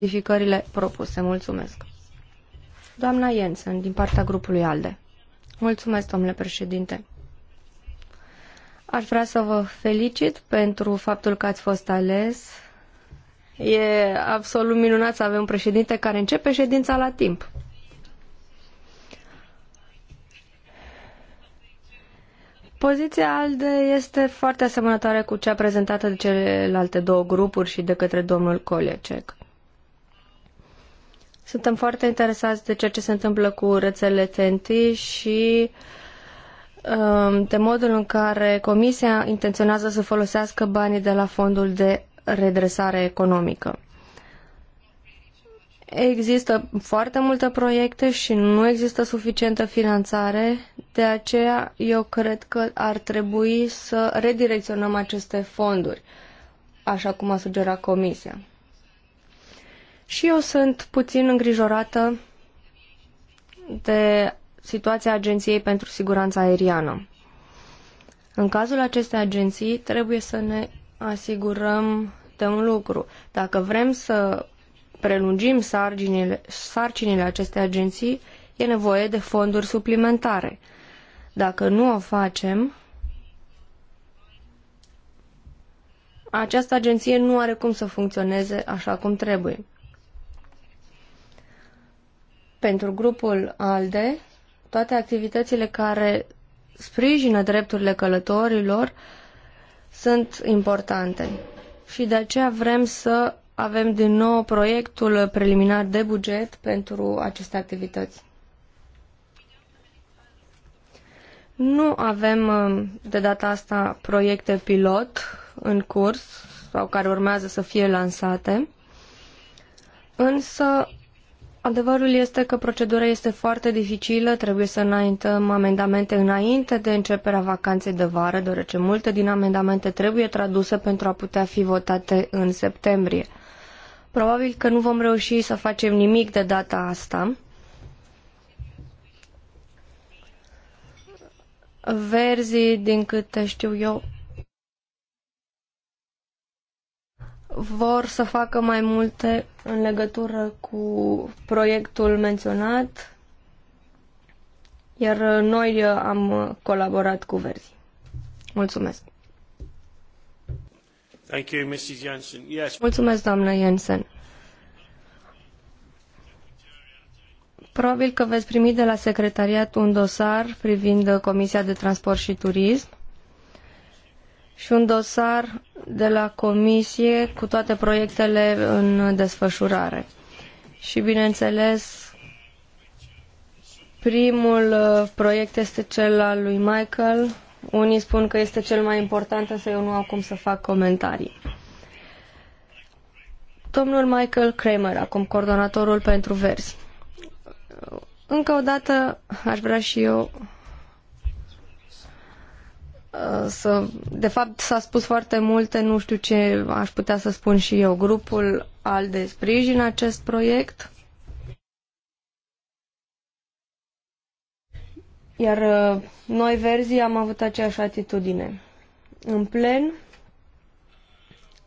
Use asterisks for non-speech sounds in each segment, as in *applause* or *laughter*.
modificările propuse. Mulțumesc. Doamna Jensen, din partea grupului ALDE. Mulțumesc, domnule președinte. Aș vrea să vă felicit pentru faptul că ați fost ales. E absolut minunat să avem un președinte care începe ședința la timp. Poziția ALDE este foarte asemănătoare cu cea prezentată de celelalte două grupuri și de către domnul Kolecek. Suntem foarte interesați de ceea ce se întâmplă cu rețelele TNT și um, de modul în care Comisia intenționează să folosească banii de la Fondul de Redresare Economică. Există foarte multe proiecte și nu există suficientă finanțare, de aceea eu cred că ar trebui să redirecționăm aceste fonduri, așa cum a sugerat Comisia. Și eu sunt puțin îngrijorată de situația Agenției pentru Siguranța Aeriană. În cazul acestei agenții trebuie să ne asigurăm de un lucru. Dacă vrem să prelungim sarginile, sarcinile acestei agenții, e nevoie de fonduri suplimentare. Dacă nu o facem, această agenție nu are cum să funcționeze așa cum trebuie. Pentru grupul ALDE, toate activitățile care sprijină drepturile călătorilor sunt importante. Și de aceea vrem să avem din nou proiectul preliminar de buget pentru aceste activități. Nu avem um, de data asta proiecte pilot în curs sau care urmează să fie lansate, însă Adevărul este că procedura este foarte dificilă, trebuie să înaintăm amendamente înainte de începerea vacanței de vară, deoarece multe din amendamente trebuie traduse pentru a putea fi votate în septembrie. Probabil că nu vom reuși să facem nimic de data asta. Verzii, din câte știu eu, vor să facă mai multe în legătură cu proiectul menționat, iar noi am colaborat cu Verzi. Mulțumesc! Thank you, Mrs. Jensen. Yes. Mulțumesc, doamnă Jensen. Probabil că veți primi de la secretariat un dosar privind Comisia de Transport și Turism și un dosar de la comisie cu toate proiectele în desfășurare. Și bineînțeles, primul uh, proiect este cel al lui Michael. Unii spun că este cel mai important, însă eu nu am cum să fac comentarii. Domnul Michael Kramer, acum coordonatorul pentru verzi. Încă o dată aș vrea și eu Uh, să, de fapt s-a spus foarte multe, nu știu ce aș putea să spun și eu. Grupul al de sprijin acest proiect. Iar uh, noi verzii am avut aceeași atitudine. În plen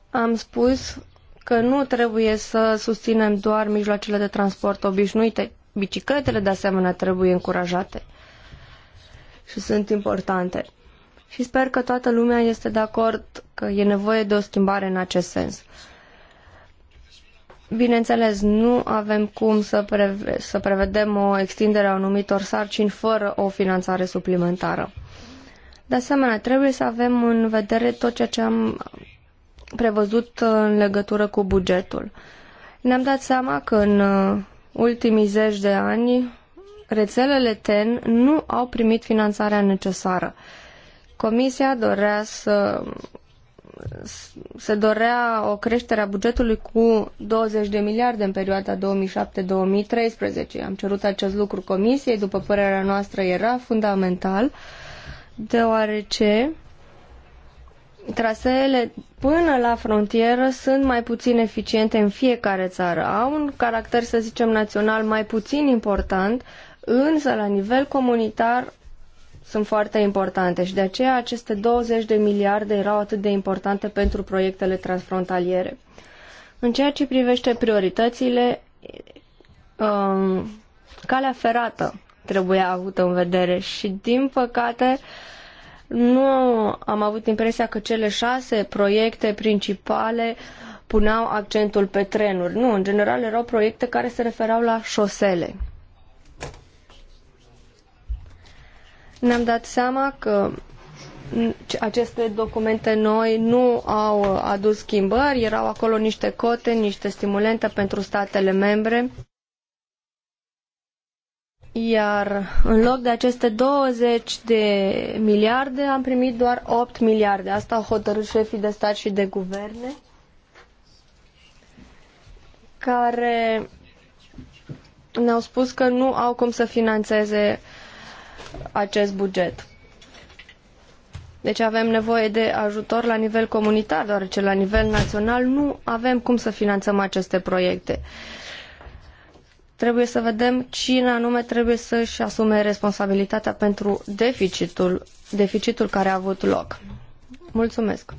am spus că nu trebuie să susținem doar mijloacele de transport obișnuite. Bicicletele de asemenea trebuie încurajate și sunt importante și sper că toată lumea este de acord că e nevoie de o schimbare în acest sens. Bineînțeles, nu avem cum să, preve- să prevedem o extindere a anumitor sarcini fără o finanțare suplimentară. De asemenea, trebuie să avem în vedere tot ceea ce am prevăzut în legătură cu bugetul. Ne-am dat seama că în uh, ultimii zeci de ani rețelele TEN nu au primit finanțarea necesară Comisia dorea să se dorea o creștere a bugetului cu 20 de miliarde în perioada 2007-2013. Am cerut acest lucru comisiei, după părerea noastră era fundamental, deoarece traseele până la frontieră sunt mai puțin eficiente în fiecare țară. Au un caracter, să zicem, național mai puțin important, însă la nivel comunitar sunt foarte importante și de aceea aceste 20 de miliarde erau atât de importante pentru proiectele transfrontaliere. În ceea ce privește prioritățile, um, calea ferată trebuia avută în vedere și, din păcate, nu am avut impresia că cele șase proiecte principale puneau accentul pe trenuri. Nu, în general erau proiecte care se referau la șosele. ne-am dat seama că aceste documente noi nu au uh, adus schimbări, erau acolo niște cote, niște stimulente pentru statele membre. Iar în loc de aceste 20 de miliarde am primit doar 8 miliarde. Asta au hotărât șefii de stat și de guverne care ne-au spus că nu au cum să financeze acest buget. Deci avem nevoie de ajutor la nivel comunitar, deoarece la nivel național nu avem cum să finanțăm aceste proiecte. Trebuie să vedem cine anume trebuie să-și asume responsabilitatea pentru deficitul, deficitul care a avut loc. Mulțumesc.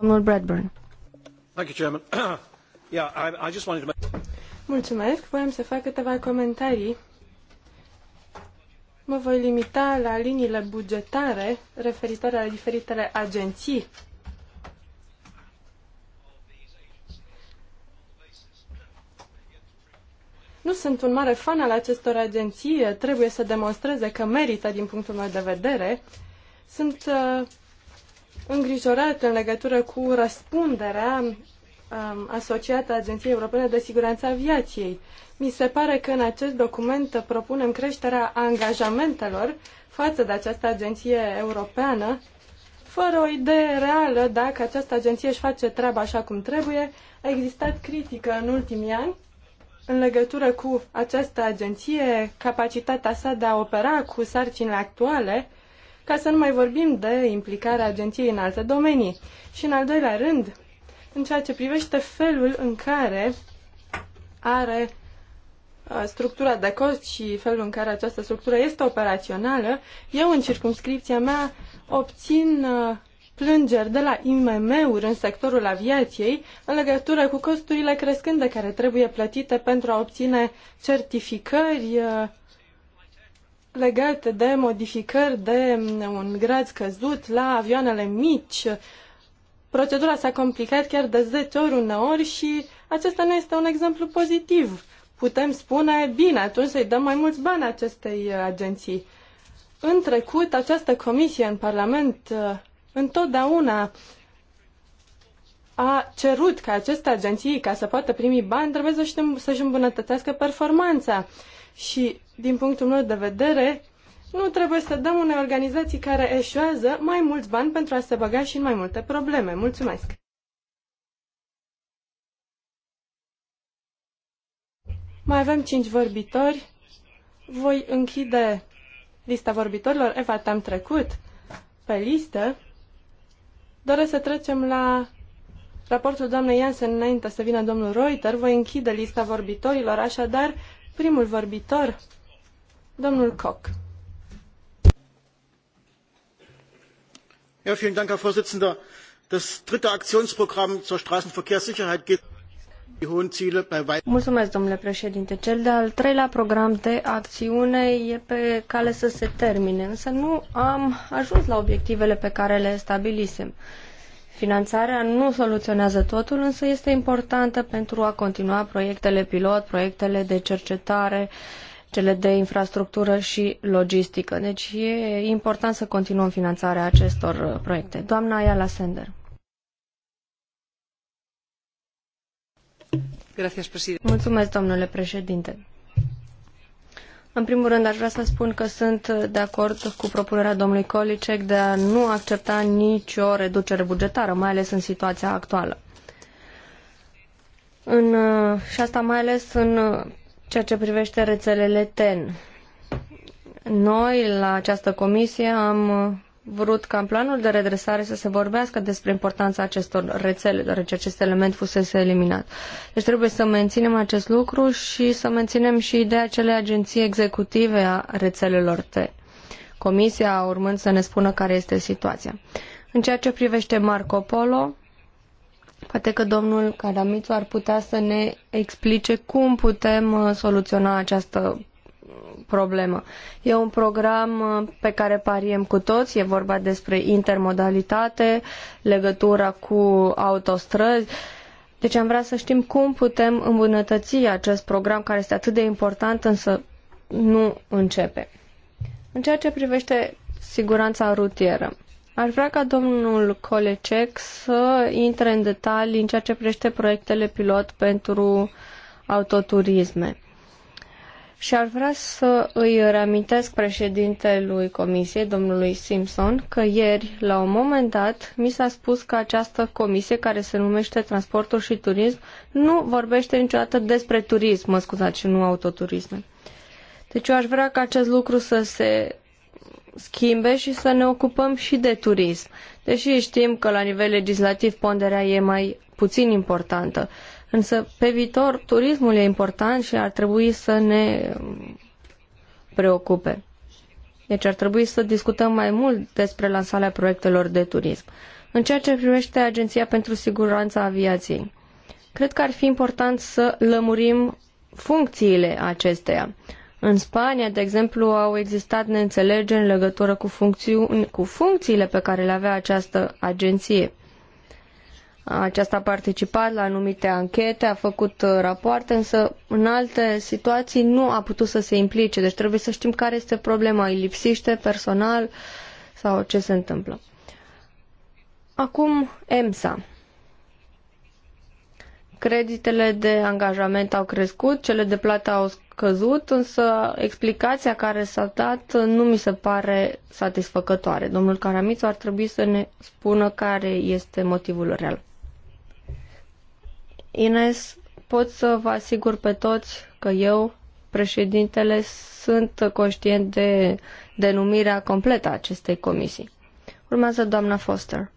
Domnul Bradburn. Mulțumesc. Vreau să fac câteva comentarii Mă voi limita la liniile bugetare referitoare la diferitele agenții. Nu sunt un mare fan al acestor agenții, trebuie să demonstreze că merită din punctul meu de vedere. Sunt uh, îngrijorat în legătură cu răspunderea asociată Agenției Europene de Siguranță Aviației. Mi se pare că în acest document propunem creșterea angajamentelor față de această agenție europeană, fără o idee reală dacă această agenție își face treaba așa cum trebuie. A existat critică în ultimii ani în legătură cu această agenție, capacitatea sa de a opera cu sarcinile actuale, ca să nu mai vorbim de implicarea agenției în alte domenii. Și în al doilea rând, în ceea ce privește felul în care are uh, structura de cost și felul în care această structură este operațională, eu în circumscripția mea obțin uh, plângeri de la IMM-uri în sectorul aviației în legătură cu costurile crescânde care trebuie plătite pentru a obține certificări uh, legate de modificări de mm, un grad scăzut la avioanele mici procedura s-a complicat chiar de 10 ori uneori și acesta nu este un exemplu pozitiv. Putem spune, bine, atunci să-i dăm mai mulți bani acestei uh, agenții. În trecut, această comisie în Parlament uh, întotdeauna a cerut ca aceste agenții, ca să poată primi bani, trebuie să-și îmbunătățească performanța. Și, din punctul meu de vedere, nu trebuie să dăm unei organizații care eșuează mai mulți bani pentru a se băga și în mai multe probleme. Mulțumesc! Mai avem cinci vorbitori. Voi închide lista vorbitorilor. Eva, te-am trecut pe listă. Doresc să trecem la raportul doamnei Jansen înainte să vină domnul Reuter. Voi închide lista vorbitorilor, așadar primul vorbitor, domnul Koch. Herr Vorsitzender. Das dritte Aktionsprogramm zur Straßenverkehrssicherheit geht Mulțumesc, domnule președinte. Cel de-al treilea program de acțiune e pe cale să se termine, însă nu am ajuns la obiectivele pe care le stabilisem. Finanțarea nu soluționează totul, însă este importantă pentru a continua proiectele pilot, proiectele de cercetare uh, cele de infrastructură și logistică. Deci e important să continuăm finanțarea acestor uh, proiecte. Doamna Ayala Sender. Mulțumesc, domnule președinte. În primul rând, aș vrea să spun că sunt de acord cu propunerea domnului Kolicek de a nu accepta nicio reducere bugetară, mai ales în situația actuală. În, uh, și asta mai ales în uh, ceea ce privește rețelele TEN. Noi, la această comisie, am vrut ca în planul de redresare să se vorbească despre importanța acestor rețele, deoarece acest element fusese eliminat. Deci trebuie să menținem acest lucru și să menținem și ideea acelei agenții executive a rețelelor T. Comisia urmând să ne spună care este situația. În ceea ce privește Marco Polo, Poate că domnul Caramițu ar putea să ne explice cum putem uh, soluționa această uh, problemă. E un program uh, pe care pariem cu toți, e vorba despre intermodalitate, legătura cu autostrăzi. Deci am vrea să știm cum putem îmbunătăți acest program care este atât de important, însă nu începe. În ceea ce privește siguranța rutieră, Aș vrea ca domnul Colecec să intre în detalii în ceea ce privește proiectele pilot pentru autoturisme. Și ar vrea să îi reamintesc președintelui comisiei, domnului Simpson, că ieri, la un moment dat, mi s-a spus că această comisie, care se numește Transportul și Turism, nu vorbește niciodată despre turism, mă scuzați, și nu autoturisme. Deci eu aș vrea ca acest lucru să se schimbe și să ne ocupăm și de turism. Deși știm că la nivel legislativ ponderea e mai puțin importantă, însă pe viitor turismul e important și ar trebui să ne preocupe. Deci ar trebui să discutăm mai mult despre lansarea proiectelor de turism. În ceea ce privește Agenția pentru Siguranța Aviației, cred că ar fi important să lămurim funcțiile acesteia. În Spania, de exemplu, au existat neînțelegeri în legătură cu, funcțiuni, cu funcțiile pe care le avea această agenție. Aceasta a participat la anumite anchete, a făcut uh, rapoarte, însă în alte situații nu a putut să se implice. Deci trebuie să știm care este problema, îi lipsiște personal sau ce se întâmplă. Acum EMSA. Creditele de angajament au crescut, cele de plată au scăzut, însă explicația care s-a dat nu mi se pare satisfăcătoare. Domnul Caramițu ar trebui să ne spună care este motivul real. Ines, pot să vă asigur pe toți că eu, președintele, sunt conștient de denumirea completă a acestei comisii. Urmează doamna Foster.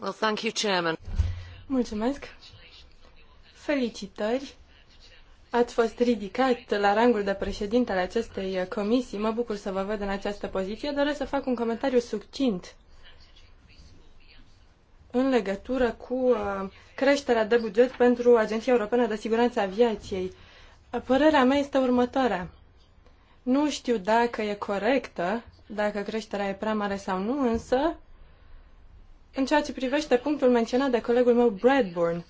Well, thank you, Chairman. Mulțumesc! Felicitări! Ați fost ridicat la rangul de președinte al acestei comisii. Mă bucur să vă văd în această poziție. Doresc să fac un comentariu succint în legătură cu uh, creșterea de buget pentru Agenția Europeană de Siguranță Aviației. Părerea mea este următoarea. Nu știu dacă e corectă, dacă creșterea e prea mare sau nu, însă în ceea ce privește punctul menționat de colegul meu Bradburn.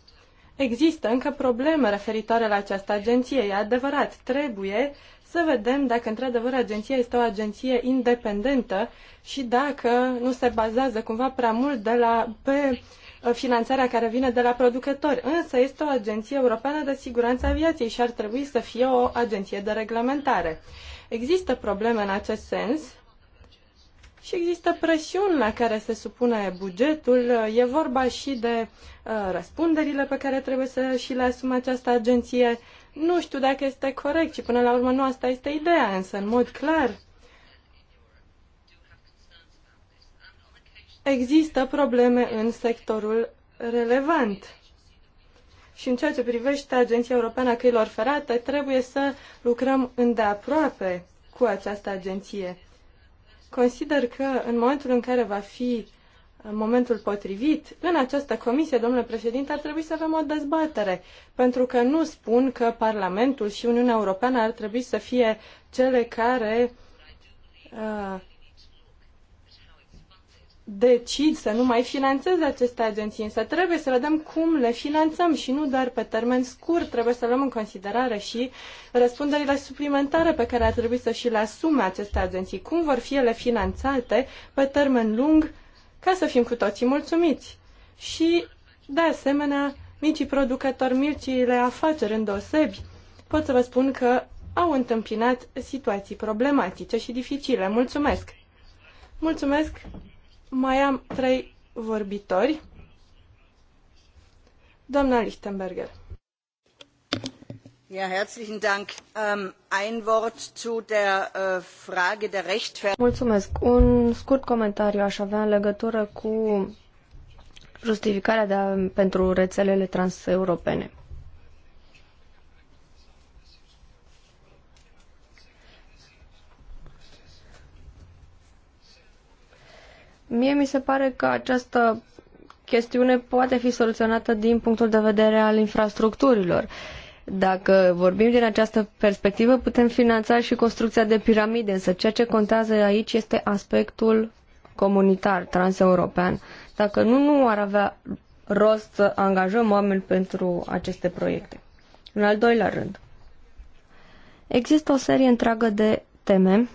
Există încă probleme referitoare la această agenție, e adevărat. Trebuie să vedem dacă într-adevăr agenția este o agenție independentă și dacă nu se bazează cumva prea mult de la, pe uh, finanțarea care vine de la producători. Însă este o agenție europeană de siguranță aviației și ar trebui să fie o agenție de reglementare. Există probleme în acest sens și există presiuni la care se supune bugetul. E vorba și de uh, răspunderile pe care trebuie să și le asume această agenție. Nu știu dacă este corect și până la urmă nu asta este ideea, însă în mod clar există probleme în sectorul relevant. Și în ceea ce privește Agenția Europeană a Căilor Ferate, trebuie să lucrăm îndeaproape cu această agenție. Consider că în momentul în care va fi uh, momentul potrivit, în această comisie, domnule președinte, ar trebui să avem o dezbatere, pentru că nu spun că Parlamentul și Uniunea Europeană ar trebui să fie cele care uh, decid să nu mai finanțeze aceste agenții, însă trebuie să vedem cum le finanțăm și nu doar pe termen scurt, trebuie să luăm în considerare și răspunderile suplimentare pe care ar trebui să și le asume aceste agenții, cum vor fi ele finanțate pe termen lung ca să fim cu toții mulțumiți. Și, de asemenea, micii producători, micile afaceri îndosebi, pot să vă spun că au întâmpinat situații problematice și dificile. Mulțumesc! Mulțumesc! Mai am trei vorbitori. Doamna Lichtenberger. Ja, herzlichen Dank. Um, ein Wort zu der uh, Frage der Rechtfertigung. Mulțumesc. Un scurt comentariu aș avea în legătură cu justificarea de a, pentru rețelele transeuropene. Mie mi se pare că această chestiune poate fi soluționată din punctul de vedere al infrastructurilor. Dacă vorbim din această perspectivă, putem finanța și construcția de piramide, însă ceea ce contează aici este aspectul comunitar, transeuropean. Dacă nu, nu ar avea rost să angajăm oameni pentru aceste proiecte. În al doilea rând, există o serie întreagă de teme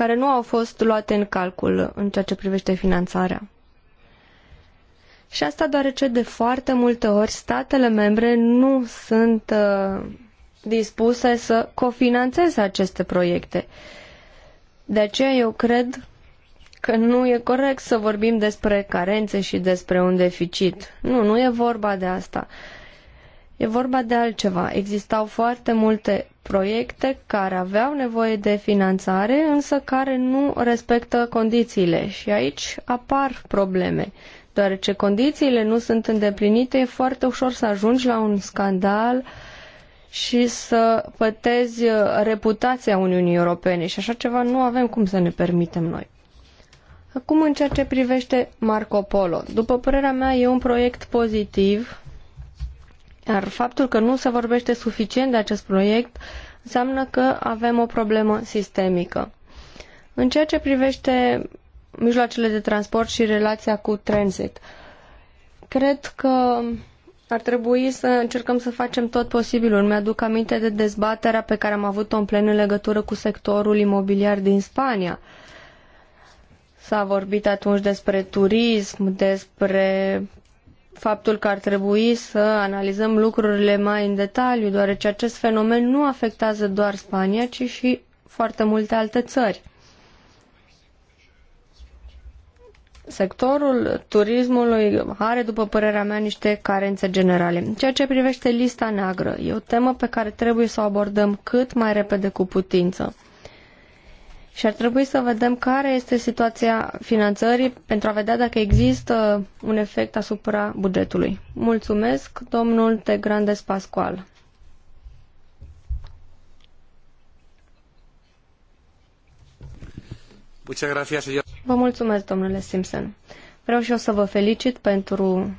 care nu au fost luate în calcul în ceea ce privește finanțarea. Și asta deoarece de foarte multe ori statele membre nu sunt uh, dispuse să cofinanțeze aceste proiecte. De aceea eu cred că nu e corect să vorbim despre carențe și despre un deficit. Nu, nu e vorba de asta. Uh, E vorba de altceva. Existau foarte multe proiecte care aveau nevoie de finanțare, însă care nu respectă condițiile și aici apar probleme. Deoarece condițiile nu sunt îndeplinite, e foarte ușor să ajungi la un scandal și să pătezi uh, reputația Uniunii Europene și așa ceva nu avem cum să ne permitem noi. Acum, în ceea ce privește Marco Polo, după părerea mea, e un proiect pozitiv iar faptul că nu se vorbește suficient de acest proiect înseamnă că avem o problemă sistemică. În ceea ce privește mijloacele de transport și relația cu transit, cred că ar trebui să încercăm să facem tot posibilul. Mi-aduc aminte de dezbaterea pe care am avut-o în plen în legătură cu sectorul imobiliar din Spania. S-a vorbit atunci despre turism, despre faptul că ar trebui să analizăm lucrurile mai în detaliu, deoarece acest fenomen nu afectează doar Spania, ci și foarte multe alte țări. Sectorul turismului are, după părerea mea, niște carențe generale. Ceea ce privește lista neagră, e o temă pe care trebuie să o abordăm cât mai repede cu putință. Și ar trebui să vedem care este situația finanțării pentru a vedea dacă există un efect asupra bugetului. Mulțumesc, domnul Tegrandes Pascual. Vă mulțumesc, domnule Simpson. Vreau și eu să vă felicit pentru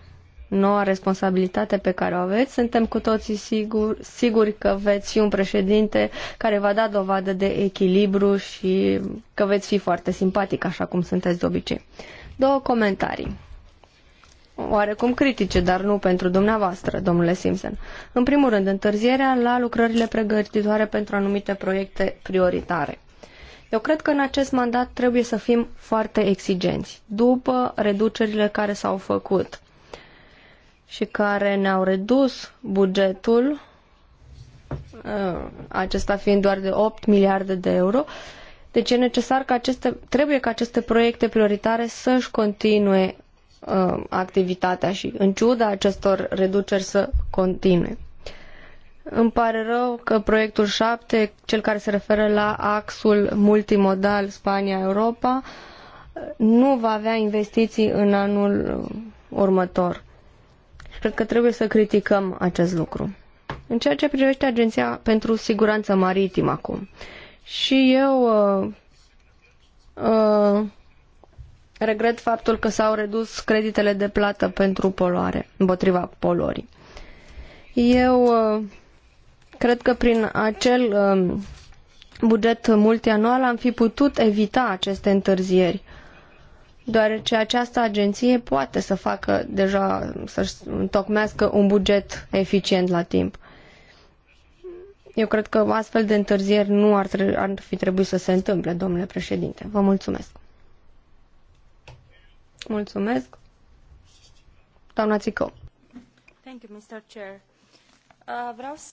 noua responsabilitate pe care o aveți. Suntem cu toții sigur, siguri că veți fi un președinte care va da dovadă de echilibru și că veți fi foarte simpatic, așa cum sunteți de obicei. Două comentarii. Oarecum critice, dar nu pentru dumneavoastră, domnule Simpson. În primul rând, întârzierea la lucrările pregătitoare pentru anumite proiecte prioritare. Eu cred că în acest mandat trebuie să fim foarte exigenți. După reducerile care s-au făcut și care ne-au redus bugetul, uh, acesta fiind doar de 8 miliarde de euro. Deci e necesar ca aceste, trebuie ca aceste proiecte prioritare să-și continue uh, activitatea și în ciuda acestor reduceri să continue. Îmi pare rău că proiectul 7, cel care se referă la axul multimodal Spania-Europa, nu va avea investiții în anul uh, următor. Cred că trebuie să criticăm acest lucru. În ceea ce privește Agenția pentru Siguranță Maritimă acum. Și eu uh, uh, regret faptul că s-au redus creditele de plată pentru poluare, împotriva poluării. Eu uh, cred că prin acel uh, buget multianual am fi putut evita aceste întârzieri deoarece această agenție poate să facă deja, să-și întocmească un buget eficient la timp. Eu cred că astfel de întârzieri nu ar, tre- ar fi trebuit să se întâmple, domnule președinte. Vă mulțumesc. Mulțumesc. Doamna Țicău. Thank you, Mr. Chair. Uh, vreau să...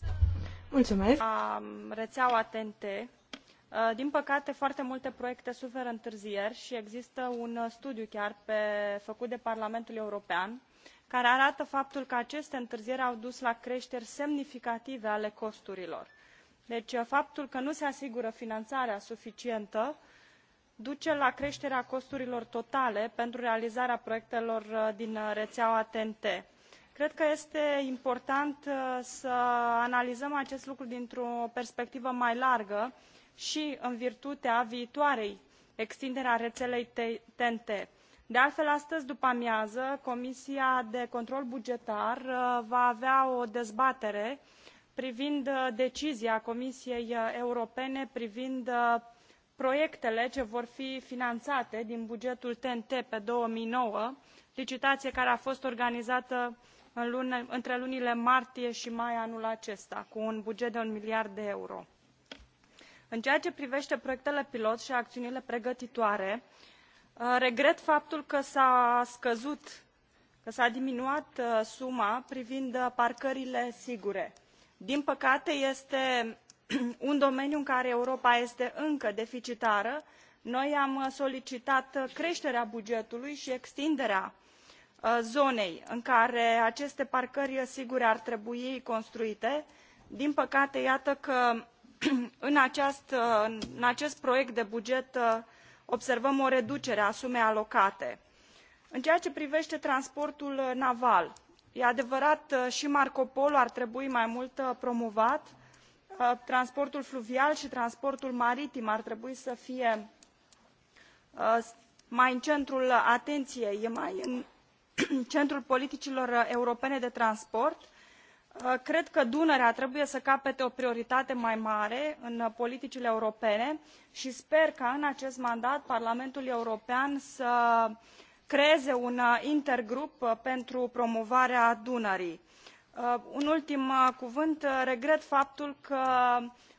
Mulțumesc. Uh, rețeaua TNT Uh, din păcate foarte multe proiecte suferă întârzieri i există un uh, studiu chiar făcut de parlamentul european care arată faptul că aceste întârzieri au dus la creteri semnificative ale costurilor deci uh, faptul că nu se asigură finanarea suficientă duce la creterea costurilor totale pentru realizarea proiectelor din reeaua ten t. cred că este important să analizăm acest lucru dintr o perspectivă mai largă i i în virtutea viitoarei extinderi a reelei ten t. de altfel astăzi după amiază comisia de control bugetar uh, va avea o dezbatere privind uh, decizia comisiei uh, europene privind proiectele ce vor fi finanate din bugetul ten t pe două mii nouă licitaie care a fost organizată între lunile martie i mai anul acesta cu un buget de un miliard de euro în ceea ce privete proiectele pilot i aciunile pregătitoare uh, regret faptul că s a scăzut că s a diminuat uh, suma privind uh, parcările sigure. din păcate este *clears throat* un domeniu în care europa este încă deficitară noi am solicitat creterea bugetului i extinderea zonei în care aceste parcări sigure ar trebui construite din păcate iată că *clears throat* în, acest proiect de buget uh, observăm o reducere a sumei alocate. în ceea ce privete transportul uh, naval e adevărat uh, i marco polo ar trebui mai mult promovat transportul fluvial i transportul maritim ar trebui să fie mai în centrul ateniei mai în *clears throat* centrul politicilor europene de transport i Uh, cred că dunărea trebuie să capete o prioritate mai mare în uh, politicile europene i sper ca în acest mandat parlamentul european să creeze un uh, intergrup pentru promovarea dunării. un ultim cuvânt regret faptul că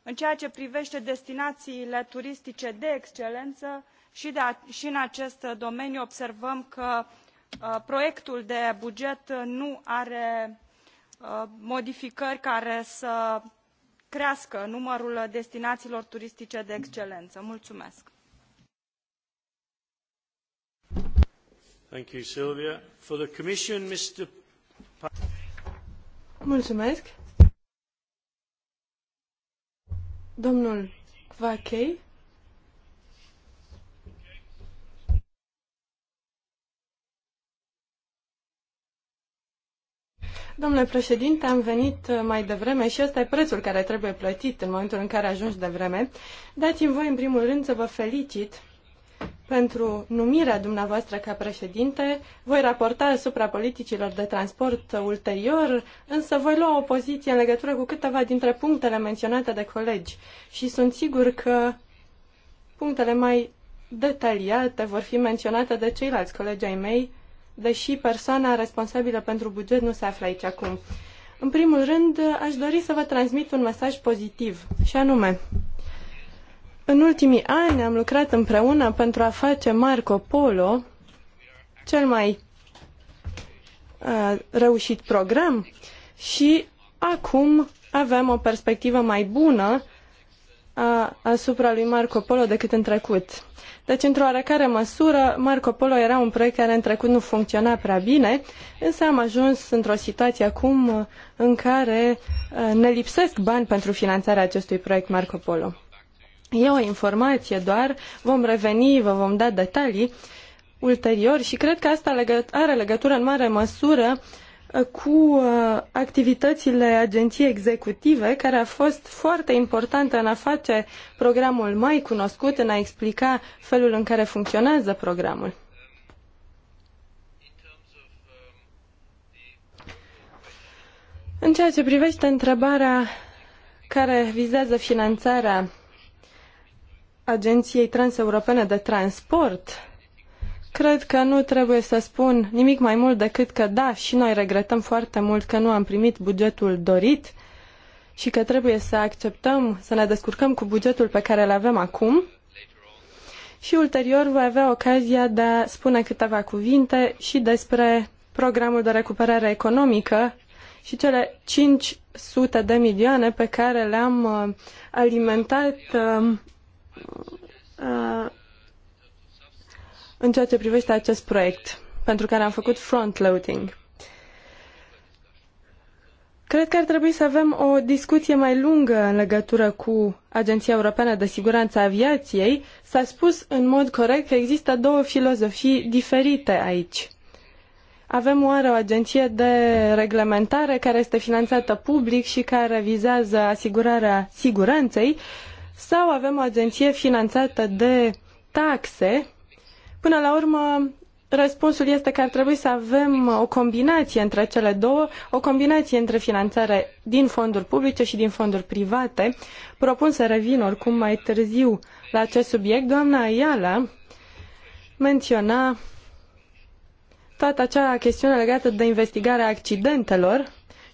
în ceea ce privete destinaiile turistice de excelenă i în acest domeniu observăm că proiectul de buget nu are Uh, modificări care să crească numărul destinațiilor turistice de excelență. Mulțumesc! Mulțumesc. Domnul Domnule președinte, am venit uh, mai devreme și ăsta e prețul care trebuie plătit în momentul în care ajungi devreme. Dați-mi voi, în primul rând, să vă felicit pentru numirea dumneavoastră ca președinte. Voi raporta asupra politicilor de transport ulterior, însă voi lua o poziție în legătură cu câteva dintre punctele menționate de colegi și sunt sigur că punctele mai detaliate vor fi menționate de ceilalți colegi ai mei deși persoana responsabilă pentru buget nu se află aici acum. În primul rând, aș dori să vă transmit un mesaj pozitiv, și anume, în ultimii ani am lucrat împreună pentru a face Marco Polo cel mai reușit program și acum avem o perspectivă mai bună a, asupra lui Marco Polo decât în trecut. Deci, într-o oarecare măsură, Marco Polo era un proiect care în trecut nu funcționa prea bine, însă am ajuns într-o situație acum în care ne lipsesc bani pentru finanțarea acestui proiect Marco Polo. E o informație doar, vom reveni, vă vom da detalii ulterior și cred că asta are legătură în mare măsură Uh, cu uh, activitățile agenției executive, care a fost foarte importantă în a face programul mai cunoscut, în a explica felul în care funcționează programul. În ceea ce privește întrebarea care vizează finanțarea Agenției Transeuropene de Transport, Cred că nu trebuie să spun nimic mai mult decât că da, și noi regretăm foarte mult că nu am primit bugetul dorit și că trebuie să acceptăm, să ne descurcăm cu bugetul pe care îl avem acum. Și ulterior voi avea ocazia de a spune câteva cuvinte și despre programul de recuperare economică și cele 500 de milioane pe care le-am uh, alimentat uh, uh, în ceea ce privește acest proiect pentru care am făcut front-loading. Cred că ar trebui să avem o discuție mai lungă în legătură cu Agenția Europeană de Siguranță Aviației. S-a spus în mod corect că există două filozofii diferite aici. Avem oare o agenție de reglementare care este finanțată public și care vizează asigurarea siguranței sau avem o agenție finanțată de taxe Până la urmă, răspunsul este că ar trebui să avem o combinație între cele două, o combinație între finanțare din fonduri publice și din fonduri private. Propun să revin oricum mai târziu la acest subiect. Doamna Ayala menționa toată acea chestiune legată de investigarea accidentelor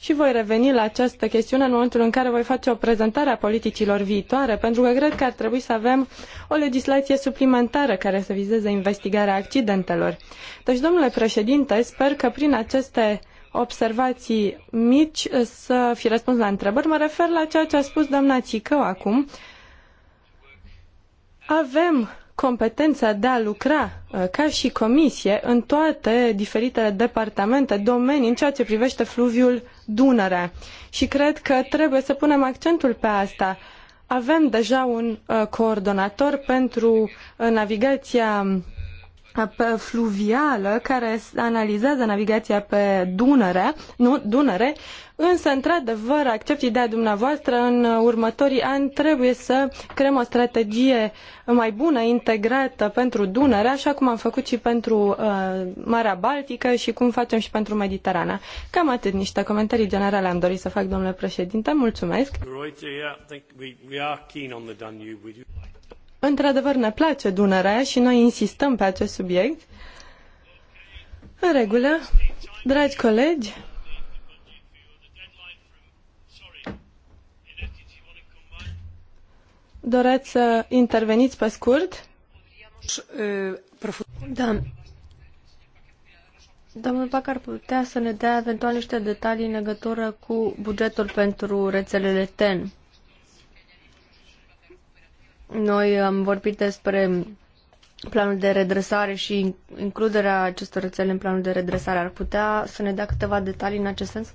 și voi reveni la această chestiune în momentul în care voi face o prezentare a politicilor viitoare, pentru că cred că ar trebui să avem o legislație suplimentară care să vizeze investigarea accidentelor. Deci, domnule președinte, sper că prin aceste observații mici să fi răspuns la întrebări. Mă refer la ceea ce a spus doamna Țicău acum. Avem competența de a lucra uh, ca și comisie în toate diferitele departamente, domenii, în ceea ce privește fluviul Dunăre. Și cred că trebuie să punem accentul pe asta. Avem deja un uh, coordonator pentru uh, navigația fluvială care analizează navigația pe Dunăre, nu, Dunăre, însă, într-adevăr, accept ideea dumneavoastră, în următorii ani trebuie să creăm o strategie mai bună, integrată pentru Dunăre, așa cum am făcut și pentru uh, Marea Baltică și cum facem și pentru Mediterana. Cam atât, niște comentarii generale am dorit să fac, domnule președinte, mulțumesc. Într-adevăr, ne place Dunărea și noi insistăm pe acest subiect. În regulă, dragi colegi, doreți să interveniți pe scurt? Da. Domnul Pac ar putea să ne dea eventual niște detalii în legătură cu bugetul pentru rețelele TEN. Noi am vorbit despre planul de redresare și includerea acestor rețele în planul de redresare. Ar putea să ne dea câteva detalii în acest sens?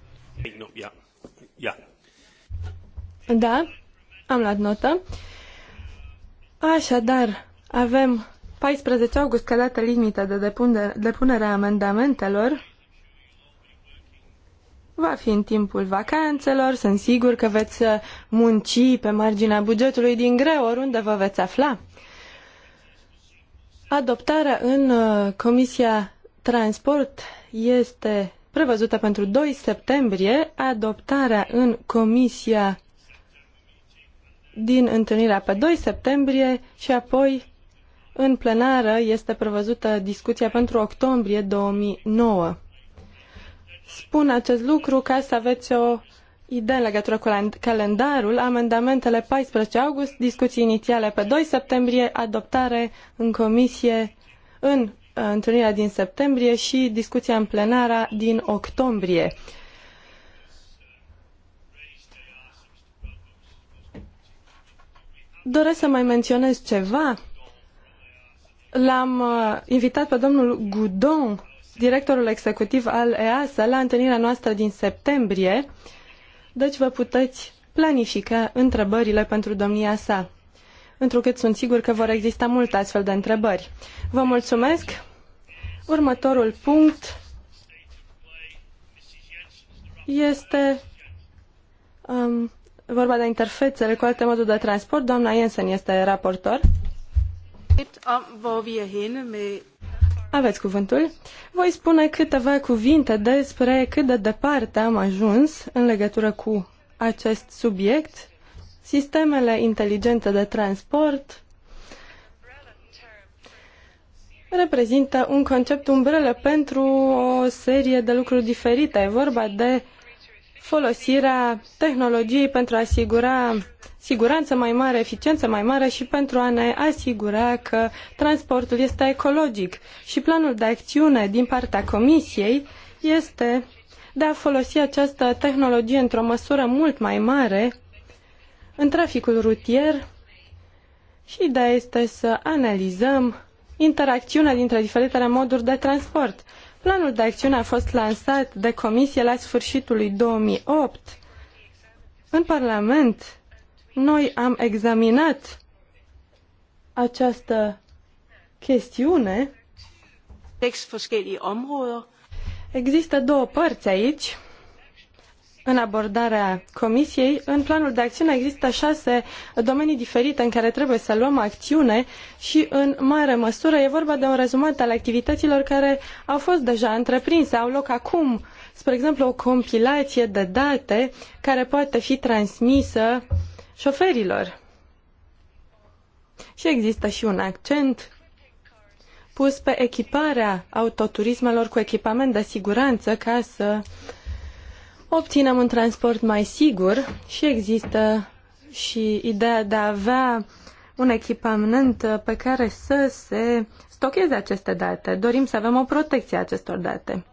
Da, da am luat notă. Așadar, avem 14 august ca dată limită de depunere a amendamentelor Va fi în timpul vacanțelor, sunt sigur că veți uh, munci pe marginea bugetului din greu oriunde vă veți afla. Adoptarea în uh, Comisia Transport este prevăzută pentru 2 septembrie, adoptarea în Comisia din întâlnirea pe 2 septembrie și apoi în plenară este prevăzută discuția pentru octombrie 2009 spun acest lucru ca să aveți o idee în legătură cu calendarul, amendamentele 14 august, discuții inițiale pe 2 septembrie, adoptare în comisie în uh, întâlnirea din septembrie și discuția în plenara din octombrie. Doresc să mai menționez ceva. L-am uh, invitat pe domnul Goudon directorul executiv al EASA la întâlnirea noastră din septembrie, deci vă puteți planifica întrebările pentru domnia sa, întrucât sunt sigur că vor exista multe astfel de întrebări. Vă mulțumesc! Următorul punct este um, vorba de interfețele cu alte moduri de transport. Doamna Jensen este raportor. Om, hvor vi er henne aveți cuvântul. Voi spune câteva cuvinte despre cât de departe am ajuns în legătură cu acest subiect, sistemele inteligente de transport, reprezintă un concept umbrelă pentru o serie de lucruri diferite. E vorba de folosirea tehnologiei pentru a asigura siguranță mai mare, eficiență mai mare și pentru a ne asigura că transportul este ecologic. Și planul de acțiune din partea Comisiei este de a folosi această tehnologie într-o măsură mult mai mare în traficul rutier și ideea este să analizăm interacțiunea dintre diferitele moduri de transport. Planul de acțiune a fost lansat de comisie la sfârșitul lui 2008. În Parlament noi am examinat această chestiune. Există două părți aici în abordarea Comisiei. În planul de acțiune există șase domenii diferite în care trebuie să luăm acțiune și, în mare măsură, e vorba de un rezumat al activităților care au fost deja întreprinse, au loc acum. Spre exemplu, o compilație de date care poate fi transmisă uh, șoferilor. Și există și un accent pus pe echiparea autoturismelor cu echipament de siguranță ca să obținem un transport mai sigur și există și ideea de a avea un echipament pe care să se stocheze aceste date. Dorim să avem o protecție a acestor date.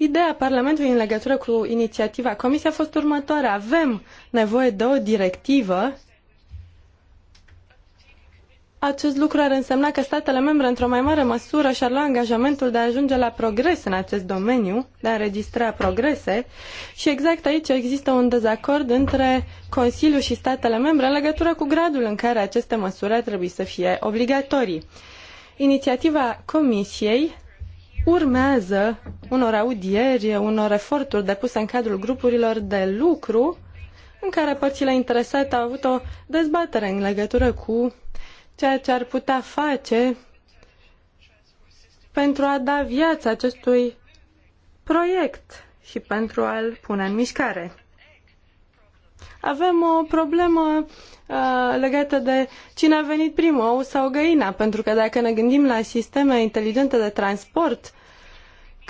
Ideea Parlamentului în legătură cu inițiativa Comisiei a fost următoarea. Avem nevoie de o directivă. Acest lucru ar însemna că statele membre, într-o mai mare măsură, și-ar lua angajamentul de a ajunge la progres în acest domeniu, de a înregistra progrese. Și exact aici există un dezacord între Consiliu și statele membre în legătură cu gradul în care aceste măsuri ar trebui să fie obligatorii. Inițiativa Comisiei urmează unor audieri, unor eforturi depuse în cadrul grupurilor de lucru, în care părțile interesate au avut o dezbatere în legătură cu ceea ce ar putea face pentru a da viață acestui proiect și pentru a-l pune în mișcare. Avem o problemă uh, legată de cine a venit primul, ou sau găina, pentru că dacă ne gândim la sisteme inteligente de transport,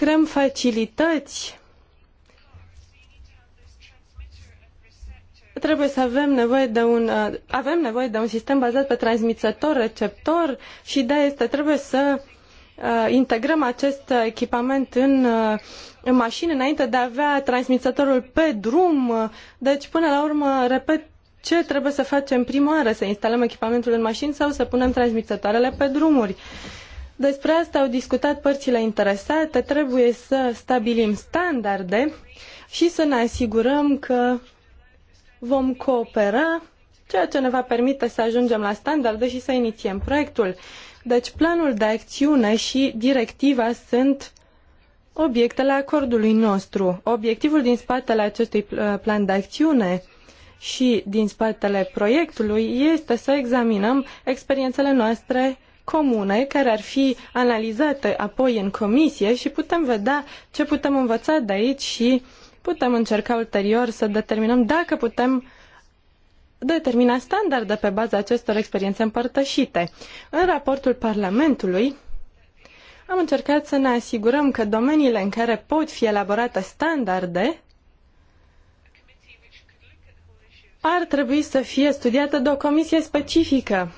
creăm facilități. Trebuie să avem nevoie de un, uh, avem nevoie de un sistem bazat pe transmițător, receptor și de este trebuie să uh, integrăm acest echipament în, uh, în mașină înainte de a avea transmițătorul pe drum. Deci, până la urmă, repet, ce trebuie să facem prima oară? Să instalăm echipamentul în mașină sau să punem transmițătoarele pe drumuri? Uh, despre asta au discutat părțile interesate, trebuie să stabilim standarde și să ne asigurăm că vom coopera, ceea ce ne va permite să ajungem la standarde și să inițiem proiectul. Deci planul de acțiune și directiva sunt obiectele acordului nostru. Obiectivul din spatele acestui uh, plan de acțiune și din spatele proiectului este să examinăm experiențele noastre comune care ar fi analizate apoi în comisie și putem vedea ce putem învăța de aici și putem încerca ulterior să determinăm dacă putem determina standarde pe baza acestor experiențe împărtășite. În raportul Parlamentului am încercat să ne asigurăm că domeniile în care pot fi elaborate standarde ar trebui să fie studiată de o comisie specifică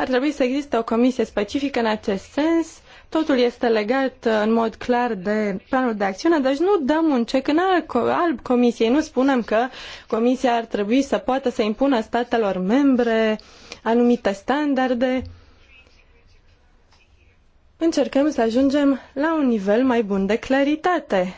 ar trebui să existe o comisie specifică în acest sens. Totul este legat uh, în mod clar de planul de acțiune, deci nu dăm un cec în alb, comisiei, nu spunem că comisia ar trebui să poată să impună statelor membre anumite standarde. Încercăm să ajungem la un nivel mai bun de claritate.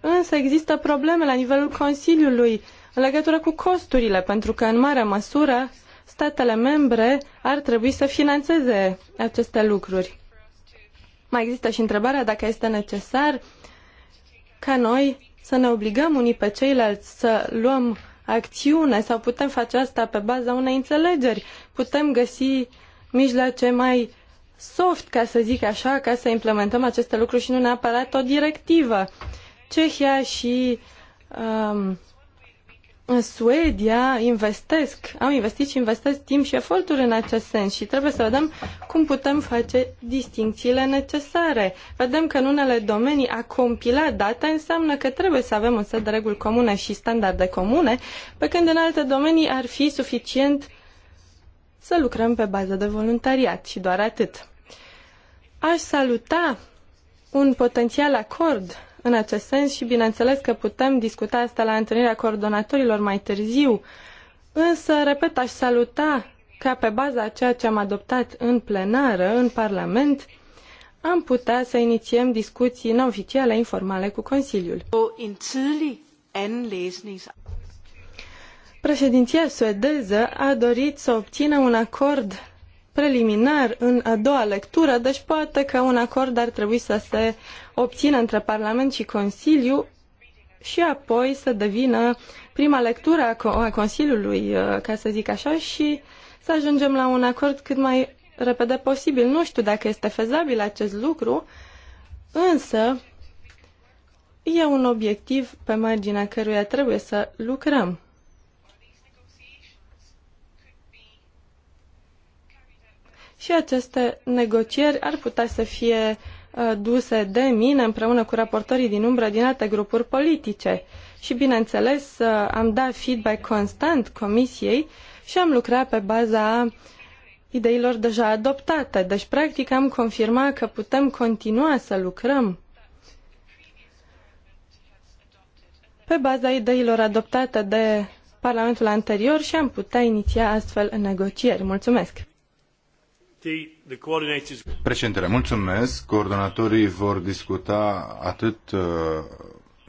Însă există probleme la nivelul Consiliului în legătură cu costurile, pentru că în mare măsură statele membre ar trebui să financeze aceste lucruri. Mai există și întrebarea dacă este necesar ca noi să ne obligăm unii pe ceilalți să luăm acțiune sau putem face asta pe baza unei înțelegeri. Putem găsi mijloace mai soft, ca să zic așa, ca să implementăm aceste lucruri și nu neapărat o directivă. Cehia și um, în Suedia investesc, au investit și investesc timp și eforturi în acest sens și trebuie să vedem cum putem face distincțiile necesare. Vedem că în unele domenii a compila date înseamnă că trebuie să avem un set de reguli comune și standarde comune, pe când în alte domenii ar fi suficient să lucrăm pe bază de voluntariat și doar atât. Aș saluta un potențial acord în acest sens și bineînțeles că putem discuta asta la întâlnirea coordonatorilor mai târziu. Însă, repet, aș saluta ca pe baza a ceea ce am adoptat în plenară, în Parlament, am putea să inițiem discuții neoficiale, informale cu Consiliul. Președinția suedeză a dorit să obțină un acord preliminar în a doua lectură, deci poate că un acord ar trebui să se obțină între Parlament și Consiliu și apoi să devină prima lectură a Consiliului, uh, ca să zic așa, și să ajungem la un acord cât mai repede posibil. Nu știu dacă este fezabil acest lucru, însă e un obiectiv pe marginea căruia trebuie să lucrăm. Și aceste negocieri ar putea să fie Uh, duse de mine împreună cu raportorii din umbră din alte grupuri politice. Și, bineînțeles, uh, am dat feedback constant comisiei și am lucrat pe baza ideilor deja adoptate. Deci, practic, am confirmat că putem continua să lucrăm pe baza ideilor adoptate de Parlamentul anterior și am putea iniția astfel negocieri. Mulțumesc! Președintele, mulțumesc. Coordonatorii vor discuta atât uh,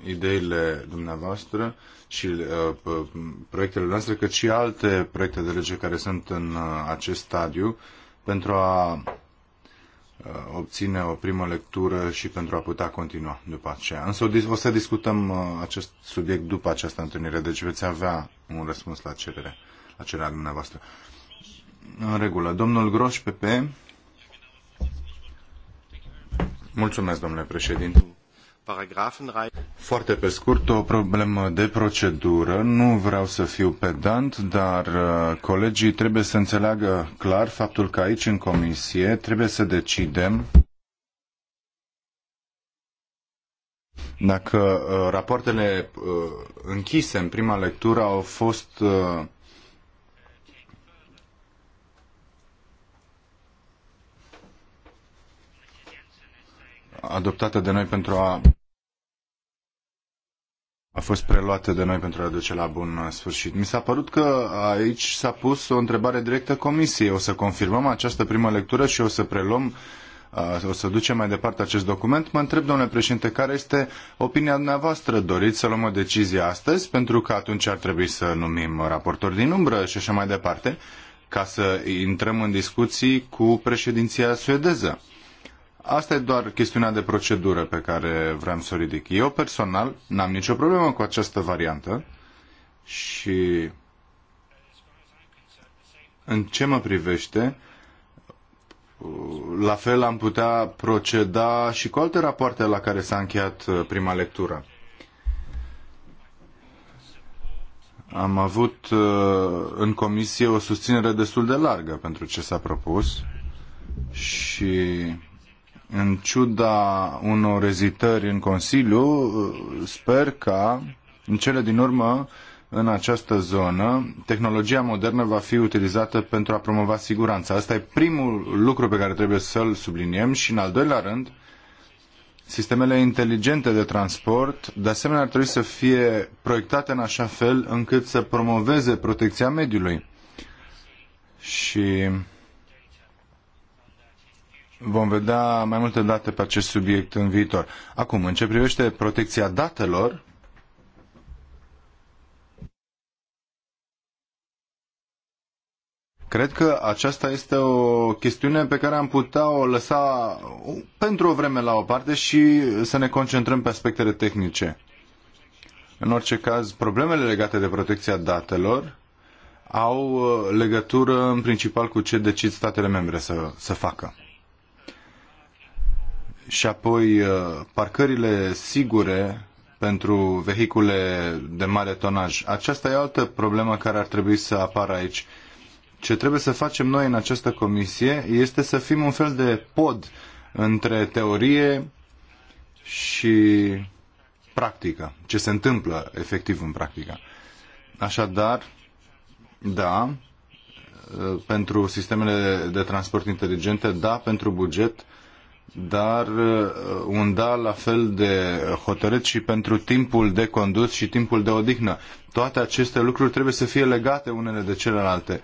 ideile dumneavoastră și uh, proiectele noastre, cât și alte proiecte de lege care sunt în uh, acest stadiu pentru a uh, obține o primă lectură și pentru a putea continua după aceea. Însă o să discutăm uh, acest subiect după această întâlnire, deci veți avea un răspuns la cerere, la cererea dumneavoastră. În regulă. Domnul Groș, PP. Mulțumesc, domnule președinte. Foarte pe scurt, o problemă de procedură. Nu vreau să fiu pedant, dar uh, colegii trebuie să înțeleagă clar faptul că aici, în comisie, trebuie să decidem dacă uh, rapoartele uh, închise în prima lectură au fost adoptată de noi pentru a a fost preluată de noi pentru a duce la bun sfârșit. Mi s-a părut că aici s-a pus o întrebare directă comisiei. O să confirmăm această primă lectură și o să preluăm uh, o să ducem mai departe acest document. Mă întreb, domnule președinte, care este opinia dumneavoastră? Doriți să luăm o decizie astăzi? Pentru că atunci ar trebui să numim raportori din umbră și așa mai departe, ca să intrăm în discuții cu președinția suedeză. Asta e doar chestiunea de procedură pe care vreau să o ridic. Eu personal n-am nicio problemă cu această variantă și în ce mă privește, la fel am putea proceda și cu alte rapoarte la care s-a încheiat uh, prima lectură. Am avut uh, în comisie o susținere destul de largă pentru ce s-a propus și în ciuda unor ezitări în Consiliu, sper ca în cele din urmă în această zonă, tehnologia modernă va fi utilizată pentru a promova siguranța. Asta e primul lucru pe care trebuie să-l subliniem și, în al doilea rând, sistemele inteligente de transport, de asemenea, ar trebui să fie proiectate în așa fel încât să promoveze protecția mediului. Și vom vedea mai multe date pe acest subiect în viitor. Acum, în ce privește protecția datelor, Cred că aceasta este o chestiune pe care am putea o lăsa pentru o vreme la o parte și să ne concentrăm pe aspectele tehnice. În orice caz, problemele legate de protecția datelor au uh, legătură în principal cu ce decid statele membre să, să facă și apoi uh, parcările sigure pentru vehicule de mare tonaj. Aceasta e altă problemă care ar trebui să apară aici. Ce trebuie să facem noi în această comisie este să fim un fel de pod între teorie și practică, ce se întâmplă efectiv în practică. Așadar, da, uh, pentru sistemele de transport inteligente, da, pentru buget, dar uh, un da la fel de hotărât și pentru timpul de condus și timpul de odihnă. Toate aceste lucruri trebuie să fie legate unele de celelalte.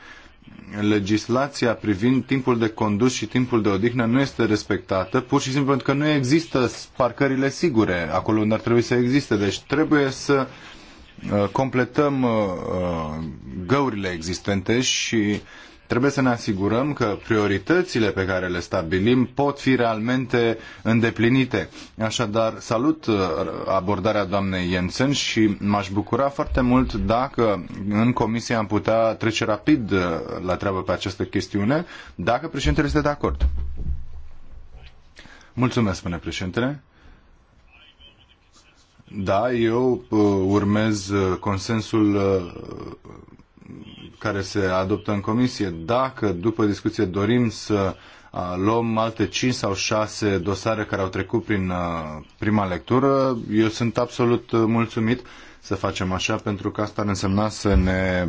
Legislația privind timpul de condus și timpul de odihnă nu este respectată, pur și simplu pentru că nu există parcările sigure acolo unde ar trebui să existe. Deci trebuie să uh, completăm uh, găurile existente și Trebuie să ne asigurăm că prioritățile pe care le stabilim pot fi realmente îndeplinite. Așadar, salut uh, abordarea doamnei Jensen și m-aș bucura foarte mult dacă în comisie am putea trece rapid uh, la treabă pe această chestiune, dacă președintele este de acord. Mulțumesc, spune președintele. Da, eu uh, urmez consensul care se adoptă în comisie. Dacă după discuție dorim să luăm alte 5 sau 6 dosare care au trecut prin prima lectură, eu sunt absolut mulțumit să facem așa, pentru că asta ar însemna să, ne,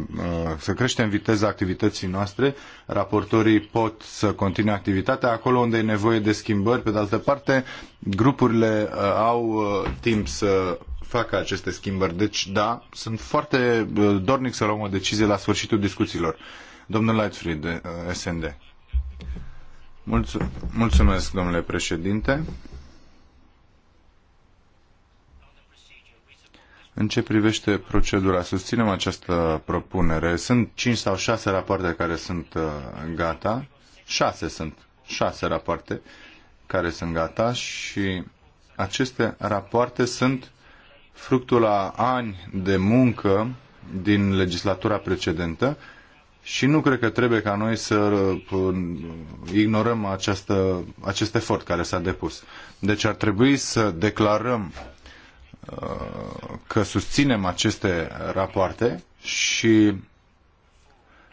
să creștem viteza activității noastre. Raportorii pot să continue activitatea acolo unde e nevoie de schimbări. Pe de altă parte, grupurile au timp să facă aceste schimbări. Deci, da, sunt foarte uh, dornic să luăm o decizie la sfârșitul discuțiilor. Domnul Lightfried, uh, SND. Mulțu- mulțumesc, domnule președinte. În ce privește procedura, susținem această propunere. Sunt 5 sau 6 rapoarte care sunt uh, gata. 6 sunt. 6 rapoarte care sunt gata și aceste rapoarte sunt fructul a ani de muncă din legislatura precedentă și nu cred că trebuie ca noi să uh, ignorăm această, acest efort care s-a depus. Deci ar trebui să declarăm uh, că susținem aceste rapoarte și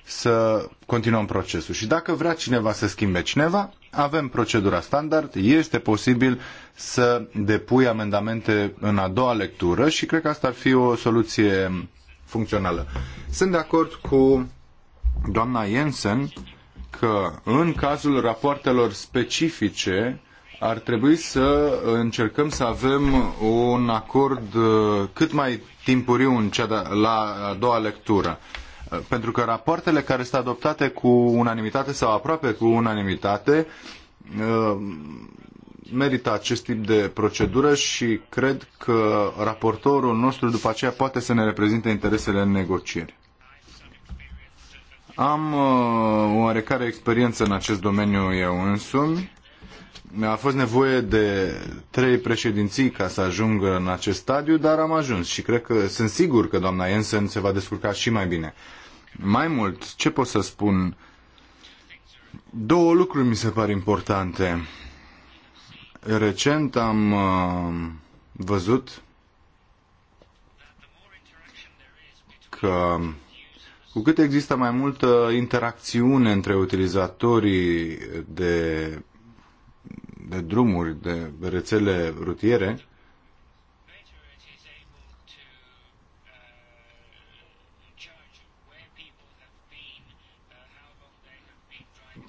să continuăm procesul. Și dacă vrea cineva să schimbe cineva, avem procedura standard, este posibil să depui amendamente în a doua lectură și cred că asta ar fi o soluție funcțională. Sunt de acord cu doamna Jensen că în cazul rapoartelor specifice ar trebui să încercăm să avem un acord uh, cât mai timpuriu în cea de, la a doua lectură. Pentru că rapoartele care sunt adoptate cu unanimitate sau aproape cu unanimitate uh, merită acest tip de procedură și cred că raportorul nostru după aceea poate să ne reprezinte interesele în negocieri. Am uh, oarecare experiență în acest domeniu eu însumi. Mi-a fost nevoie de trei președinții ca să ajung în acest stadiu, dar am ajuns și cred că sunt sigur că doamna Jensen se va descurca și mai bine. Mai mult, ce pot să spun? Două lucruri mi se par importante. Recent am uh, văzut că cu cât există mai multă interacțiune între utilizatorii de, de drumuri, de rețele rutiere,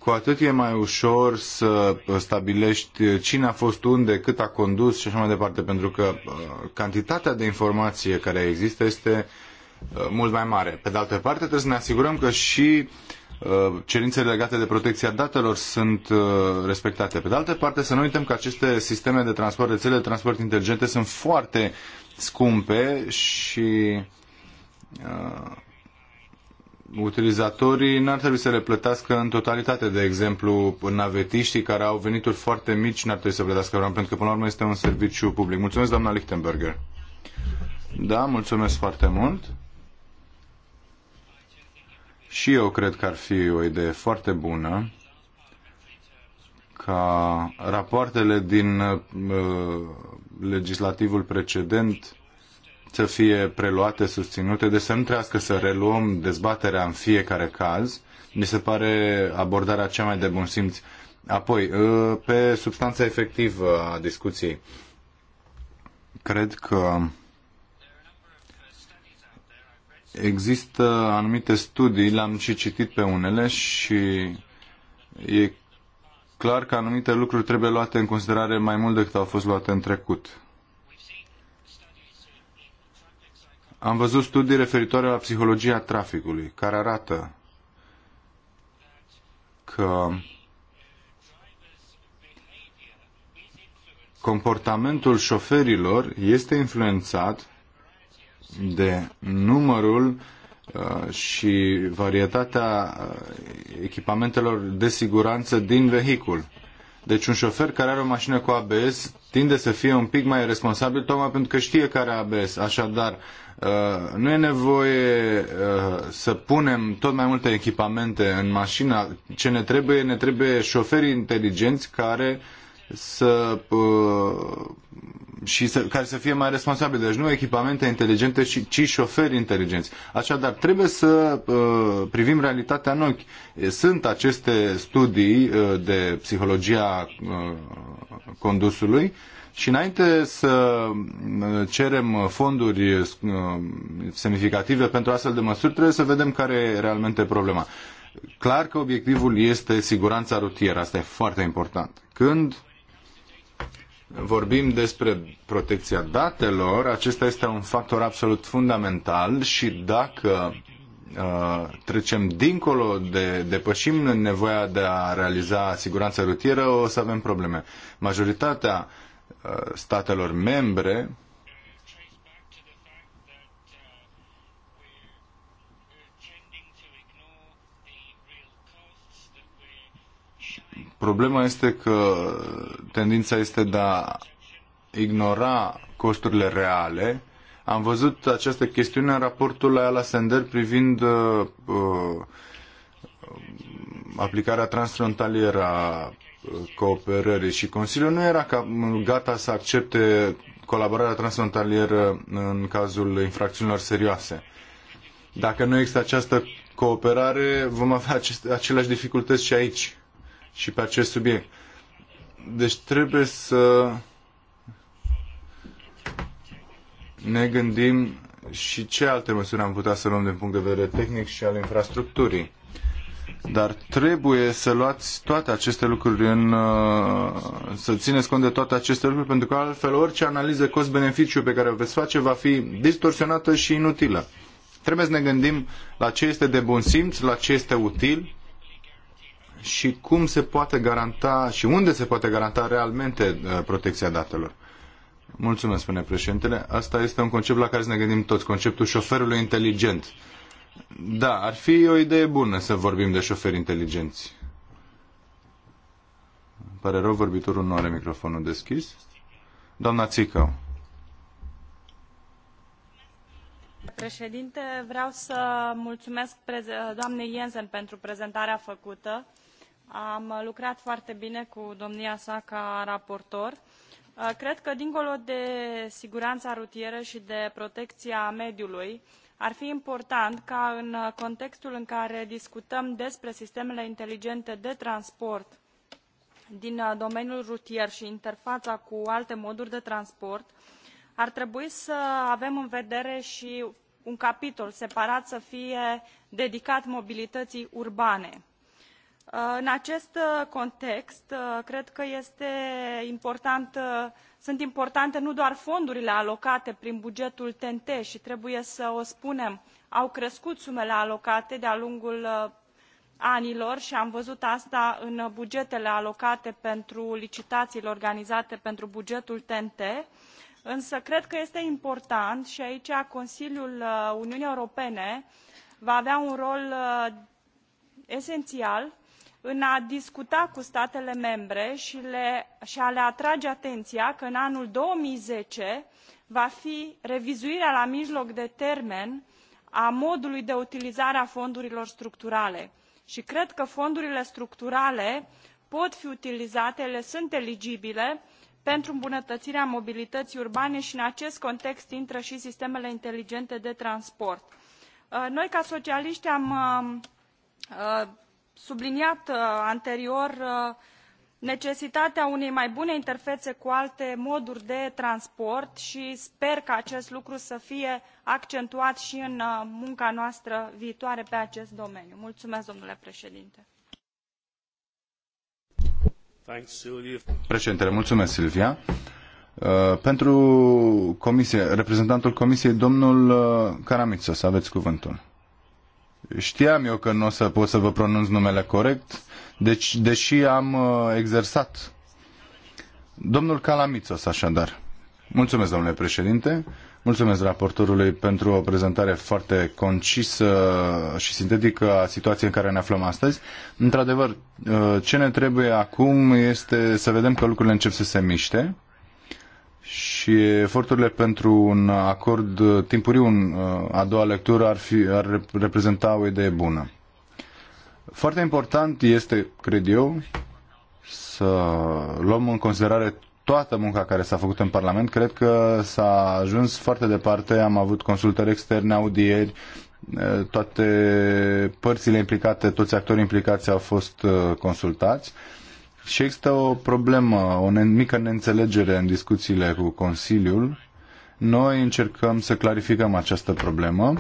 cu atât e mai ușor să stabilești cine a fost unde, cât a condus și așa mai departe, pentru că uh, cantitatea de informație care există este uh, mult mai mare. Pe de altă parte, trebuie să ne asigurăm că și uh, cerințele legate de protecția datelor sunt respectate. Pe de altă parte, să nu uităm că aceste sisteme de transport, rețele de transport inteligente sunt foarte scumpe și utilizatorii n-ar trebui să le plătească în totalitate, de exemplu, navetiștii care au venituri foarte mici n-ar trebui să plătească program, pentru că până la urmă este un serviciu public. Mulțumesc, doamna Lichtenberger. Da, mulțumesc foarte mult. Și eu cred că ar fi o idee foarte bună ca rapoartele din uh, legislativul precedent să fie preluate, susținute, deci să nu trească să reluăm dezbaterea în fiecare caz. Mi se pare abordarea cea mai de bun simț. Apoi, ă, pe substanța efectivă a discuției, cred că există anumite studii, le-am și citit pe unele și e clar că anumite lucruri trebuie luate în considerare mai mult decât au fost luate în trecut. Am văzut studii referitoare la psihologia traficului, care arată că comportamentul șoferilor este influențat de numărul uh, și varietatea uh, echipamentelor de siguranță din vehicul. Deci un șofer care are o mașină cu ABS tinde să fie un pic mai responsabil tocmai pentru că știe care are ABS. Așadar, Uh, nu e nevoie uh, să punem tot mai multe echipamente în mașină. Ce ne trebuie? Ne trebuie șoferi inteligenți care să uh, și să, care să fie mai responsabili. Deci nu echipamente inteligente, ci, ci șoferi inteligenți. Așadar, trebuie să uh, privim realitatea în ochi. Sunt aceste studii uh, de psihologia uh, condusului uh, și înainte să cerem fonduri uh, semnificative pentru astfel de măsuri, trebuie să vedem care e realmente problema. Clar că obiectivul este siguranța rutieră, asta e foarte important. Când vorbim despre protecția datelor, acesta este un factor absolut fundamental și dacă uh, trecem dincolo de, depășim nevoia de a realiza siguranța rutieră, o să avem probleme. Majoritatea Uh, statelor membre Problema este că tendința este de a ignora costurile reale. Am văzut această chestiune în raportul la Ala Sender privind uh, uh, aplicarea transfrontalieră a cooperării și Consiliul nu era gata să accepte colaborarea transfrontalieră în cazul infracțiunilor serioase. Dacă nu există această cooperare, vom avea aceleași dificultăți și aici, și pe acest subiect. Deci trebuie să ne gândim și ce alte măsuri am putea să luăm din punct de vedere tehnic și al infrastructurii. Dar trebuie să luați toate aceste lucruri în... Uh, să țineți cont de toate aceste lucruri, pentru că altfel orice analiză cost-beneficiu pe care o veți face va fi distorsionată și inutilă. Trebuie să ne gândim la ce este de bun simț, la ce este util și cum se poate garanta și unde se poate garanta realmente uh, protecția datelor. Mulțumesc, spune președintele. Asta este un concept la care să ne gândim toți, conceptul șoferului inteligent. Da, ar fi o idee bună să vorbim de șoferi inteligenți. Îmi pare rău, vorbitorul nu are microfonul deschis. Doamna Țicău. Președinte, vreau să mulțumesc doamnei Jensen pentru prezentarea făcută. Am lucrat foarte bine cu domnia sa ca raportor. Cred că, dincolo de siguranța rutieră și de protecția mediului, ar fi important ca în uh, contextul în care discutăm despre sistemele inteligente de transport din uh, domeniul rutier și interfața cu alte moduri de transport, ar trebui să avem în vedere și un capitol separat să fie dedicat mobilității urbane Uh, în acest uh, context uh, cred că sunt importante nu doar fondurile alocate prin bugetul ten t i trebuie să o spunem au crescut sumele alocate de a lungul anilor i am văzut asta în bugetele alocate pentru licitaiile organizate pentru bugetul ten t însă cred că este important i aici consiliul uniunii europene va avea un rol esenial în a discuta cu statele membre i a le atrage atenia că în anul două mii zece va fi revizuirea la mijloc de termen a modului de utilizare a fondurilor structurale i cred că fondurile structurale pot fi utilizate ele sunt eligibile pentru îmbunătăirea mobilităii urbane i în acest context intră i sistemele inteligente de transport. Uh, noi ca socialiti am uh, uh, subliniat uh, anterior uh, necesitatea unei mai bune interfee cu alte moduri de transport i sper ca acest lucru să fie accentuat i în uh, munca noastră viitoare pe acest domeniu. Mulțumesc, domnule președinte. Președintele, mulțumesc, Silvia. Pentru comisie, reprezentantul comisiei, domnul Karamitsos, aveți cuvântul. Știam eu că nu o să pot să vă pronunț numele corect, deci, deși am uh, exersat. Domnul Calamitos, așadar. Mulțumesc, domnule președinte. Mulțumesc raportorului pentru o prezentare foarte concisă și sintetică a situației în care ne aflăm astăzi. Într-adevăr, uh, ce ne trebuie acum este să vedem că lucrurile încep să se miște și eforturile pentru un acord timpuriu în uh, a doua lectură ar, fi, ar reprezenta o idee bună. Foarte important este, cred eu, să luăm în considerare toată munca care s-a făcut în Parlament. Cred că s-a ajuns foarte departe, am avut consultări externe, audieri, uh, toate părțile implicate, toți actorii implicați au fost uh, consultați și există o problemă, o mică neînțelegere în discuțiile cu Consiliul. Noi încercăm să clarificăm această problemă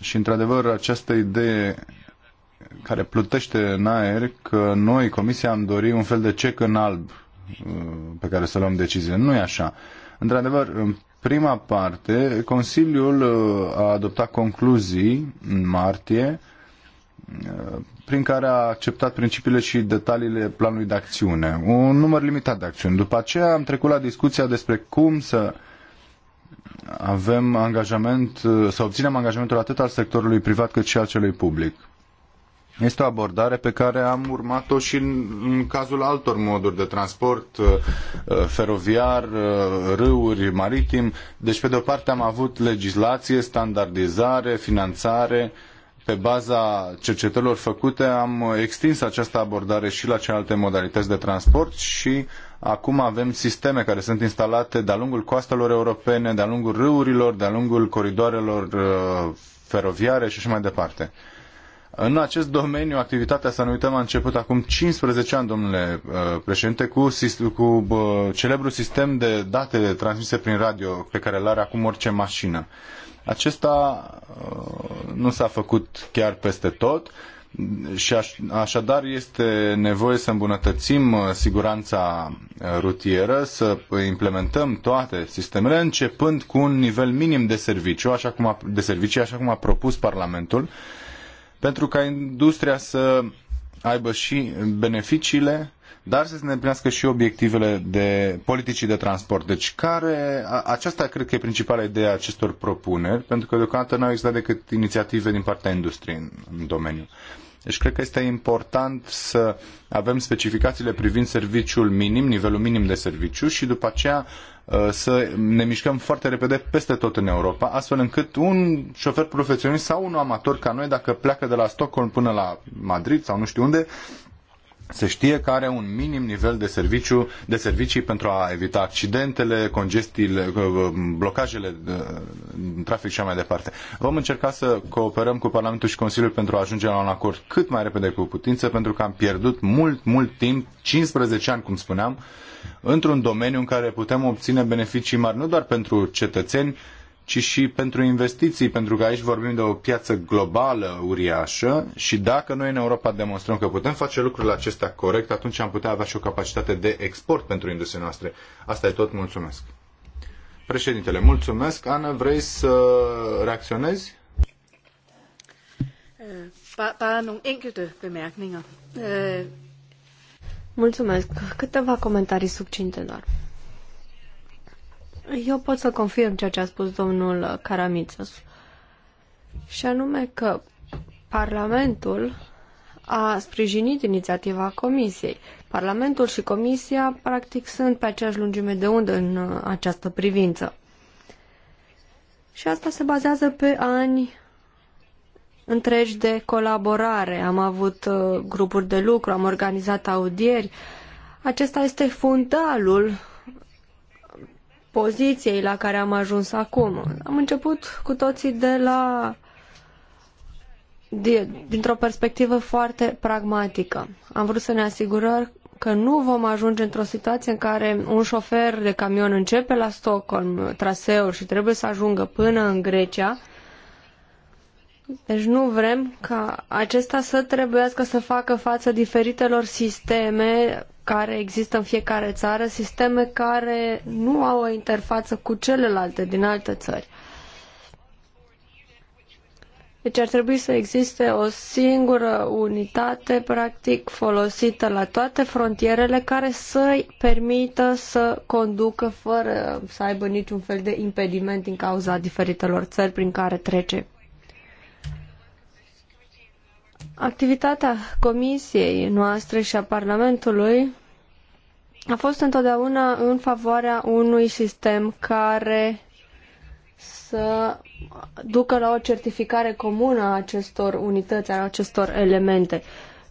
și, într-adevăr, această idee care plutește în aer că noi, Comisia, am dori un fel de cec în alb uh, pe care să luăm decizie. Nu e așa. Într-adevăr, în prima parte, Consiliul uh, a adoptat concluzii în martie prin care a acceptat principiile și detaliile planului de acțiune. Un număr limitat de acțiuni. După aceea am trecut la discuția despre cum să avem angajament, să obținem angajamentul atât al sectorului privat cât și al celui public. Este o abordare pe care am urmat-o și în, în cazul altor moduri de transport, uh, uh, feroviar, uh, râuri, maritim. Deci, pe de o parte, am avut legislație, standardizare, finanțare, uh, pe baza cercetărilor făcute, am extins această abordare și la celelalte modalități de transport și acum avem sisteme care sunt instalate de-a lungul coastelor europene, de-a lungul râurilor, de-a lungul coridoarelor uh, feroviare și așa mai departe. În acest domeniu, activitatea, să nu uităm, a început acum 15 ani, domnule uh, președinte, cu, cu uh, celebrul sistem de date transmise prin radio pe care îl are acum orice mașină. Uh, acesta uh, nu s-a făcut chiar peste tot și așadar este nevoie să îmbunătățim uh, siguranța uh, rutieră, să implementăm toate sistemele, începând cu un nivel minim de, serviciu, așa cum a, de servicii, așa cum a propus Parlamentul, pentru ca industria să aibă și beneficiile dar să se îndeplinească și obiectivele de politicii de transport. Deci care, aceasta cred că e principala idee a acestor propuneri, pentru că deocamdată nu au existat decât inițiative din partea industriei în, în domeniu. Deci cred că este important să avem specificațiile privind serviciul minim, nivelul minim de serviciu și după aceea uh, să ne mișcăm foarte repede peste tot în Europa, astfel încât un șofer profesionist sau un amator ca noi, dacă pleacă de la Stockholm până la Madrid sau nu știu unde, se știe că are un minim nivel de, serviciu, de servicii pentru a evita accidentele, congestiile, uh, uh, blocajele în trafic și mai departe. Vom încerca să cooperăm cu Parlamentul și Consiliul pentru a ajunge la un acord cât mai repede cu putință, pentru că am pierdut mult, mult timp, 15 ani, cum spuneam, într-un domeniu în care putem obține beneficii mari nu doar pentru cetățeni, ci și pentru investiții, pentru că aici vorbim de o piață globală uriașă și dacă noi în Europa demonstrăm că putem face lucrurile acestea corect, atunci am putea avea și o capacitate de export pentru industria noastră. Asta e tot, mulțumesc. Președintele, mulțumesc. Ana, vrei să reacționezi? Eh, eh, mulțumesc. Câteva comentarii succinte doar. Eu pot să confirm ceea ce a spus domnul Caramițos. Și anume că Parlamentul a sprijinit inițiativa Comisiei. Parlamentul și Comisia, practic, sunt pe aceeași lungime de undă în uh, această privință. Și asta se bazează pe ani întregi de colaborare. Am avut uh, grupuri de lucru, am organizat audieri. Acesta este fundalul poziției la care am ajuns acum. Am început cu toții de la dintr-o perspectivă foarte pragmatică. Am vrut să ne asigurăm că nu vom ajunge într-o situație în care un șofer de camion începe la Stockholm traseul și trebuie să ajungă până în Grecia. Deci nu vrem ca acesta să trebuiască să facă față diferitelor sisteme care există în fiecare țară, sisteme care nu au o interfață cu celelalte din alte țări. Deci ar trebui să existe o singură unitate, practic, folosită la toate frontierele, care să-i permită să conducă fără să aibă niciun fel de impediment din cauza diferitelor țări prin care trece Activitatea comisiei noastre și a Parlamentului a fost întotdeauna în favoarea unui sistem care să ducă la o certificare comună a acestor unități, a acestor elemente.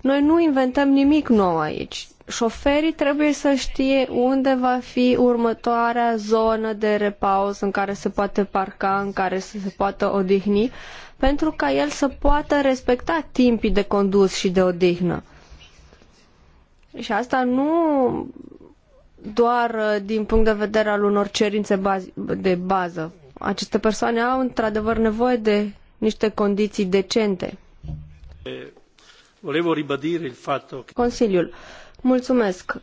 Noi nu inventăm nimic nou aici. Șoferii trebuie să știe unde va fi următoarea zonă de repaus în care se poate parca, în care să se poată odihni, pentru ca el să poată respecta timpii de condus și de odihnă. Și asta nu doar uh, din punct de vedere al unor cerințe de bază. Aceste persoane au într-adevăr nevoie de niște condiții decente. E... Consiliul. Mulțumesc.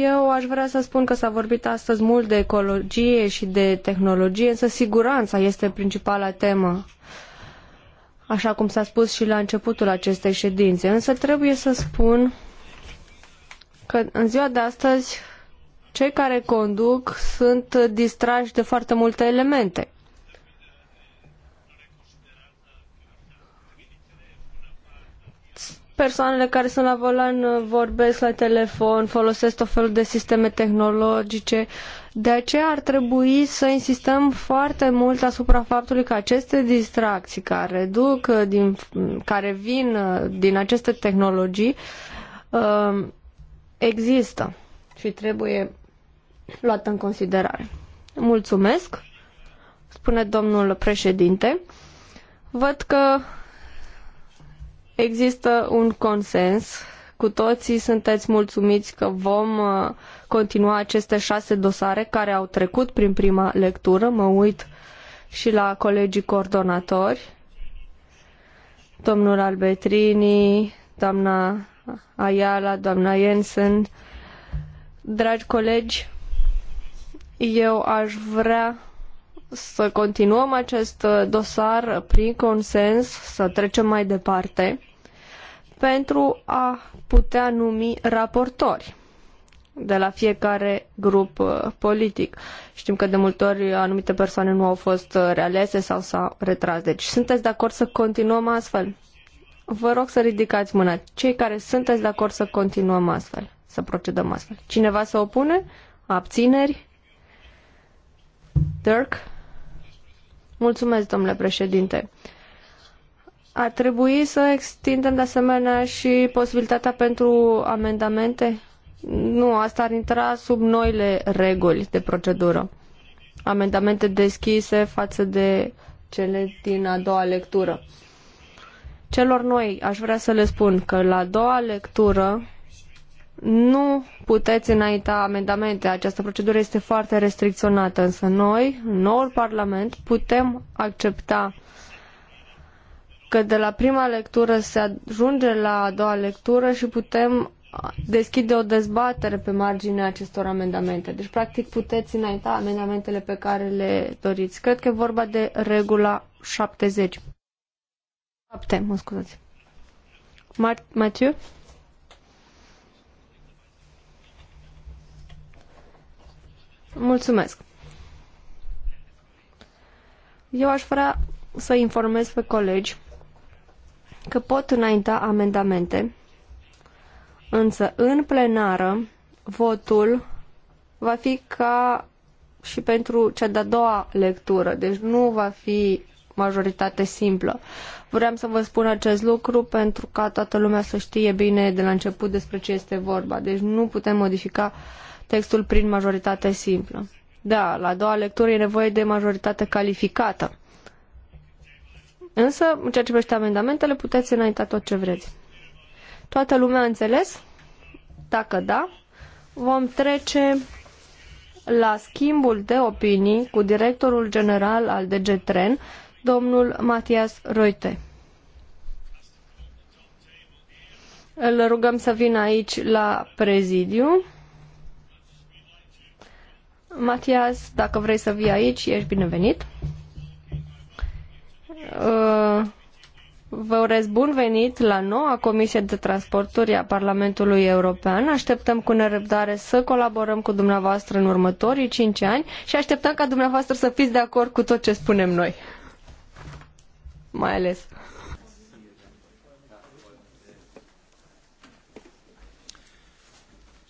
Eu aș vrea să spun că s-a vorbit astăzi mult de ecologie și de tehnologie, însă siguranța este principala temă, așa cum s-a spus și la începutul acestei edine Însă trebuie să spun că în ziua de astăzi cei care conduc sunt distrai de foarte multe elemente. persoanele care sunt la volan uh, vorbesc la telefon, folosesc tot felul de sisteme tehnologice. De aceea ar trebui să insistăm foarte mult asupra faptului că aceste distracții care duc uh, din, care vin uh, din aceste tehnologii există și trebuie luată în considerare. Mulțumesc, spune domnul președinte. Văd că Există un consens. Cu toții sunteți mulțumiți că vom uh, continua aceste șase dosare care au trecut prin prima lectură. Mă uit și la colegii coordonatori, domnul Albetrini, doamna Ayala, doamna Jensen. Dragi colegi, eu aș vrea să continuăm acest dosar prin consens, să trecem mai departe pentru a putea numi raportori de la fiecare grup uh, politic. Știm că de multe ori anumite persoane nu au fost uh, realese sau s-au retras. Deci sunteți de acord să continuăm astfel? Vă rog să ridicați mâna. Cei care sunteți de acord să continuăm astfel, să procedăm astfel. Cineva să opune? Abțineri? Dirk? Mulțumesc, domnule președinte. Uh, ar trebui să extindem de asemenea și posibilitatea pentru amendamente? Nu, asta ar intra sub noile reguli de procedură. Amendamente deschise față de cele din a doua lectură. Celor noi aș vrea să le spun că la a doua lectură nu puteți înainta amendamente. Această procedură este foarte restricționată, însă noi, noul Parlament, putem accepta că de la prima lectură se ajunge la a doua lectură și putem deschide o dezbatere pe marginea acestor amendamente. Deci, practic, puteți înainta amendamentele pe care le doriți. Cred că e vorba de regula 70. 7, mă scuzați. Mathieu? Mulțumesc. Eu aș vrea să informez pe colegi că pot înainta amendamente, însă în plenară votul va fi ca și pentru cea de-a doua lectură, deci nu va fi majoritate simplă. Vreau să vă spun acest lucru pentru ca toată lumea să știe bine de la început despre ce este vorba. Deci nu putem modifica textul prin majoritate simplă. Da, la a doua lectură e nevoie de majoritate calificată. Însă, în ceea ce privește amendamentele, puteți înainta tot ce vreți. Toată lumea a înțeles? Dacă da, vom trece la schimbul de opinii cu directorul general al DG Tren, domnul Matias Roite. Îl rugăm să vină aici la prezidiu. Matias, dacă vrei să vii aici, ești binevenit. Uh, vă urez bun venit la noua Comisie de Transporturi a Parlamentului European. Așteptăm cu nerăbdare să colaborăm cu dumneavoastră în următorii cinci ani și așteptăm ca dumneavoastră să fiți de acord cu tot ce spunem noi. Mai ales.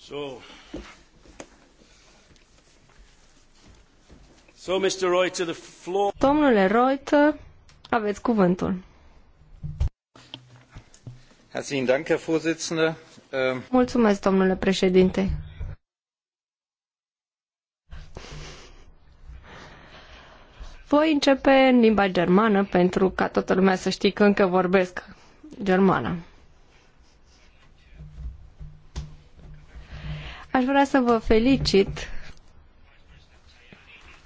So, so Mr. Reuter, the floor... Domnule Reuter, aveți cuvântul. Ähm, Mulțumesc, domnule președinte. Voi începe în limba germană pentru ca toată lumea să știe că încă vorbesc germană. Aș vrea să vă felicit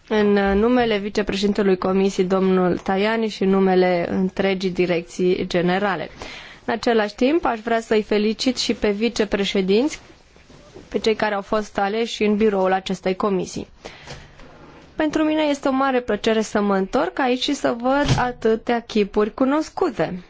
în numele vicepreședintelui Comisiei, domnul Tajani, și în numele întregii direcții generale. În același timp, aș vrea să-i felicit și pe vicepreședinți, pe cei care au fost aleși în biroul acestei comisii. Pentru mine este o mare plăcere să mă întorc aici și să văd atâtea chipuri cunoscute.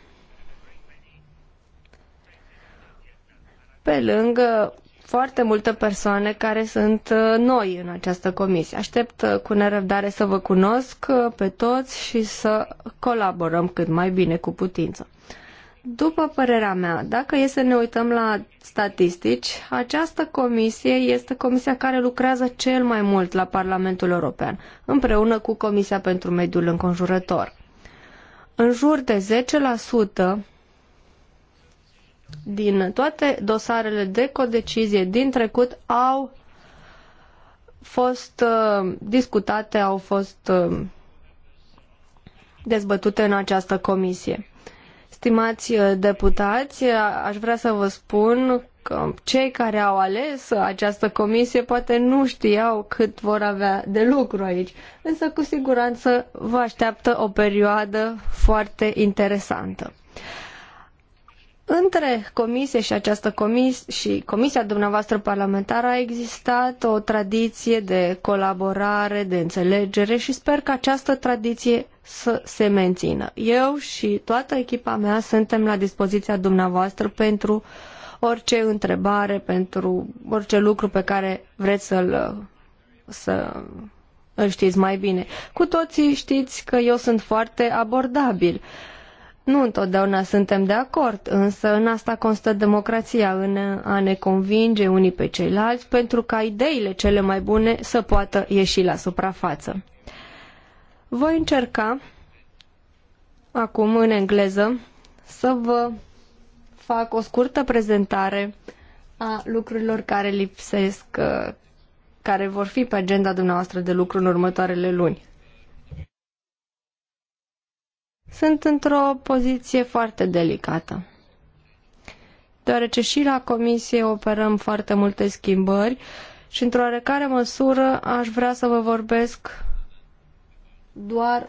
Pe lângă foarte multe persoane care sunt uh, noi în această comisie. Aștept uh, cu nerăbdare să vă cunosc uh, pe toți și să colaborăm cât mai bine cu putință. După părerea mea, dacă e să ne uităm la statistici, această comisie este comisia care lucrează cel mai mult la Parlamentul European, împreună cu Comisia pentru Mediul Înconjurător. În jur de 10% din toate dosarele de codecizie din trecut au fost uh, discutate, au fost uh, dezbătute în această comisie. Stimați uh, deputați, aș vrea să vă spun că cei care au ales această comisie poate nu știau cât vor avea de lucru aici, însă cu siguranță vă așteaptă o perioadă foarte interesantă. Între comisie și această comisie și comisia dumneavoastră parlamentară a existat o tradiție de colaborare, de înțelegere și sper că această tradiție să se mențină. Eu și toată echipa mea suntem la dispoziția dumneavoastră pentru orice întrebare, pentru orice lucru pe care vreți să-l să îl știți mai bine. Cu toții știți că eu sunt foarte abordabil. Uh, nu întotdeauna suntem de acord, însă în asta constă democrația, în a ne convinge unii pe ceilalți pentru ca ideile cele mai bune să poată ieși la suprafață. Voi încerca acum în engleză să vă fac o scurtă prezentare a lucrurilor care lipsesc, uh, care vor fi pe agenda dumneavoastră de lucru în următoarele luni sunt într-o poziție foarte delicată. Deoarece și la comisie operăm foarte multe schimbări și într-o oarecare măsură aș vrea să vă vorbesc doar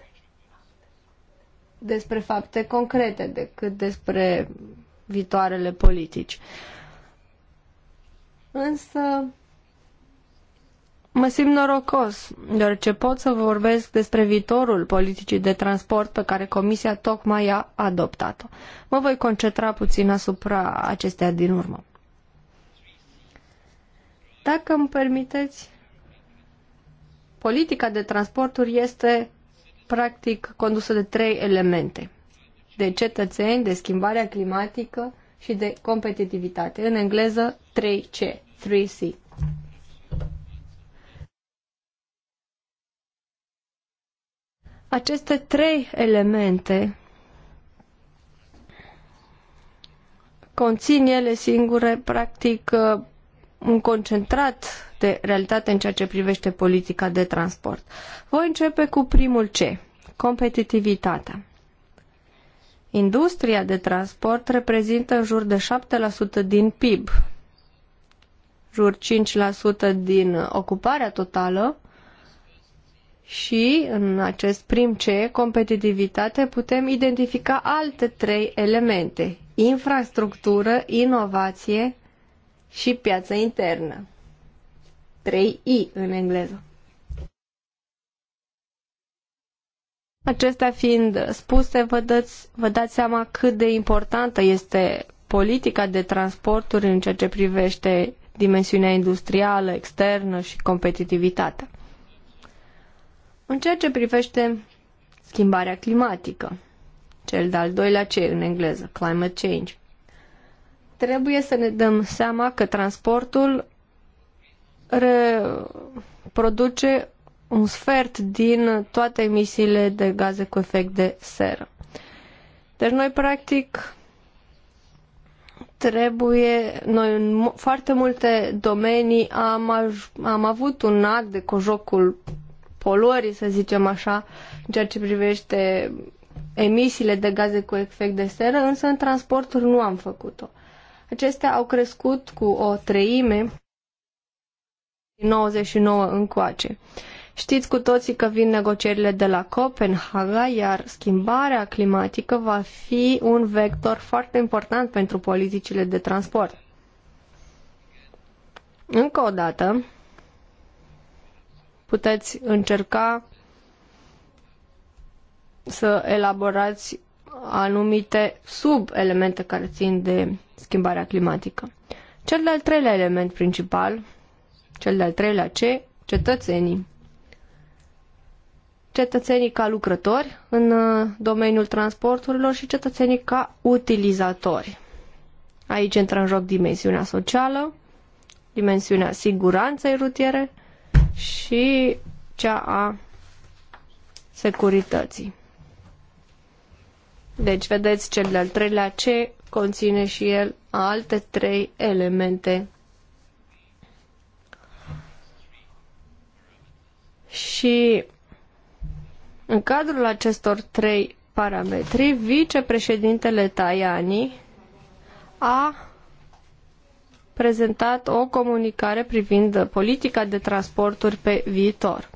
despre fapte concrete decât despre viitoarele politici. Însă Mă simt norocos, deoarece pot să vorbesc despre viitorul politicii de transport pe care Comisia tocmai a adoptat-o. Mă voi concentra puțin asupra acestea din urmă. Dacă îmi permiteți, politica de transporturi este practic condusă de trei elemente. De cetățeni, de schimbarea climatică și de competitivitate. În engleză 3C, 3C. Aceste trei elemente conțin ele singure, practic, uh, un concentrat de realitate în ceea ce privește politica de transport. Voi începe cu primul C, competitivitatea. Industria de transport reprezintă în jur de 7% din PIB, jur 5% din ocuparea totală și în acest prim C, competitivitate, putem identifica alte trei elemente, infrastructură, inovație și piață internă. 3I în engleză. Acestea fiind spuse, vă dați, vă dați seama cât de importantă este politica de transporturi în ceea ce privește dimensiunea industrială, externă și competitivitatea. În ceea ce privește schimbarea climatică, cel de-al doilea ce în engleză, climate change, trebuie să ne dăm seama că transportul produce un sfert din toate emisiile de gaze cu efect de seră. Deci noi practic trebuie, noi în foarte multe domenii am, am avut un act de cojocul poluări, să zicem așa, în ceea ce privește emisiile de gaze cu efect de seră, însă în transporturi nu am făcut-o. Acestea au crescut cu o treime 99 încoace. Știți cu toții că vin negocierile de la Copenhaga, iar schimbarea climatică va fi un vector foarte important pentru politicile de transport. Încă o dată, puteți încerca să elaborați anumite sub-elemente care țin de schimbarea climatică. Cel de-al treilea element principal, cel de-al treilea ce, cetățenii. Cetățenii ca lucrători în uh, domeniul transporturilor și cetățenii ca utilizatori. Aici intră în joc dimensiunea socială, dimensiunea siguranței rutiere și cea a securității. Deci, vedeți, cel de-al treilea C conține și el alte trei elemente. Și în cadrul acestor trei parametri, vicepreședintele Tajani a prezentat o comunicare privind politica de transporturi pe viitor.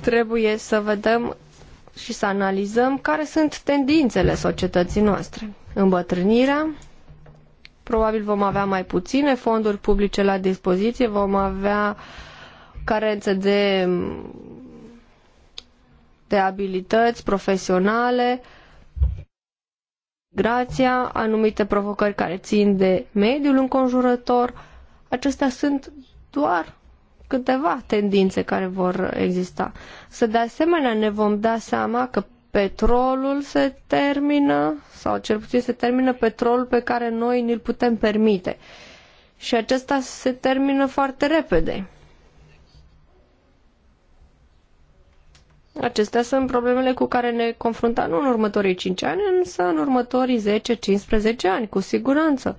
Trebuie să vedem și să analizăm care sunt tendințele societății noastre. Îmbătrânirea, probabil vom avea mai puține fonduri publice la dispoziție, vom avea carențe de, de abilități profesionale, uh, migrația, anumite provocări care țin de mediul înconjurător. Acestea sunt doar câteva tendințe care vor exista. Să de asemenea ne vom da seama că petrolul se termină sau cel puțin se termină petrolul pe care noi ni-l putem permite. Și acesta se termină foarte repede. Acestea sunt problemele cu care ne confruntăm nu în următorii 5 ani, însă în următorii 10-15 ani, cu siguranță.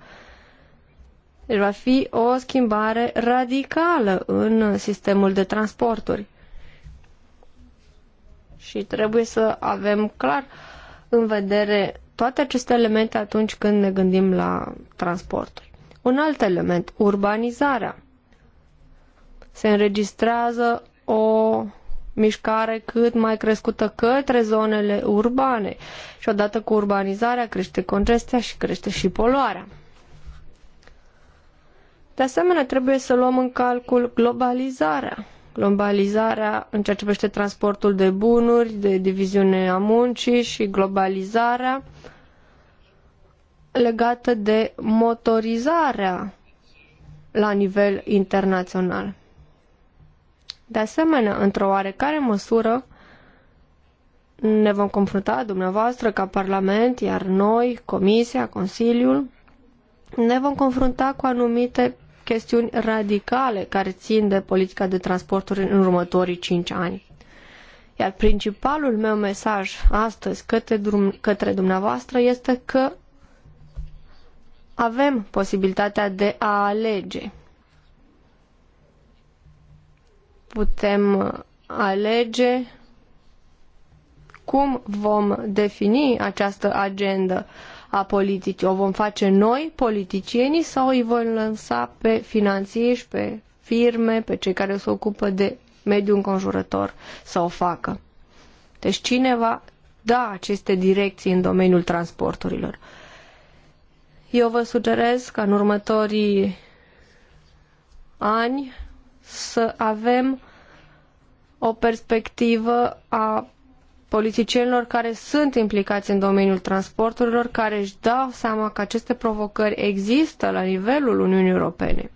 Deci va fi o schimbare radicală în sistemul de transporturi. Și trebuie să avem clar în vedere toate aceste elemente atunci când ne gândim la transporturi. Un alt element, urbanizarea. Se înregistrează o mișcare cât mai crescută către zonele urbane. Și odată cu urbanizarea crește congestia și crește și poluarea. De asemenea, trebuie să luăm în calcul globalizarea. Globalizarea în ceea ce privește transportul de bunuri, de diviziune a muncii și globalizarea legată de motorizarea la nivel internațional. De asemenea, într-o oarecare măsură, ne vom confrunta dumneavoastră ca Parlament, iar noi, Comisia, Consiliul, ne vom confrunta cu anumite chestiuni radicale care țin de politica de transporturi în următorii cinci ani. Iar principalul meu mesaj astăzi către, drum, către dumneavoastră este că avem posibilitatea de a alege putem alege cum vom defini această agendă a politicii. O vom face noi, politicienii, sau îi vom lansa pe finanțiști, pe firme, pe cei care se ocupă de mediul înconjurător să o facă. Deci cine va da aceste direcții în domeniul transporturilor? Eu vă sugerez ca în următorii ani să avem o perspectivă a politicienilor care sunt implicați în domeniul transporturilor, care își dau seama că aceste provocări există la nivelul Uniunii Europene.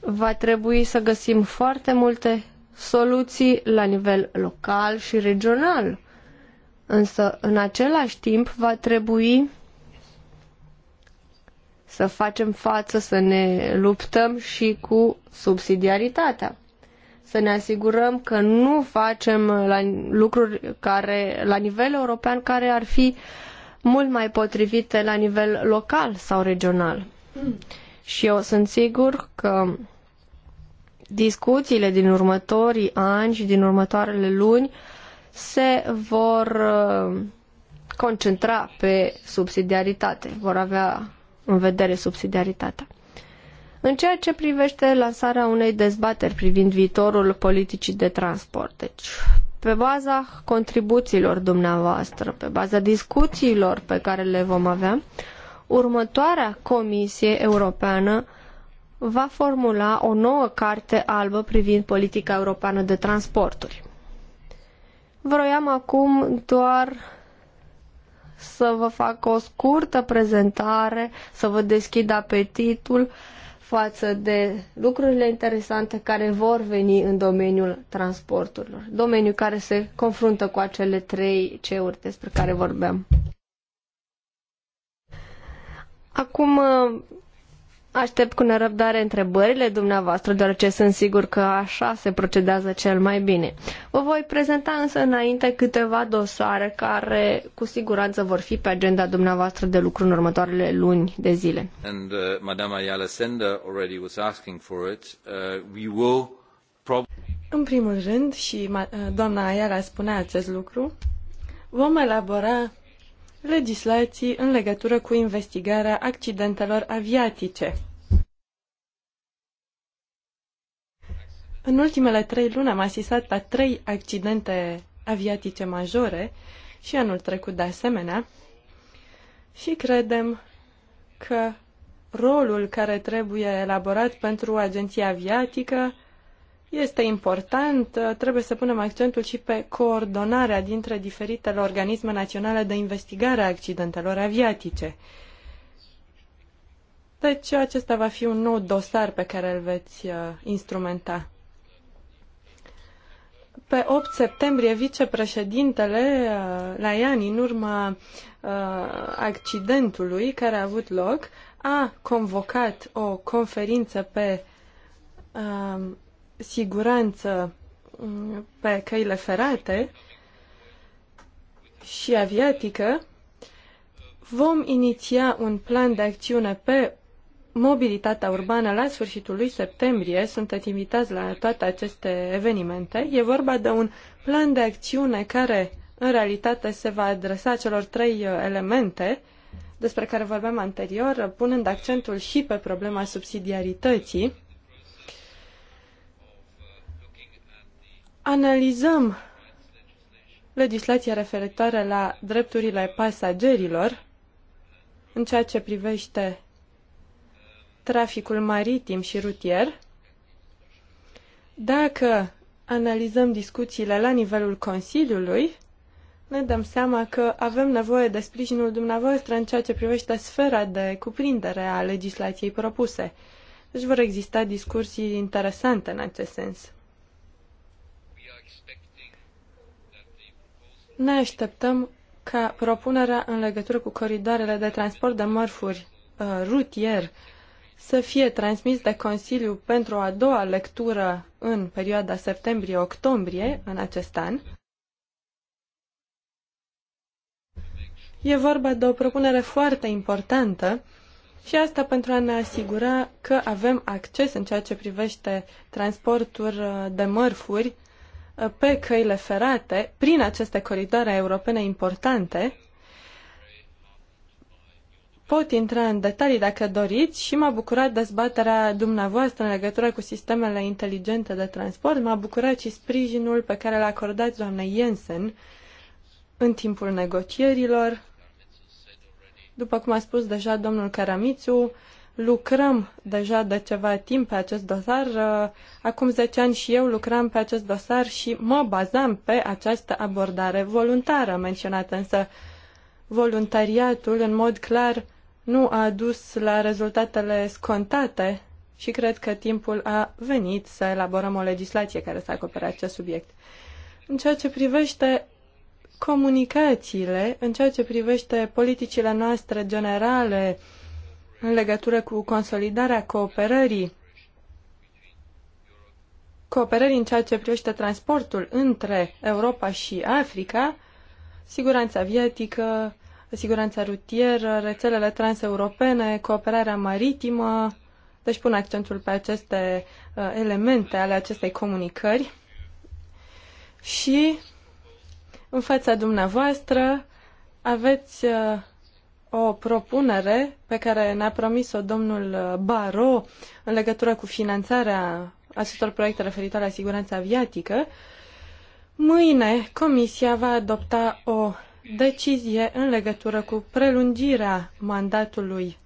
Va trebui să găsim foarte multe soluții la nivel local și regional. Însă, în același timp, va trebui să facem față, să ne luptăm și cu subsidiaritatea. Să ne asigurăm că nu facem la lucruri care, la nivel european, care ar fi mult mai potrivite la nivel local sau regional. Și eu sunt sigur că discuțiile din următorii ani și din următoarele luni se vor uh, concentra pe subsidiaritate, vor avea în vedere subsidiaritatea. În ceea ce privește lansarea unei dezbateri privind viitorul politicii de transport, deci pe baza contribuțiilor dumneavoastră, pe baza discuțiilor pe care le vom avea, următoarea Comisie Europeană va formula o nouă carte albă privind politica europeană de transporturi. Vroiam acum doar să vă fac o scurtă prezentare, să vă deschid apetitul față de lucrurile interesante care vor veni în domeniul transporturilor, domeniul care se confruntă cu acele trei ceuri despre care vorbeam. Acum Aștept cu nerăbdare întrebările dumneavoastră, deoarece sunt sigur că așa se procedează cel mai bine. Vă voi prezenta însă înainte câteva dosare care cu siguranță vor fi pe agenda dumneavoastră de lucru în următoarele luni de zile. And, uh, Madame Ayala Sender already was asking for it. Uh, we will în primul rând, și uh, doamna Ayala spunea acest lucru, vom elabora legislații în legătură cu investigarea accidentelor aviatice. În ultimele trei luni am asistat la trei accidente aviatice majore și anul trecut de asemenea și credem că rolul care trebuie elaborat pentru agenția aviatică este important. Trebuie să punem accentul și pe coordonarea dintre diferitele organisme naționale de investigare a accidentelor aviatice. Deci acesta va fi un nou dosar pe care îl veți uh, instrumenta. Pe 8 septembrie, vicepreședintele uh, la Iani, în urma uh, accidentului care a avut loc, a convocat o conferință pe um, siguranță mm, pe căile ferate și aviatică, vom iniția un plan de acțiune pe mobilitatea urbană la sfârșitul lui septembrie. Sunteți invitați la toate aceste evenimente. E vorba de un plan de acțiune care, în realitate, se va adresa celor trei uh, elemente despre care vorbeam anterior, punând accentul și pe problema subsidiarității. Analizăm legislația referitoare la drepturile pasagerilor în ceea ce privește traficul maritim și rutier, dacă analizăm discuțiile la nivelul Consiliului, ne dăm seama că avem nevoie de sprijinul dumneavoastră în ceea ce privește sfera de cuprindere a legislației propuse. Deci vor exista discursii interesante în acest sens. Ne așteptăm ca propunerea în legătură cu coridoarele de transport de mărfuri uh, rutier să fie transmis de Consiliu pentru a doua lectură în perioada septembrie-octombrie în acest an. E vorba de o propunere foarte importantă și asta pentru a ne asigura că avem acces în ceea ce privește transportul uh, de mărfuri uh, pe căile ferate prin aceste coridoare europene importante pot intra în detalii dacă doriți și m-a bucurat dezbaterea dumneavoastră în legătură cu sistemele inteligente de transport, m-a bucurat și sprijinul pe care l-a acordat doamna Jensen în timpul negocierilor. După cum a spus deja domnul Caramițu, lucrăm deja de ceva timp pe acest dosar. Acum 10 ani și eu lucram pe acest dosar și mă bazam pe această abordare voluntară menționată, însă voluntariatul în mod clar nu a dus la rezultatele scontate și cred că timpul a venit să elaborăm o legislație care să acopere acest subiect. În ceea ce privește comunicațiile, în ceea ce privește politicile noastre generale în legătură cu consolidarea cooperării, cooperării în ceea ce privește transportul între Europa și Africa, siguranța vietică, siguranța rutieră, rețelele transeuropene, cooperarea maritimă, deci pun accentul pe aceste uh, elemente ale acestei comunicări. Și în fața dumneavoastră aveți uh, o propunere pe care ne-a promis-o domnul uh, Baro în legătură cu finanțarea acestor proiecte referitoare la siguranța aviatică. Mâine Comisia va adopta o decizie în legătură cu prelungirea mandatului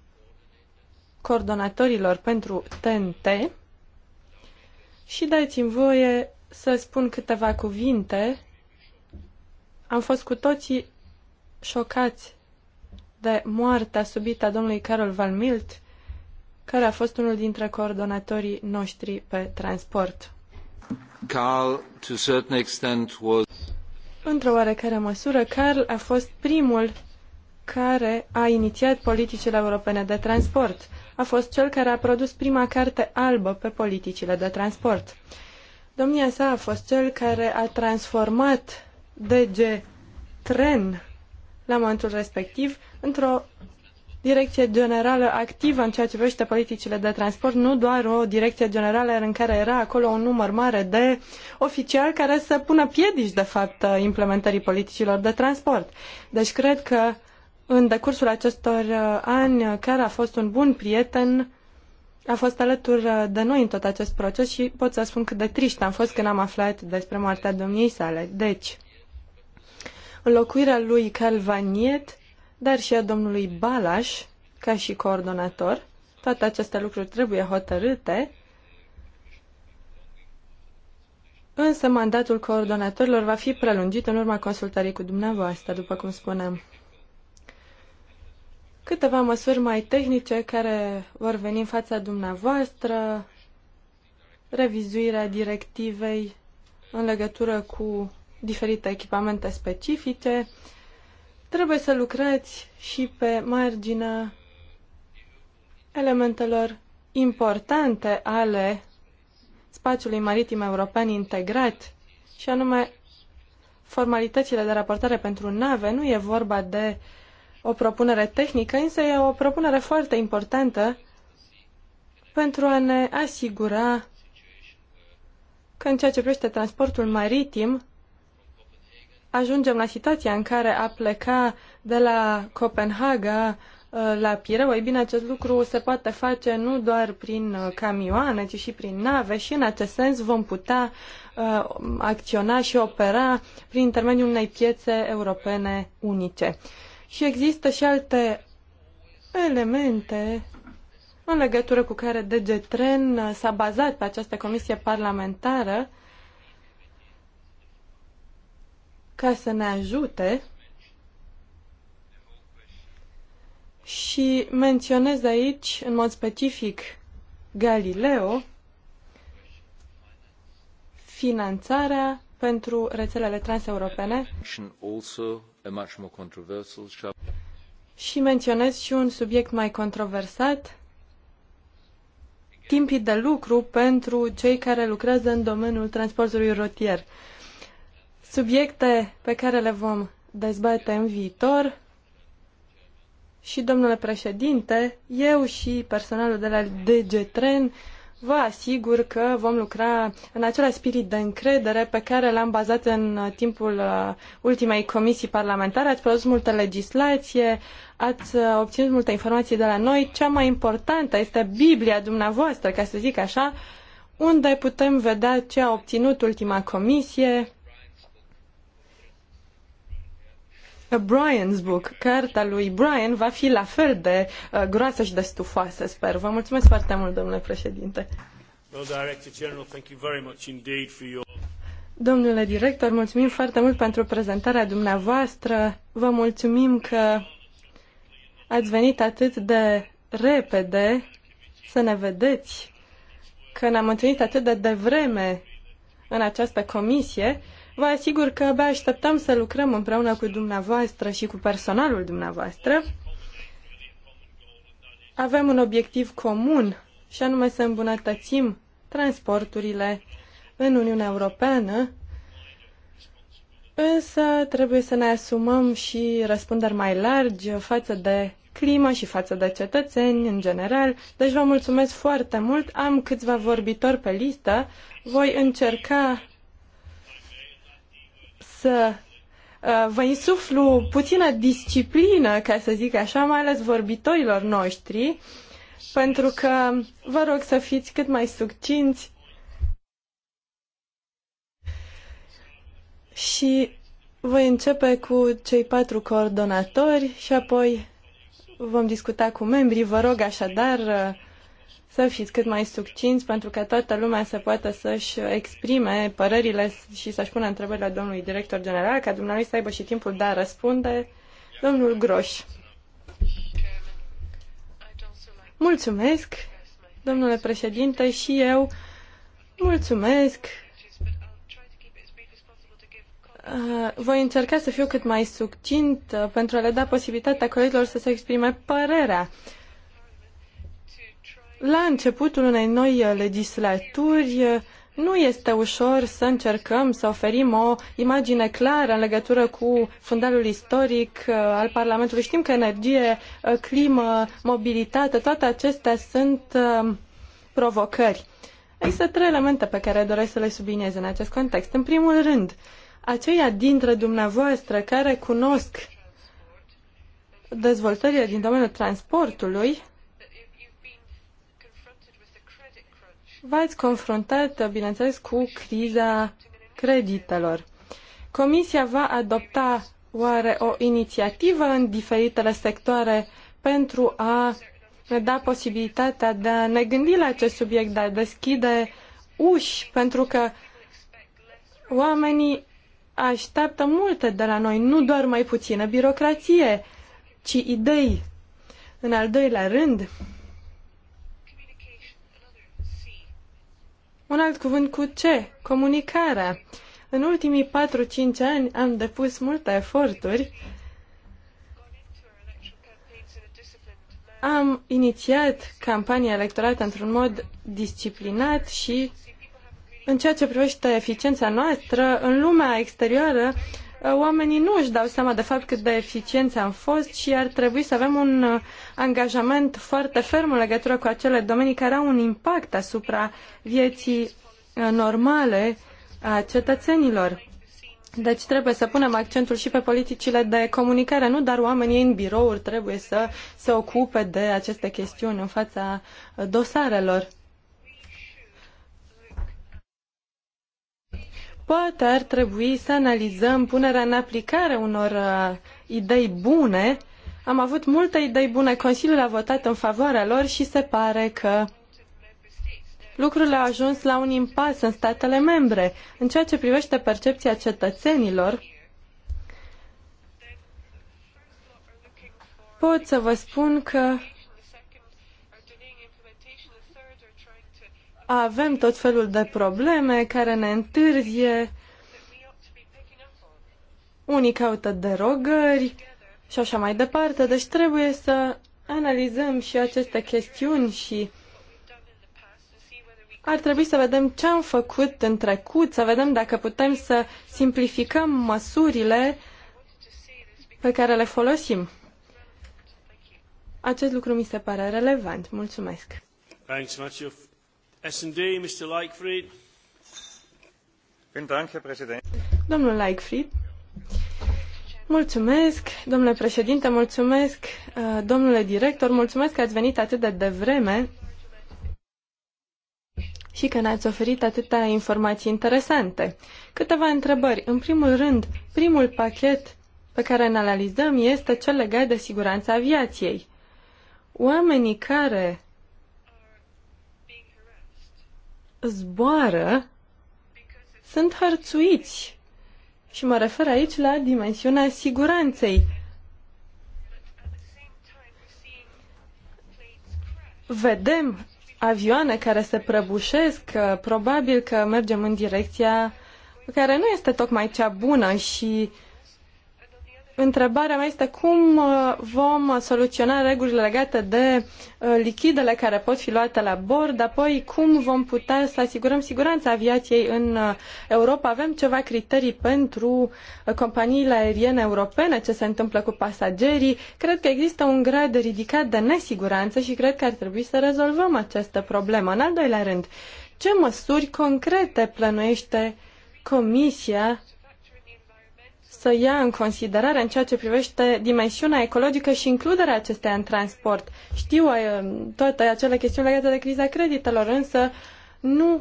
coordonatorilor pentru TNT și dați-mi voie să spun câteva cuvinte. Am fost cu toții șocați de moartea subită a domnului Carol Van Milt, care a fost unul dintre coordonatorii noștri pe transport. Carl, to a certain extent, was... Într-o oarecare măsură, Carl a fost primul care a inițiat politicile europene de transport. A fost cel care a produs prima carte albă pe politicile de transport. Domnia sa a fost cel care a transformat DG Tren la momentul respectiv într-o direcție generală activă în ceea ce privește politicile de transport, nu doar o direcție generală în care era acolo un număr mare de oficiali care să pună piedici, de fapt, implementării politicilor de transport. Deci cred că în decursul acestor uh, ani, uh, care a fost un bun prieten, a fost alături uh, de noi în tot acest proces și pot să spun cât de trist am fost când am aflat despre moartea domniei sale. Deci, înlocuirea lui Calvaniet dar și a domnului Balas, ca și coordonator. Toate aceste lucruri trebuie hotărâte, însă mandatul coordonatorilor va fi prelungit în urma consultării cu dumneavoastră, după cum spuneam. Câteva măsuri mai tehnice care vor veni în fața dumneavoastră, revizuirea directivei în legătură cu diferite echipamente specifice, Trebuie să lucrați și pe marginea elementelor importante ale spațiului maritim european integrat, și anume formalitățile de raportare pentru nave. Nu e vorba de o propunere tehnică, însă e o propunere foarte importantă pentru a ne asigura că în ceea ce privește transportul maritim, ajungem la situația în care a pleca de la Copenhaga uh, la Pireu, ei bine, acest lucru se poate face nu doar prin uh, camioane, ci și prin nave și în acest sens vom putea uh, acționa și opera prin intermediul unei piețe europene unice. Și există și alte elemente în legătură cu care DG Tren s-a bazat pe această comisie parlamentară uh, ca să ne ajute și menționez aici, în mod specific, Galileo, finanțarea pentru rețelele transeuropene și menționez și un subiect mai controversat, timpii de lucru pentru cei care lucrează în domeniul transportului rotier subiecte pe care le vom dezbate în viitor. Și, domnule președinte, eu și personalul de la DG Tren vă asigur că vom lucra în același spirit de încredere pe care l-am bazat în timpul uh, ultimei comisii parlamentare. Ați produs multă legislație, ați uh, obținut multe informații de la noi. Cea mai importantă este Biblia dumneavoastră, ca să zic așa, unde putem vedea ce a obținut ultima comisie, Brian's Book. Cartea lui Brian va fi la fel de uh, groasă și de stufoasă, sper. Vă mulțumesc foarte mult, domnule președinte. Domnule director, mulțumim foarte mult pentru prezentarea dumneavoastră. Vă mulțumim că ați venit atât de repede să ne vedeți, că ne-am întâlnit atât de devreme în această comisie Vă asigur că abia așteptăm să lucrăm împreună cu dumneavoastră și cu personalul dumneavoastră. Avem un obiectiv comun și anume să îmbunătățim transporturile în Uniunea Europeană, însă trebuie să ne asumăm și răspunderi mai largi față de climă și față de cetățeni în general. Deci vă mulțumesc foarte mult. Am câțiva vorbitori pe listă. Voi încerca să uh, vă insuflu puțină disciplină, ca să zic așa, mai ales vorbitorilor noștri, pentru că vă rog să fiți cât mai succinți și voi începe cu cei patru coordonatori și apoi vom discuta cu membrii. Vă rog așadar uh, să fiți cât mai succinți pentru că toată lumea să poată să-și exprime părerile și să-și pună întrebările domnului director general, ca dumneavoastră să aibă și timpul de a răspunde. Domnul Groș. Mulțumesc, domnule președinte, și eu mulțumesc. Uh, voi încerca să fiu cât mai succint uh, pentru a le da posibilitatea colegilor să se exprime părerea. Uh, la începutul unei noi uh, legislaturi uh, nu este ușor să încercăm să oferim o imagine clară în legătură cu fundalul istoric uh, al Parlamentului. Știm că energie, climă, mobilitate, toate acestea sunt provocări. Există trei elemente pe care doresc să le subliniez în acest context. În primul rând, aceia dintre dumneavoastră care cunosc dezvoltările din domeniul transportului V-ați confruntat, bineînțeles, cu criza creditelor. Comisia va adopta oare o inițiativă în diferitele sectoare pentru a ne da posibilitatea de a ne gândi la acest subiect, de a deschide uși, pentru că oamenii așteaptă multe de la noi, nu doar mai puțină birocrație, ci idei. În al doilea rând, Un alt cuvânt cu C, comunicarea. În ultimii 4-5 ani am depus multe eforturi. Am inițiat campania electorală într-un mod disciplinat și în ceea ce privește eficiența noastră, în lumea exterioară, oamenii nu își dau seama de fapt cât de eficienți am fost și ar trebui să avem un angajament foarte ferm în legătură cu acele domenii care au un impact asupra vieții uh, normale a cetățenilor. Deci trebuie să punem accentul și pe politicile de comunicare, nu dar oamenii în birouri trebuie să se ocupe de aceste chestiuni în fața uh, dosarelor. Poate ar trebui să analizăm punerea în aplicare unor uh, idei bune am avut multe idei bune, Consiliul a votat în favoarea lor și se pare că lucrurile au ajuns la un impas în statele membre. În ceea ce privește percepția cetățenilor, pot să vă spun că avem tot felul de probleme care ne întârzie, unii caută derogări, și așa mai departe. Deci trebuie să analizăm și aceste chestiuni și ar trebui să vedem ce am făcut în trecut, să vedem dacă putem să simplificăm măsurile pe care le folosim. Acest lucru mi se pare relevant. Mulțumesc. Thanks, Matthew. S&D, Mr. Leichfried. Domnul Leichfried. Mulțumesc, domnule președinte, mulțumesc, uh, domnule director, mulțumesc că ați venit atât de devreme și că ne-ați oferit atâtea informații interesante. Câteva întrebări. În primul rând, primul pachet pe care îl analizăm este cel legat de siguranța aviației. Oamenii care zboară sunt hărțuiți și mă refer aici la dimensiunea siguranței. Vedem avioane care se prăbușesc, probabil că mergem în direcția care nu este tocmai cea bună și uh, Întrebarea mea este cum uh, vom soluționa regulile legate de uh, lichidele care pot fi luate la bord, apoi cum vom putea să asigurăm siguranța aviației în uh, Europa. Avem ceva criterii pentru companiile aeriene europene, ce se întâmplă cu pasagerii. Cred că există un grad ridicat de nesiguranță și cred că ar trebui să rezolvăm această problemă. În al doilea rând, ce măsuri concrete plănuiește Comisia să ia în considerare în ceea ce privește dimensiunea ecologică și includerea acesteia în transport. Știu um, toate acele chestiuni legate de criza creditelor, însă nu,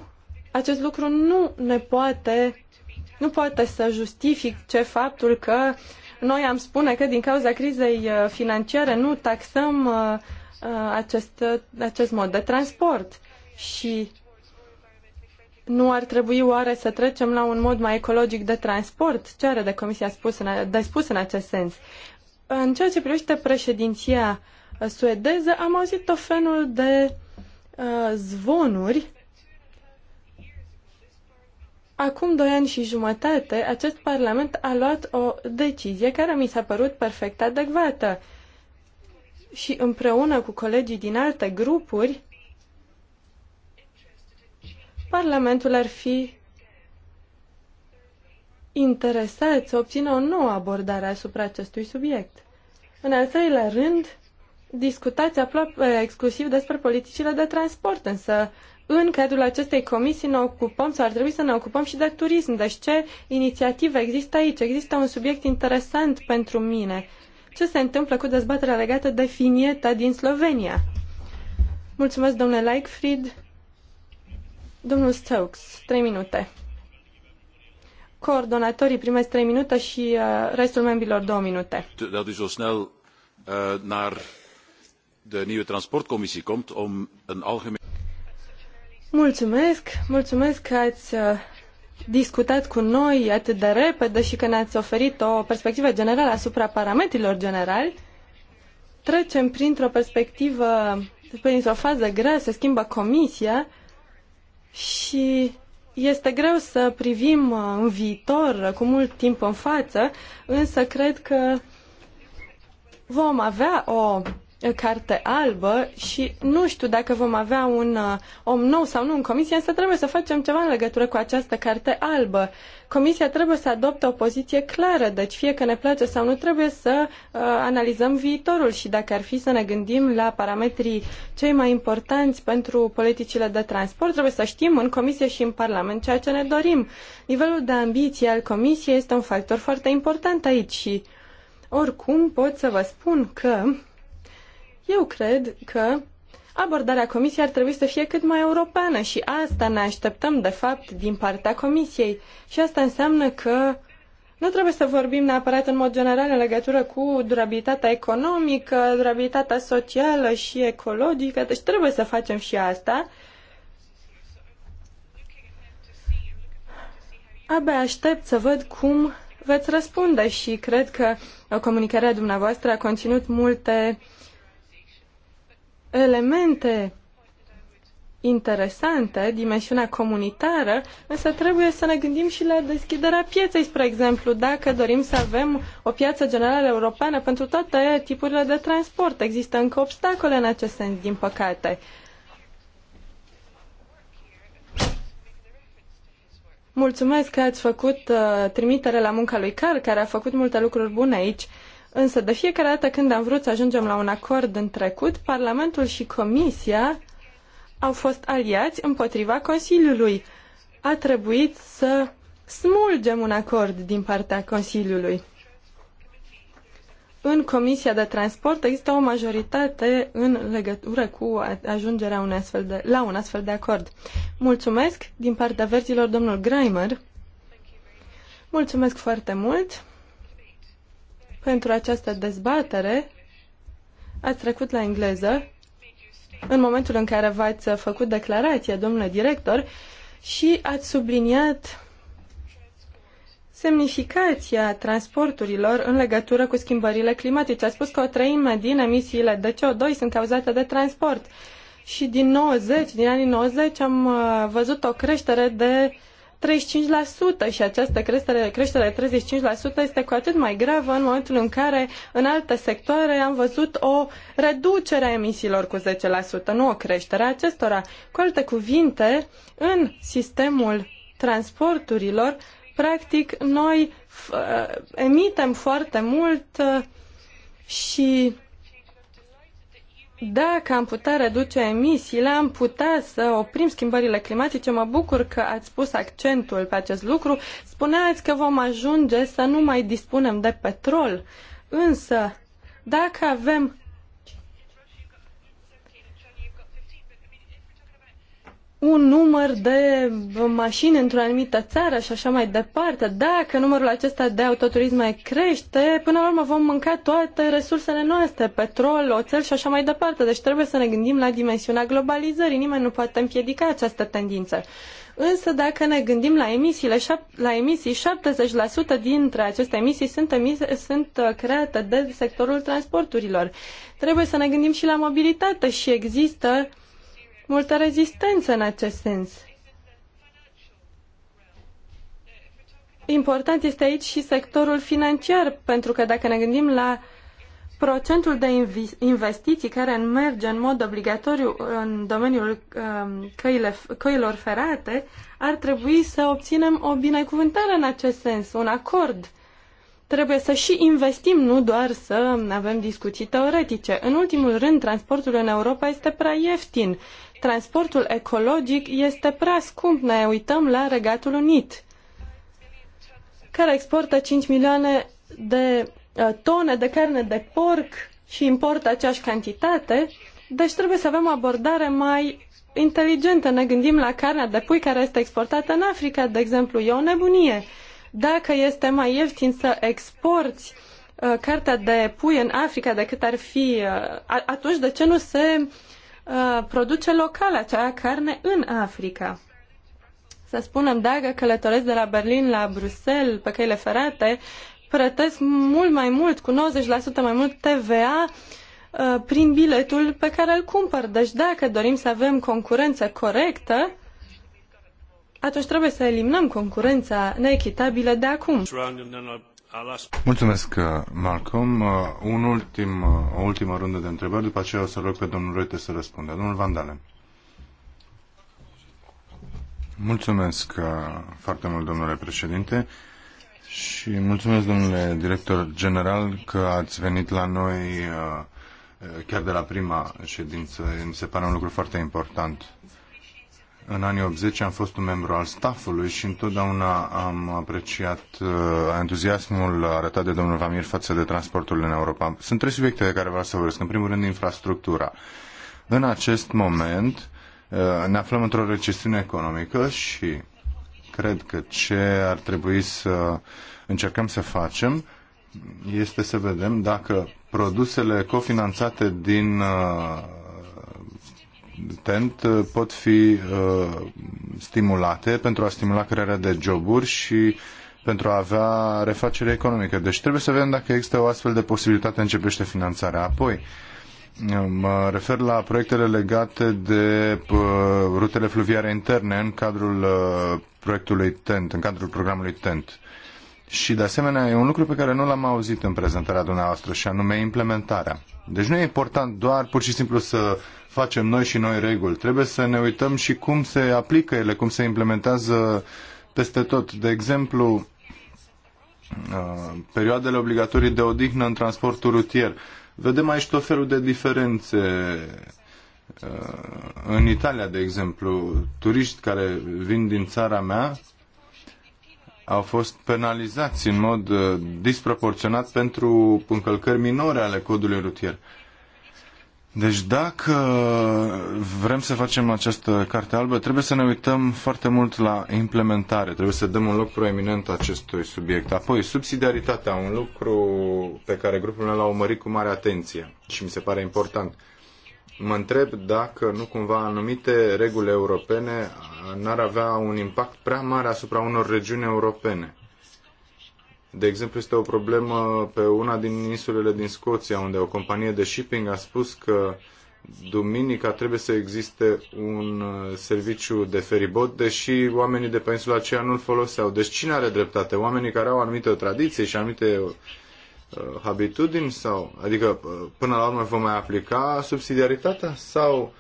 acest lucru nu ne poate, nu poate să justifice faptul că noi am spune că din cauza crizei uh, financiare nu taxăm uh, uh, acest, acest mod de transport. Și nu ar trebui oare să trecem la un mod mai ecologic de transport? Ce are de comisia spus în, de spus în acest sens? În ceea ce privește președinția uh, suedeză, am auzit tot felul de uh, zvonuri. Acum doi ani și jumătate, acest parlament a luat o decizie care mi s-a părut perfect adecvată. Și împreună cu colegii din alte grupuri, Parlamentul ar fi interesat să obțină o nouă abordare asupra acestui subiect. În al treilea rând, discutați aproape exclusiv despre politicile de transport, însă în cadrul acestei comisii ne ocupăm sau ar trebui să ne ocupăm și de turism. Deci ce inițiativă există aici? Există un subiect interesant pentru mine. Ce se întâmplă cu dezbaterea legată de finieta din Slovenia? Mulțumesc, domnule Leichfried. Domnul Stokes, 3 minute. Coordonatorii primesc 3 minute și uh, restul membrilor 2 minute. Dat u zo snel uh, naar de nieuwe transportcommissie komt om een algemeen... Mulțumesc, mulțumesc că ați uh, discutat cu noi atât de repede și că ne-ați oferit o perspectivă generală asupra parametrilor generali. Trecem printr-o perspectivă, printr-o fază grea, se schimbă comisia, și este greu să privim uh, în viitor uh, cu mult timp în față, însă cred că vom avea o carte albă și nu știu dacă vom avea un om nou sau nu în comisie, însă trebuie să facem ceva în legătură cu această carte albă. Comisia trebuie să adopte o poziție clară, deci fie că ne place sau nu, trebuie să uh, analizăm viitorul și dacă ar fi să ne gândim la parametrii cei mai importanți pentru politicile de transport, trebuie să știm în Comisie și în Parlament ceea ce ne dorim. Nivelul de ambiție al Comisiei este un factor foarte important aici și oricum pot să vă spun că eu cred că abordarea Comisiei ar trebui să fie cât mai europeană și asta ne așteptăm, de fapt, din partea Comisiei. Și asta înseamnă că nu trebuie să vorbim neapărat în mod general în legătură cu durabilitatea economică, durabilitatea socială și ecologică, deci trebuie să facem și asta. Abia aștept să văd cum veți răspunde și cred că comunicarea dumneavoastră a conținut multe uh, elemente interesante, dimensiunea comunitară, însă trebuie să ne gândim și la deschiderea pieței, spre exemplu, dacă dorim să avem o piață generală europeană pentru toate tipurile de transport. Există încă obstacole în acest sens, din păcate. Mulțumesc că ați făcut uh, trimitere la munca lui Carl, care a făcut multe lucruri bune aici. Uh, Însă de fiecare dată când am vrut să ajungem la un acord în trecut, Parlamentul și Comisia au fost aliați împotriva Consiliului. A trebuit să smulgem un acord din partea Consiliului. În Comisia de Transport există o majoritate în legătură cu ajungerea un astfel de, la un astfel de acord. Mulțumesc din partea verzilor domnul Greimer. Mulțumesc foarte mult pentru această dezbatere. Ați trecut la engleză în momentul în care v-ați făcut declarația, domnule director, și ați subliniat semnificația transporturilor în legătură cu schimbările climatice. Ați spus că o treime din emisiile de CO2 sunt cauzate de transport. Și din 90, din anii 90 am uh, văzut o creștere de 35% și această creștere, creștere de 35% este cu atât mai gravă în momentul în care în alte sectoare am văzut o reducere a emisiilor cu 10%, nu o creștere a acestora. Cu alte cuvinte, în sistemul transporturilor, practic, noi uh, emitem foarte mult uh, și dacă am putea reduce emisiile, am putea să oprim schimbările climatice. Mă bucur că ați pus accentul pe acest lucru. Spuneați că vom ajunge să nu mai dispunem de petrol. Însă, dacă avem un număr de mașini într-o anumită țară și așa mai departe, dacă numărul acesta de mai crește, până la urmă vom mânca toate resursele noastre, petrol, oțel și așa mai departe. Deci trebuie să ne gândim la dimensiunea globalizării. Nimeni nu poate împiedica această tendință. Însă dacă ne gândim la emisiile, la emisii, 70% dintre aceste emisii sunt, emise, sunt uh, create de sectorul transporturilor. Trebuie să ne gândim și la mobilitate și există uh, multă rezistență în acest sens. Important este aici și sectorul financiar, pentru că dacă ne gândim la procentul de investiții care merge în mod obligatoriu în domeniul um, căile, căilor ferate, ar trebui să obținem o binecuvântare în acest sens, un acord. Trebuie să și investim, nu doar să avem discuții teoretice. În ultimul rând, transportul în Europa este prea ieftin transportul ecologic este prea scump. Ne uităm la Regatul Unit, care exportă 5 milioane de uh, tone de carne de porc și importă aceeași cantitate. Deci trebuie să avem o abordare mai inteligentă. Ne gândim la carnea de pui care este exportată în Africa, de exemplu. E o nebunie. Dacă este mai ieftin să exporti uh, cartea de pui în Africa decât ar fi, uh, atunci de ce nu se Uh, produce local acea carne în Africa. Să spunem, dacă călătoresc de la Berlin la Bruxelles pe căile ferate, plătesc mult mai mult, cu 90% mai mult TVA uh, prin biletul pe care îl cumpăr. Deci dacă dorim să avem concurență corectă, atunci trebuie să eliminăm concurența neechitabilă de acum. Mulțumesc, uh, Malcolm. Uh, un ultim, uh, o ultimă rundă de întrebări, după aceea o să rog pe domnul Reuter să răspundă. Domnul Vandalen. Mulțumesc foarte mult, domnule președinte. Și mulțumesc, domnule director general, că ați venit la noi chiar de la prima ședință. Mi se pare un lucru foarte important. În anii 80 am fost un membru al staffului și întotdeauna am apreciat uh, entuziasmul arătat de domnul Vamir față de transportul în Europa. Sunt trei subiecte de care vreau să vorbesc. În primul rând, infrastructura. În acest moment uh, ne aflăm într-o recesiune economică și cred că ce ar trebui să încercăm să facem este să vedem dacă produsele cofinanțate din uh, tent uh, pot fi uh, stimulate pentru a stimula crearea de joburi și pentru a avea refacere economică. Deci trebuie să vedem dacă există o astfel de posibilitate în ce privește finanțarea. Apoi, uh, mă refer la proiectele legate de rutele fluviare interne în cadrul proiectului TENT, în cadrul programului TENT. Și de asemenea e un lucru pe care nu l-am auzit în prezentarea dumneavoastră și anume implementarea. Deci nu e important doar pur și simplu să facem noi și noi reguli. Trebuie să ne uităm și cum se aplică ele, cum se implementează peste tot. De exemplu, uh, perioadele obligatorii de odihnă în transportul rutier. Vedem aici tot felul de diferențe. Uh, în Italia, de exemplu, turiști care vin din țara mea au fost penalizați în mod uh, disproporționat pentru încălcări minore ale codului rutier. Deci dacă vrem să facem această carte albă, trebuie să ne uităm foarte mult la implementare, trebuie să dăm un loc proeminent acestui subiect. Apoi, subsidiaritatea, un lucru pe care grupul meu l-a urmărit cu mare atenție și mi se pare important. Mă întreb dacă nu cumva anumite reguli europene n-ar avea un impact prea mare asupra unor regiuni europene. De exemplu, este o problemă pe una din insulele din Scoția, unde o companie de shipping a spus că duminica trebuie să existe un uh, serviciu de feribot, deși oamenii de pe insula aceea nu-l foloseau. Deci cine are dreptate? Oamenii care au anumite tradiții și anumite uh, habitudini sau, adică uh, până la urmă vom mai aplica subsidiaritatea sau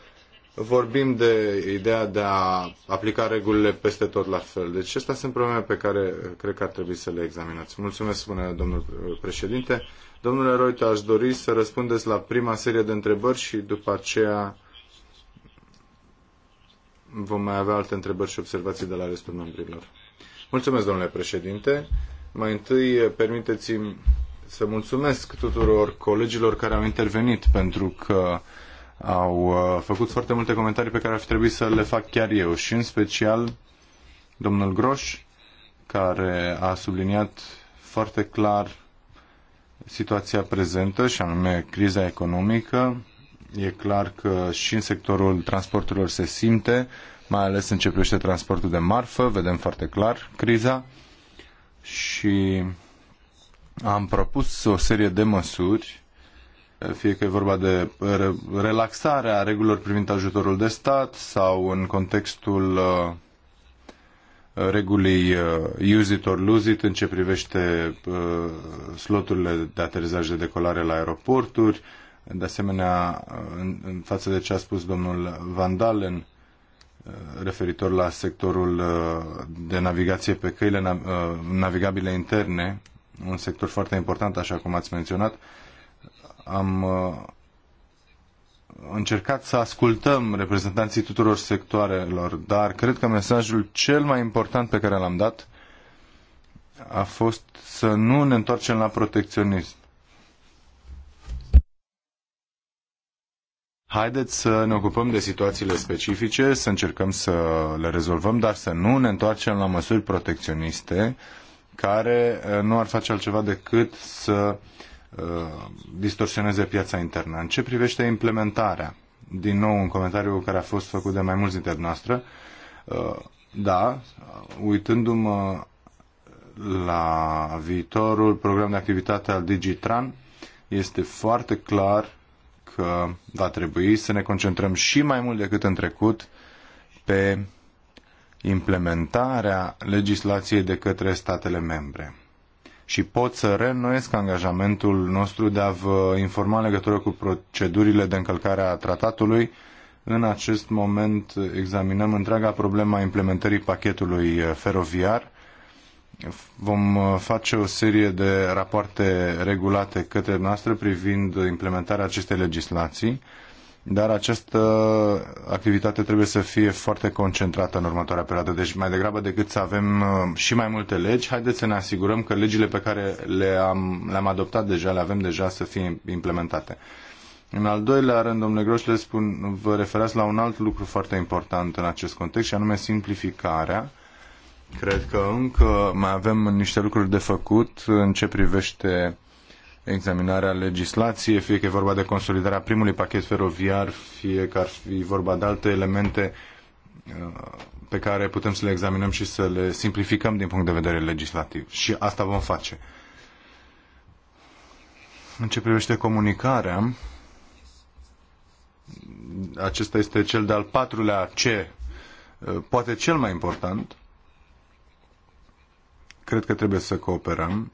vorbim de ideea de a aplica regulile peste tot la fel. Deci acestea sunt probleme pe care eh, cred că ar trebui să le examinați. Mulțumesc, spune domnul eh, președinte. Domnule Roita, aș dori să răspundeți la prima serie de întrebări și după aceea vom mai avea alte întrebări și observații de la restul membrilor. Mulțumesc, domnule președinte. Mai întâi, eh, permiteți-mi să mulțumesc tuturor colegilor care au intervenit pentru că au uh, făcut foarte multe comentarii pe care ar fi trebuit să le fac chiar eu și în special domnul Groș, care a subliniat foarte clar situația prezentă și anume criza economică. E clar că și în sectorul transporturilor se simte, mai ales în ce privește transportul de marfă, vedem foarte clar criza și am propus o serie de măsuri fie că e vorba de relaxarea regulilor privind ajutorul de stat sau în contextul uh, regulii uh, use it or lose it în ce privește uh, sloturile de aterizaj de decolare la aeroporturi, de asemenea, în, în față de ce a spus domnul Van Dalen referitor la sectorul de navigație pe căile navigabile interne, un sector foarte important, așa cum ați menționat, am uh, încercat să ascultăm reprezentanții tuturor sectoarelor, dar cred că mesajul cel mai important pe care l-am dat a fost să nu ne întoarcem la protecționism. Haideți să ne ocupăm de situațiile specifice, să încercăm să le rezolvăm, dar să nu ne întoarcem la măsuri protecționiste care uh, nu ar face altceva decât să uh, Uh, distorsioneze piața internă. În ce privește implementarea, din nou un comentariu care a fost făcut de mai mulți dintre noastră, uh, da, uitându-mă la viitorul program de activitate al Digitran, este foarte clar că va trebui să ne concentrăm și mai mult decât în trecut pe implementarea legislației de către statele membre și pot să reînnoiesc angajamentul nostru de a vă informa în legătură cu procedurile de încălcare a tratatului. În acest moment examinăm întreaga problemă a implementării pachetului feroviar. Vom face o serie de rapoarte regulate către noastră privind implementarea acestei legislații dar această activitate trebuie să fie foarte concentrată în următoarea perioadă. Deci mai degrabă decât să avem uh, și mai multe legi, haideți să ne asigurăm că legile pe care le-am, le-am adoptat deja, le avem deja, să fie implementate. În al doilea rând, domnule Groș, le spun, vă referați la un alt lucru foarte important în acest context și anume simplificarea. Cred că încă mai avem niște lucruri de făcut în ce privește examinarea legislației, fie că e vorba de consolidarea primului pachet feroviar, fie că ar fi vorba de alte elemente uh, pe care putem să le examinăm și să le simplificăm din punct de vedere legislativ. Și asta vom face. În ce privește comunicarea, acesta este cel de-al patrulea C, uh, poate cel mai important. Cred că trebuie să cooperăm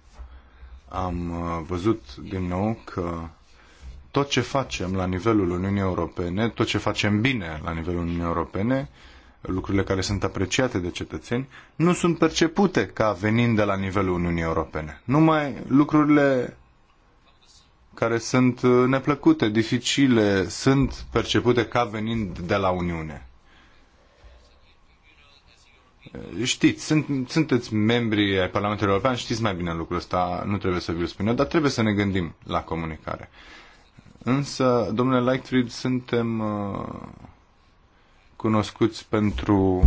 am uh, văzut din nou că tot ce facem la nivelul Uniunii Europene, tot ce facem bine la nivelul Uniunii Europene, lucrurile care sunt apreciate de cetățeni, nu sunt percepute ca venind de la nivelul Uniunii Europene. Numai lucrurile care sunt uh, neplăcute, dificile, sunt percepute ca venind de la Uniune. Știți, sunt, sunteți membri ai Parlamentului European, știți mai bine lucrul ăsta, nu trebuie să vi-l spun eu, dar trebuie să ne gândim la comunicare. Însă, domnule Lightfried, suntem uh, cunoscuți pentru...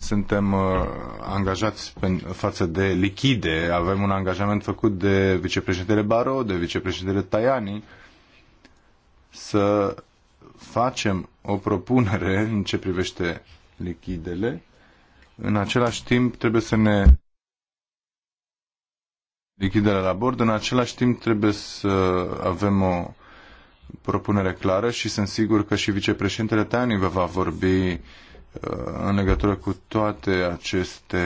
Suntem uh, angajați pe, față de lichide, avem un angajament făcut de vicepreședintele Baro, de vicepreședintele Tajani, să facem o propunere în ce privește lichidele, în același timp trebuie să ne lichidele la bord, în același timp trebuie să avem o propunere clară și sunt sigur că și vicepreședintele Tani vă va vorbi uh, în legătură cu toate aceste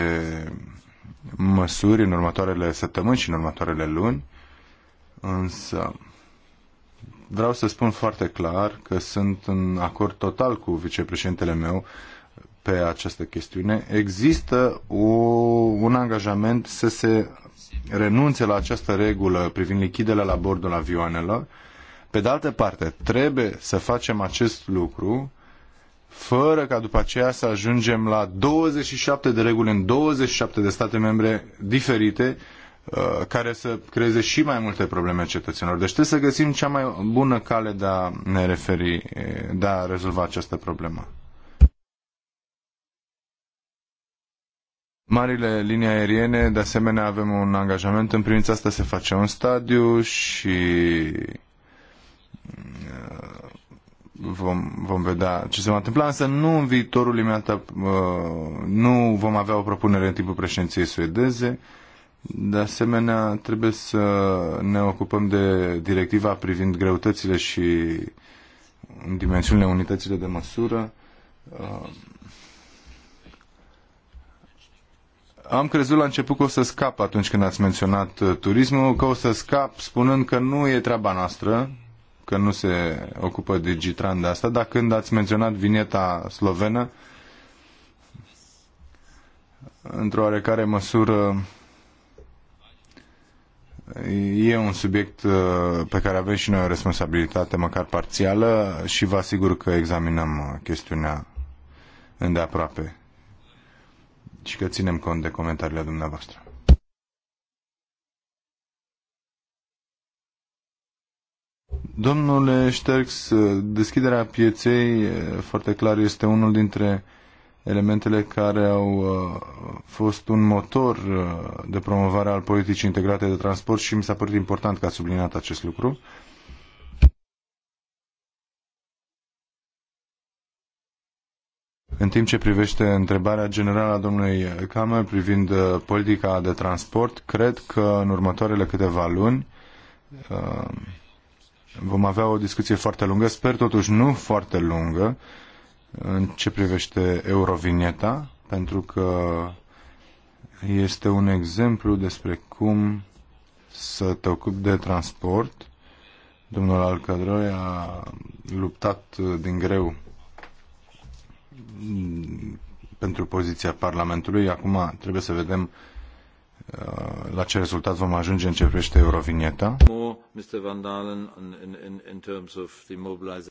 măsuri în următoarele săptămâni și în următoarele luni, însă vreau să spun foarte clar că sunt în acord total cu vicepreședintele meu pe această chestiune. Există o, un angajament să se renunțe la această regulă privind lichidele la bordul avioanelor. Pe de altă parte, trebuie să facem acest lucru fără ca după aceea să ajungem la 27 de reguli în 27 de state membre diferite Uh, care să creeze și mai multe probleme cetățenilor. Deci trebuie să găsim cea mai bună cale de a ne referi, eh, de a rezolva această problemă. Marile linii aeriene, de asemenea, avem un angajament. În privința asta se face un stadiu și eh, vom, vom vedea ce se va întâmpla, însă nu în viitorul imediat, eh, nu vom avea o propunere în timpul președinției suedeze. De asemenea, trebuie să ne ocupăm de directiva privind greutățile și dimensiunile unitățile de măsură. Uh, am crezut la început că o să scap atunci când ați menționat uh, turismul, că o să scap spunând că nu e treaba noastră, că nu se ocupă Digitran de asta, dar când ați menționat vineta slovenă, într-o oarecare măsură E un subiect uh, pe care avem și noi o responsabilitate, măcar parțială, și vă asigur că examinăm uh, chestiunea îndeaproape și că ținem cont de comentariile dumneavoastră. Domnule Șterx, uh, deschiderea pieței foarte clar este unul dintre elementele care au uh, fost un motor uh, de promovare al politicii integrate de transport și mi s-a părut important că a subliniat acest lucru. În timp ce privește întrebarea generală a domnului Camer privind uh, politica de transport, cred că în următoarele câteva luni vom avea o discuție foarte lungă, sper totuși nu foarte lungă, în ce privește Eurovineta, pentru că este un exemplu despre cum să te ocupi de transport. Domnul Alcadroi a luptat din greu pentru poziția Parlamentului. Acum trebuie să vedem uh, Uh, la ce rezultat vom ajunge în ce privește Eurovinieta.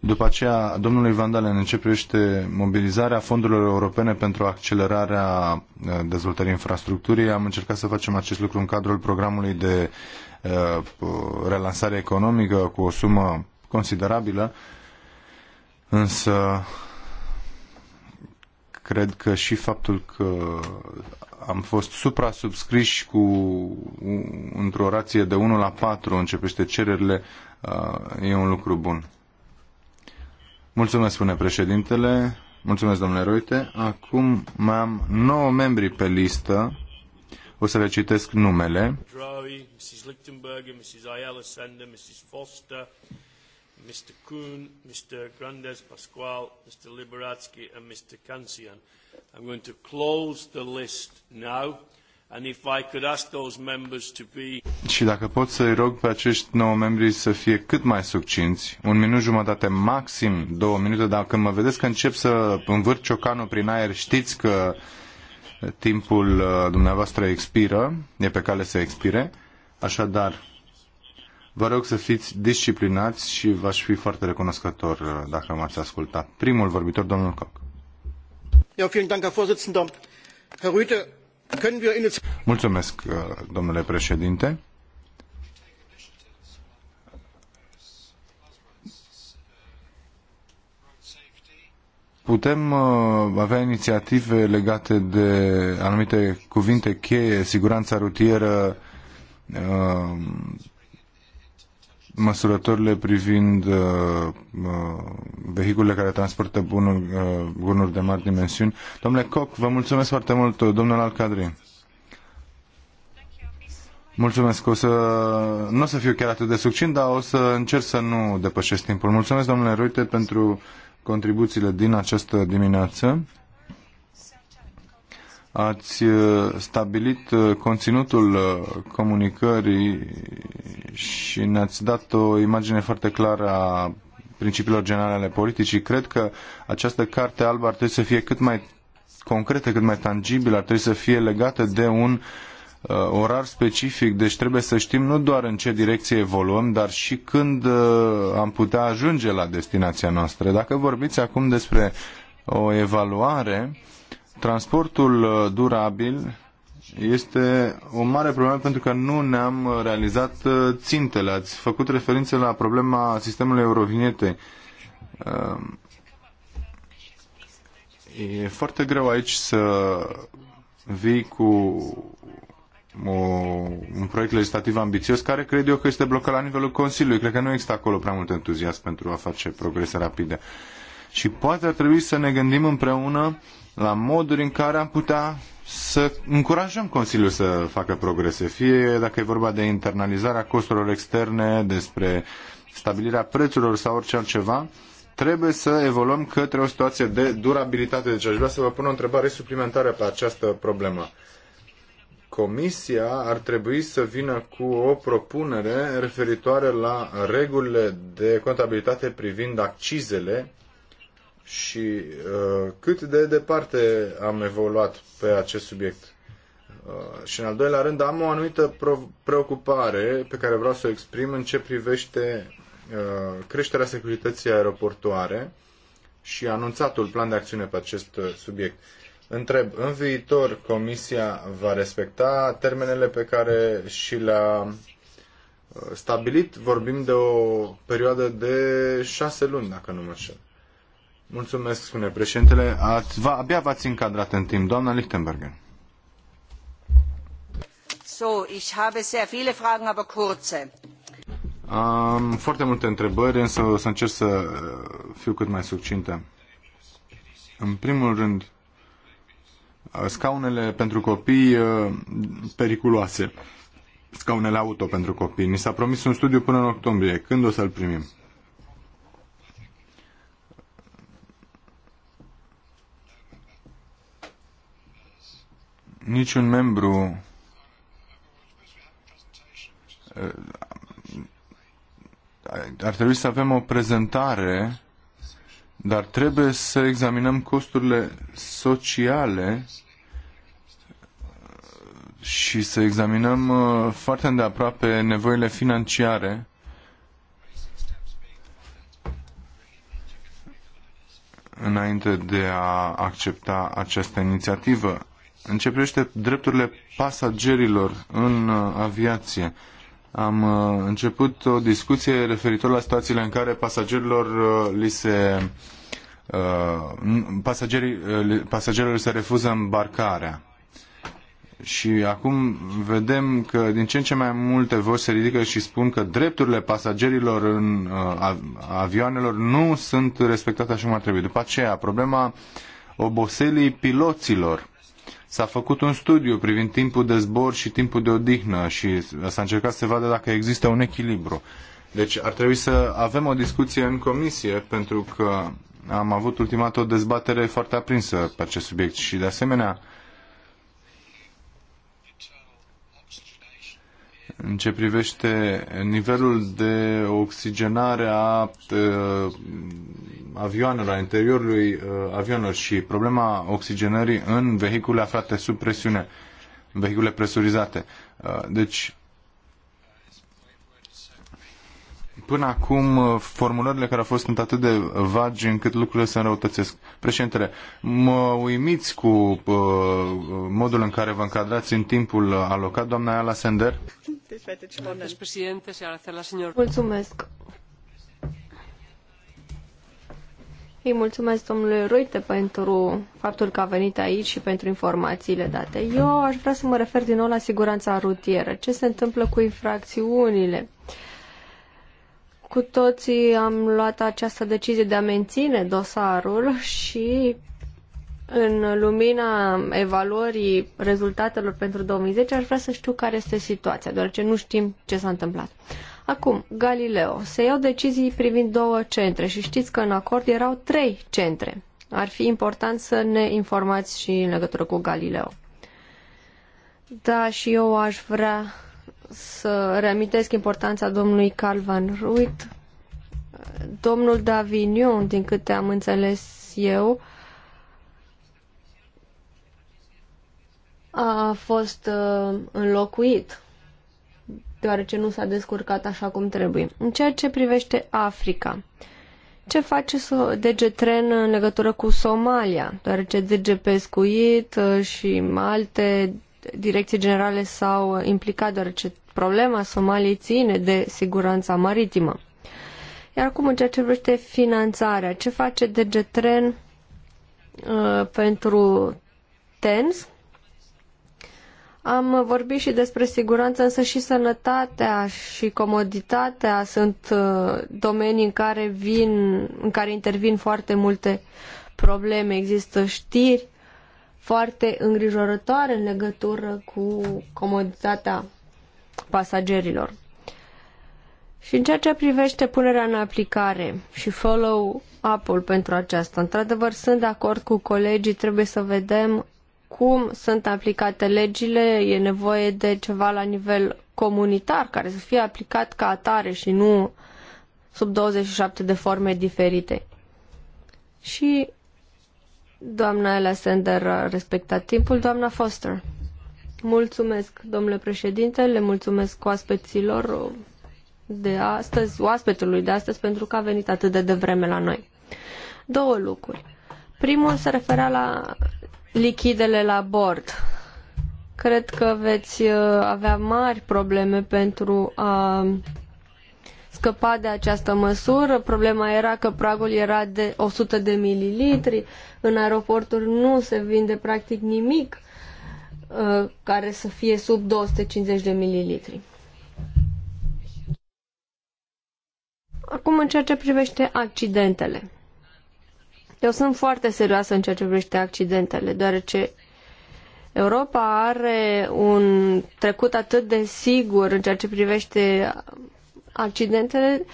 După aceea, domnului Van Dalen, în ce privește mobilizarea fondurilor europene pentru accelerarea uh, dezvoltării infrastructurii, am încercat să facem acest lucru în cadrul programului de uh, relansare economică cu o sumă considerabilă, însă cred că și faptul că am fost suprasubscriși cu într-o rație de 1 la 4 începește cererile, uh, e un lucru bun. Mulțumesc, spune președintele. Mulțumesc, domnule Roite. Acum mai am 9 membri pe listă. O să le citesc numele. Mrs. Lichtenberger, Mrs. Ayala Sender, Mrs. Foster, Mr. Kuhn, Mr. Grandes Pascual, Mr. Liberatsky and Mr. Kansian. I'm going to close the list now. And if I could ask those members to be... Și dacă pot să-i rog pe acești nouă membri să fie cât mai succinți, un minut jumătate, maxim două minute, dar când mă vedeți că încep să învârt ciocanul prin aer, știți că timpul uh, dumneavoastră expiră, e pe cale să expire, așadar Vă rog să fiți disciplinați și v-aș fi foarte recunoscător uh, dacă m-ați ascultat. Primul vorbitor, domnul Koch. Ja, vielen Dank, Herr Vorsitzender. Herr Rüte, können wir in... Mulțumesc, uh, domnule președinte. putem uh, avea inițiative legate de anumite cuvinte cheie, siguranța rutieră, măsurătorile privind uh, uh, vehiculele care transportă bunuri, uh, bunuri de mari dimensiuni. Domnule Coc, vă mulțumesc foarte mult, domnul Alcadri. Mulțumesc. O să... Nu o să fiu chiar atât de succint, dar o să încerc să nu depășesc timpul. Mulțumesc, domnule Roite, pentru contribuțiile din această dimineață. Ați uh, stabilit uh, conținutul comunicării și ne-ați dat o imagine foarte clară a principiilor generale ale politicii. Cred că această carte albă ar trebui să fie cât mai concretă, cât mai tangibilă, ar trebui să fie legată de un uh, orar specific, deci trebuie să știm nu doar în ce direcție evoluăm, dar și când uh, am putea ajunge la destinația noastră. Dacă vorbiți acum despre o evaluare, transportul uh, durabil este o mare problemă pentru că nu ne-am uh, realizat uh, țintele. Ați făcut referință la problema sistemului eurovinete. Uh, e foarte greu aici să vii cu o, un proiect legislativ ambițios care cred eu că este blocat la nivelul Consiliului. Cred că nu există acolo prea mult entuziasm pentru a face progrese rapide. Și poate ar trebui să ne gândim împreună la moduri în care am putea să încurajăm Consiliul să facă progrese, fie dacă e vorba de internalizarea costurilor externe, despre stabilirea prețurilor sau orice altceva, trebuie să evoluăm către o situație de durabilitate. Deci aș vrea să vă pun o întrebare suplimentară pe această problemă. Comisia ar trebui să vină cu o propunere referitoare la regulile de contabilitate privind accizele și uh, cât de departe am evoluat pe acest subiect. Uh, și în al doilea rând am o anumită preocupare pe care vreau să o exprim în ce privește uh, creșterea securității aeroportoare și anunțatul plan de acțiune pe acest uh, subiect. Întreb, în viitor Comisia va respecta termenele pe care și le-a uh, stabilit? Vorbim de o perioadă de șase luni, dacă nu mă știu. Mulțumesc, spune președintele. Ați, va, abia v-ați încadrat în timp. Doamna Lichtenberger. So, ich habe sehr viele Fragen, aber kurze. Am foarte multe întrebări, însă o să încerc să uh, fiu cât mai succintă. În primul rând, uh, scaunele pentru copii uh, periculoase. Scaunele auto pentru copii. Ni s-a promis un studiu până în octombrie. Când o să-l primim? niciun membru uh, ar trebui să avem o prezentare, dar trebuie să examinăm costurile sociale și să examinăm uh, foarte îndeaproape nevoile financiare înainte de a accepta această inițiativă. În ce privește drepturile pasagerilor în uh, aviație, am uh, început o discuție referitor la situațiile în care pasagerilor uh, li se pasagerii, pasagerilor se refuză îmbarcarea. Și acum vedem că din ce în ce mai multe voci se ridică și spun că drepturile pasagerilor în avioanelor nu sunt respectate așa cum ar trebui. După aceea, problema oboselii piloților S-a făcut un studiu privind timpul de zbor și timpul de odihnă și s-a încercat să se vadă dacă există un echilibru. Deci ar trebui să avem o discuție în comisie, pentru că am avut ultimat o dezbatere foarte aprinsă pe acest subiect și de asemenea în ce privește nivelul de oxigenare a uh, avioanelor, a interiorului uh, avionelor și problema oxigenării în vehicule aflate sub presiune, în vehicule presurizate. Uh, deci, până acum formulările care au fost sunt atât de vagi încât lucrurile se înrăutățesc. Președintele, mă uimiți cu uh, modul în care vă încadrați în timpul alocat, doamna Ala Sender? Mulțumesc. Îi mulțumesc domnului reuter pentru faptul că a venit aici și pentru informațiile date. Eu aș vrea să mă refer din nou la siguranța rutieră. Ce se întâmplă cu infracțiunile? Cu toții am luat această decizie de a menține dosarul și în lumina evaluării rezultatelor pentru 2010 aș vrea să știu care este situația, deoarece nu știm ce s-a întâmplat. Acum, Galileo. Se iau decizii privind două centre și știți că în acord erau trei centre. Ar fi important să ne informați și în legătură cu Galileo. Da, și eu aș vrea să reamintesc importanța domnului van Ruit. Domnul Davignon, din câte am înțeles eu, a fost uh, înlocuit, deoarece nu s-a descurcat așa cum trebuie. În ceea ce privește Africa, ce face DG Tren în legătură cu Somalia, deoarece DG Pescuit uh, și alte direcții generale s-au uh, implicat, deoarece problema Somaliei ține de siguranța maritimă. Iar acum, în ceea ce privește finanțarea, ce face DG Tren uh, pentru TENS, am vorbit și despre siguranță, însă și sănătatea și comoditatea sunt uh, domenii în care vin, în care intervin foarte multe probleme. Există știri foarte îngrijorătoare în legătură cu comoditatea pasagerilor. Și în ceea ce privește punerea în aplicare și follow-up-ul pentru aceasta, într-adevăr sunt de acord cu colegii, trebuie să vedem cum sunt aplicate legile, e nevoie de ceva la nivel comunitar care să fie aplicat ca atare și nu sub 27 de forme diferite. Și doamna Alexander a respectat timpul, doamna Foster. Mulțumesc, domnule președinte, le mulțumesc oaspeților de astăzi, oaspetului de astăzi, pentru că a venit atât de devreme la noi. Două lucruri. Primul se referea la lichidele la bord. Cred că veți uh, avea mari probleme pentru a scăpa de această măsură. Problema era că pragul era de 100 de mililitri. În aeroporturi nu se vinde practic nimic uh, care să fie sub 250 de mililitri. Acum, în ceea ce privește accidentele. Eu sunt foarte serioasă în ceea ce privește accidentele, deoarece Europa are un trecut atât de sigur în ceea ce privește accidentele,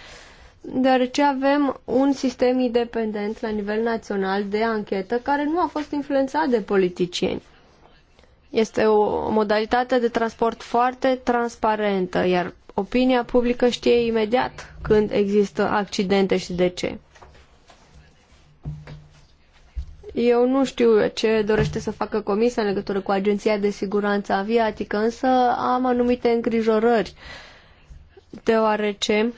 deoarece avem un sistem independent la nivel național de anchetă care nu a fost influențat de politicieni. Este o modalitate de transport foarte transparentă, iar opinia publică știe imediat când există accidente și de ce. Eu nu știu ce dorește să facă Comisia în legătură cu Agenția de Siguranță Aviatică, însă am anumite îngrijorări, deoarece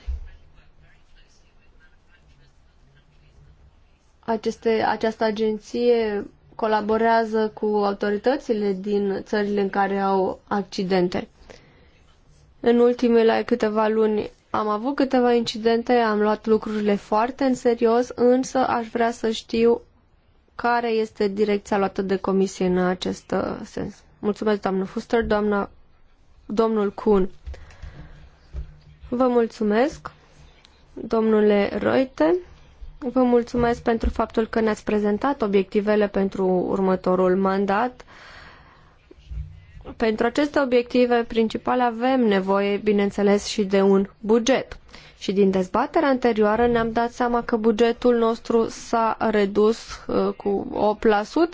aceste, această agenție colaborează cu autoritățile din țările în care au accidente. În ultimele câteva luni am avut câteva incidente, am luat lucrurile foarte în serios, însă aș vrea să știu care este direcția luată de comisie în acest uh, sens. Mulțumesc, doamnă Fuster, doamna, domnul Kuhn. Vă mulțumesc, domnule Roite. Vă mulțumesc pentru faptul că ne-ați prezentat obiectivele pentru următorul mandat. Uh, pentru aceste obiective principale avem nevoie, bineînțeles, și de un buget. Și din dezbaterea anterioară ne-am dat seama că bugetul nostru s-a redus uh, cu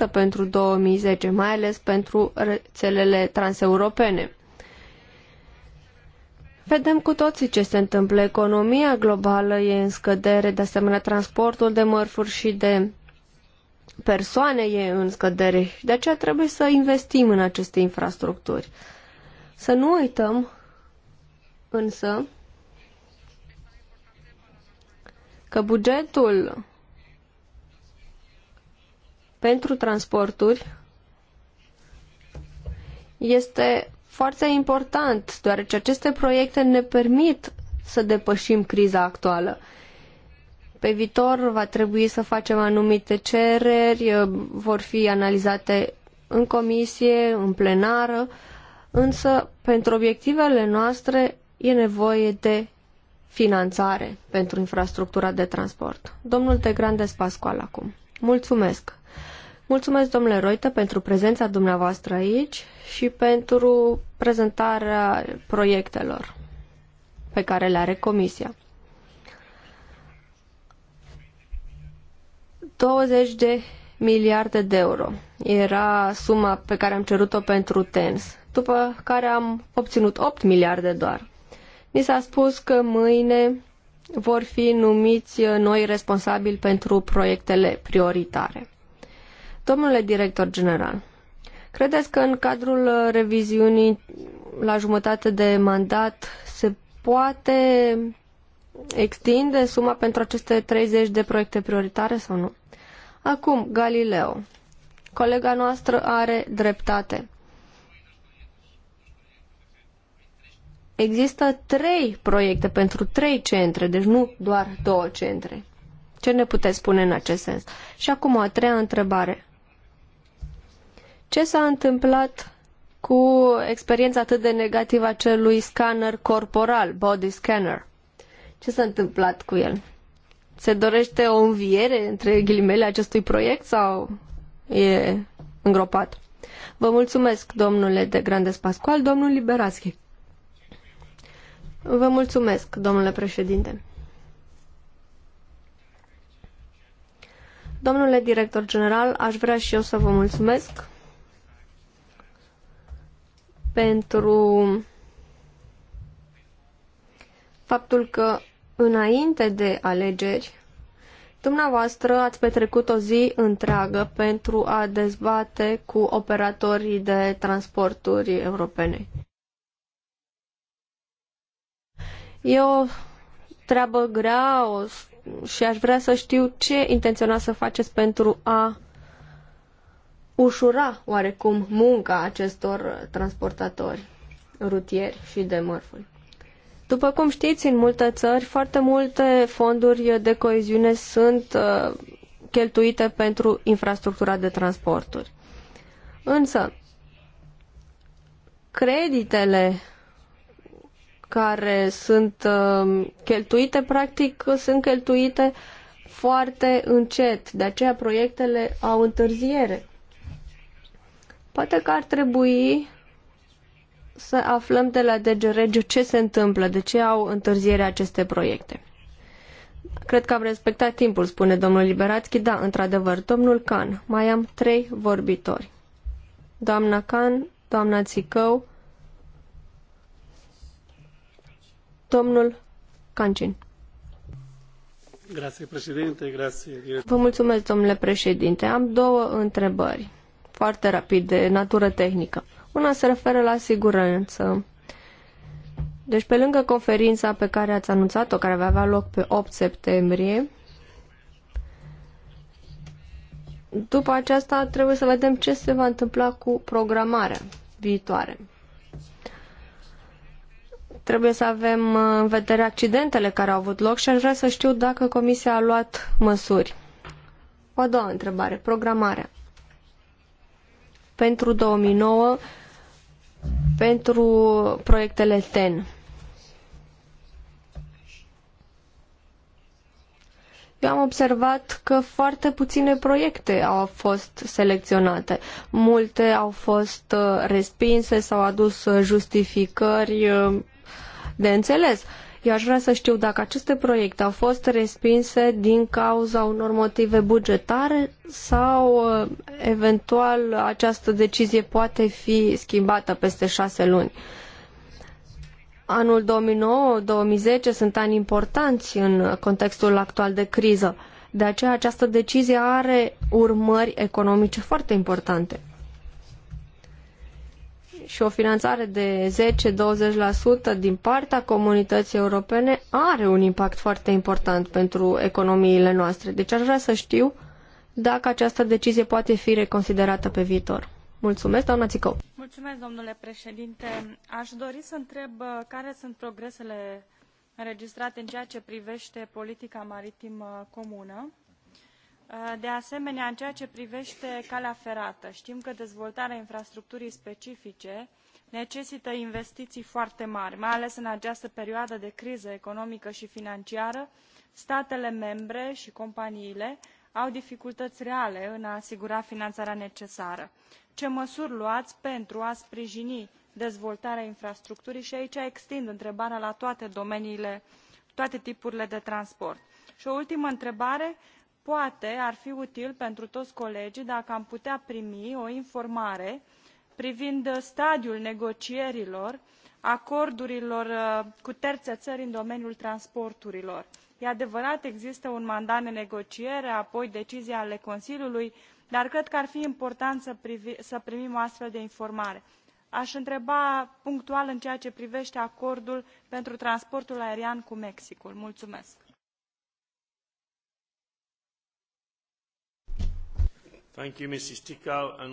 8% pentru 2010, mai ales pentru rețelele transeuropene. Vedem cu toții ce se întâmplă. Economia globală e în scădere, de asemenea transportul de mărfuri și de persoane e în scădere și de aceea trebuie să investim în aceste infrastructuri. Să nu uităm însă că bugetul pentru transporturi este foarte important, deoarece aceste proiecte ne permit să depășim criza actuală. Pe viitor va trebui să facem anumite cereri, eh, vor fi analizate în comisie, în plenară, însă pentru obiectivele noastre e nevoie de finanțare pentru infrastructura de transport. Domnul Tegran de acum. Mulțumesc! Mulțumesc, domnule Roită, pentru prezența dumneavoastră aici și pentru prezentarea proiectelor pe care le are Comisia. 20 de miliarde de euro. Era suma pe care am cerut-o pentru TENS, după care am obținut 8 miliarde doar. Mi s-a spus că mâine vor fi numiți noi responsabili pentru proiectele prioritare. Domnule director general, credeți că în cadrul reviziunii la jumătate de mandat se poate extinde suma pentru aceste 30 de proiecte prioritare sau nu? Acum, Galileo. Colega noastră are dreptate. Există trei proiecte pentru trei centre, deci nu doar două centre. Ce ne puteți spune în acest sens? Și acum a treia întrebare. Ce s-a întâmplat cu experiența atât de negativă a acelui scanner corporal, body scanner? Ce s-a întâmplat cu el? Se dorește o înviere între ghilimele acestui proiect sau e îngropat? Vă mulțumesc, domnule de Grandes Pascual, domnul Liberaschi. Vă mulțumesc, domnule președinte. Domnule director general, aș vrea și eu să vă mulțumesc pentru faptul că înainte de alegeri, dumneavoastră ați petrecut o zi întreagă pentru a dezbate cu operatorii de transporturi europene. E o treabă grea o, și aș vrea să știu ce intenționați să faceți pentru a ușura oarecum munca acestor transportatori rutieri și de mărfuri. După cum știți, în multe țări, foarte multe fonduri de coeziune sunt uh, cheltuite pentru infrastructura de transporturi. Însă, creditele care sunt uh, cheltuite, practic, sunt cheltuite foarte încet. De aceea, proiectele au întârziere. Poate că ar trebui să aflăm de la DG Regio ce se întâmplă, de ce au întârziere aceste proiecte. Cred că am respectat timpul, spune domnul Liberațchi. Da, într-adevăr, domnul Can. Mai am trei vorbitori. Doamna Can, doamna Țicău, domnul Cancin. Grazie, președinte, grazie. Vă mulțumesc, domnule președinte. Am două întrebări, foarte rapide, de natură tehnică. Una se referă la siguranță. Deci, pe lângă conferința pe care ați anunțat-o, care va avea loc pe 8 septembrie, după aceasta trebuie să vedem ce se va întâmpla cu programarea viitoare. Trebuie să avem uh, în vedere accidentele care au avut loc și aș vrea să știu dacă Comisia a luat măsuri. O a doua întrebare, programarea. Pentru 2009 pentru proiectele TEN. Eu am observat că foarte puține proiecte au fost selecționate. Multe au fost uh, respinse, s-au adus uh, justificări uh, de înțeles. Eu aș vrea să știu dacă aceste proiecte au fost respinse din cauza unor motive bugetare sau uh, eventual această decizie poate fi schimbată peste șase luni. Anul 2009-2010 sunt ani importanți în contextul actual de criză. De aceea această decizie are urmări economice foarte importante și o finanțare de 10-20% din partea comunității europene are un impact foarte important pentru economiile noastre. Deci aș vrea să știu dacă această decizie poate fi reconsiderată pe viitor. Mulțumesc, doamna Țicău. Mulțumesc, domnule președinte. Aș dori să întreb uh, care sunt progresele înregistrate în ceea ce privește politica maritimă comună Eh, de asemenea, în ceea ce privește calea ferată, știm că dezvoltarea infrastructurii specifice necesită investiții foarte mari, mai ales în această perioadă de criză economică și financiară. Statele membre și companiile au dificultăți reale în a asigura finanțarea necesară. Ce măsuri luați pentru a sprijini dezvoltarea infrastructurii? Și aici extind întrebarea la toate domeniile, toate tipurile de transport. Și o ultimă întrebare poate ar fi util pentru toți colegii dacă am putea primi o informare privind stadiul negocierilor acordurilor uh, cu terțe ări în domeniul transporturilor. e adevărat există un mandat de negociere apoi decizii ale consiliului dar cred că ar fi important să, privi, să primim o astfel de informare. aș întreba punctual în ceea ce privește acordul pentru transportul aerian cu mexicul. mulțumesc.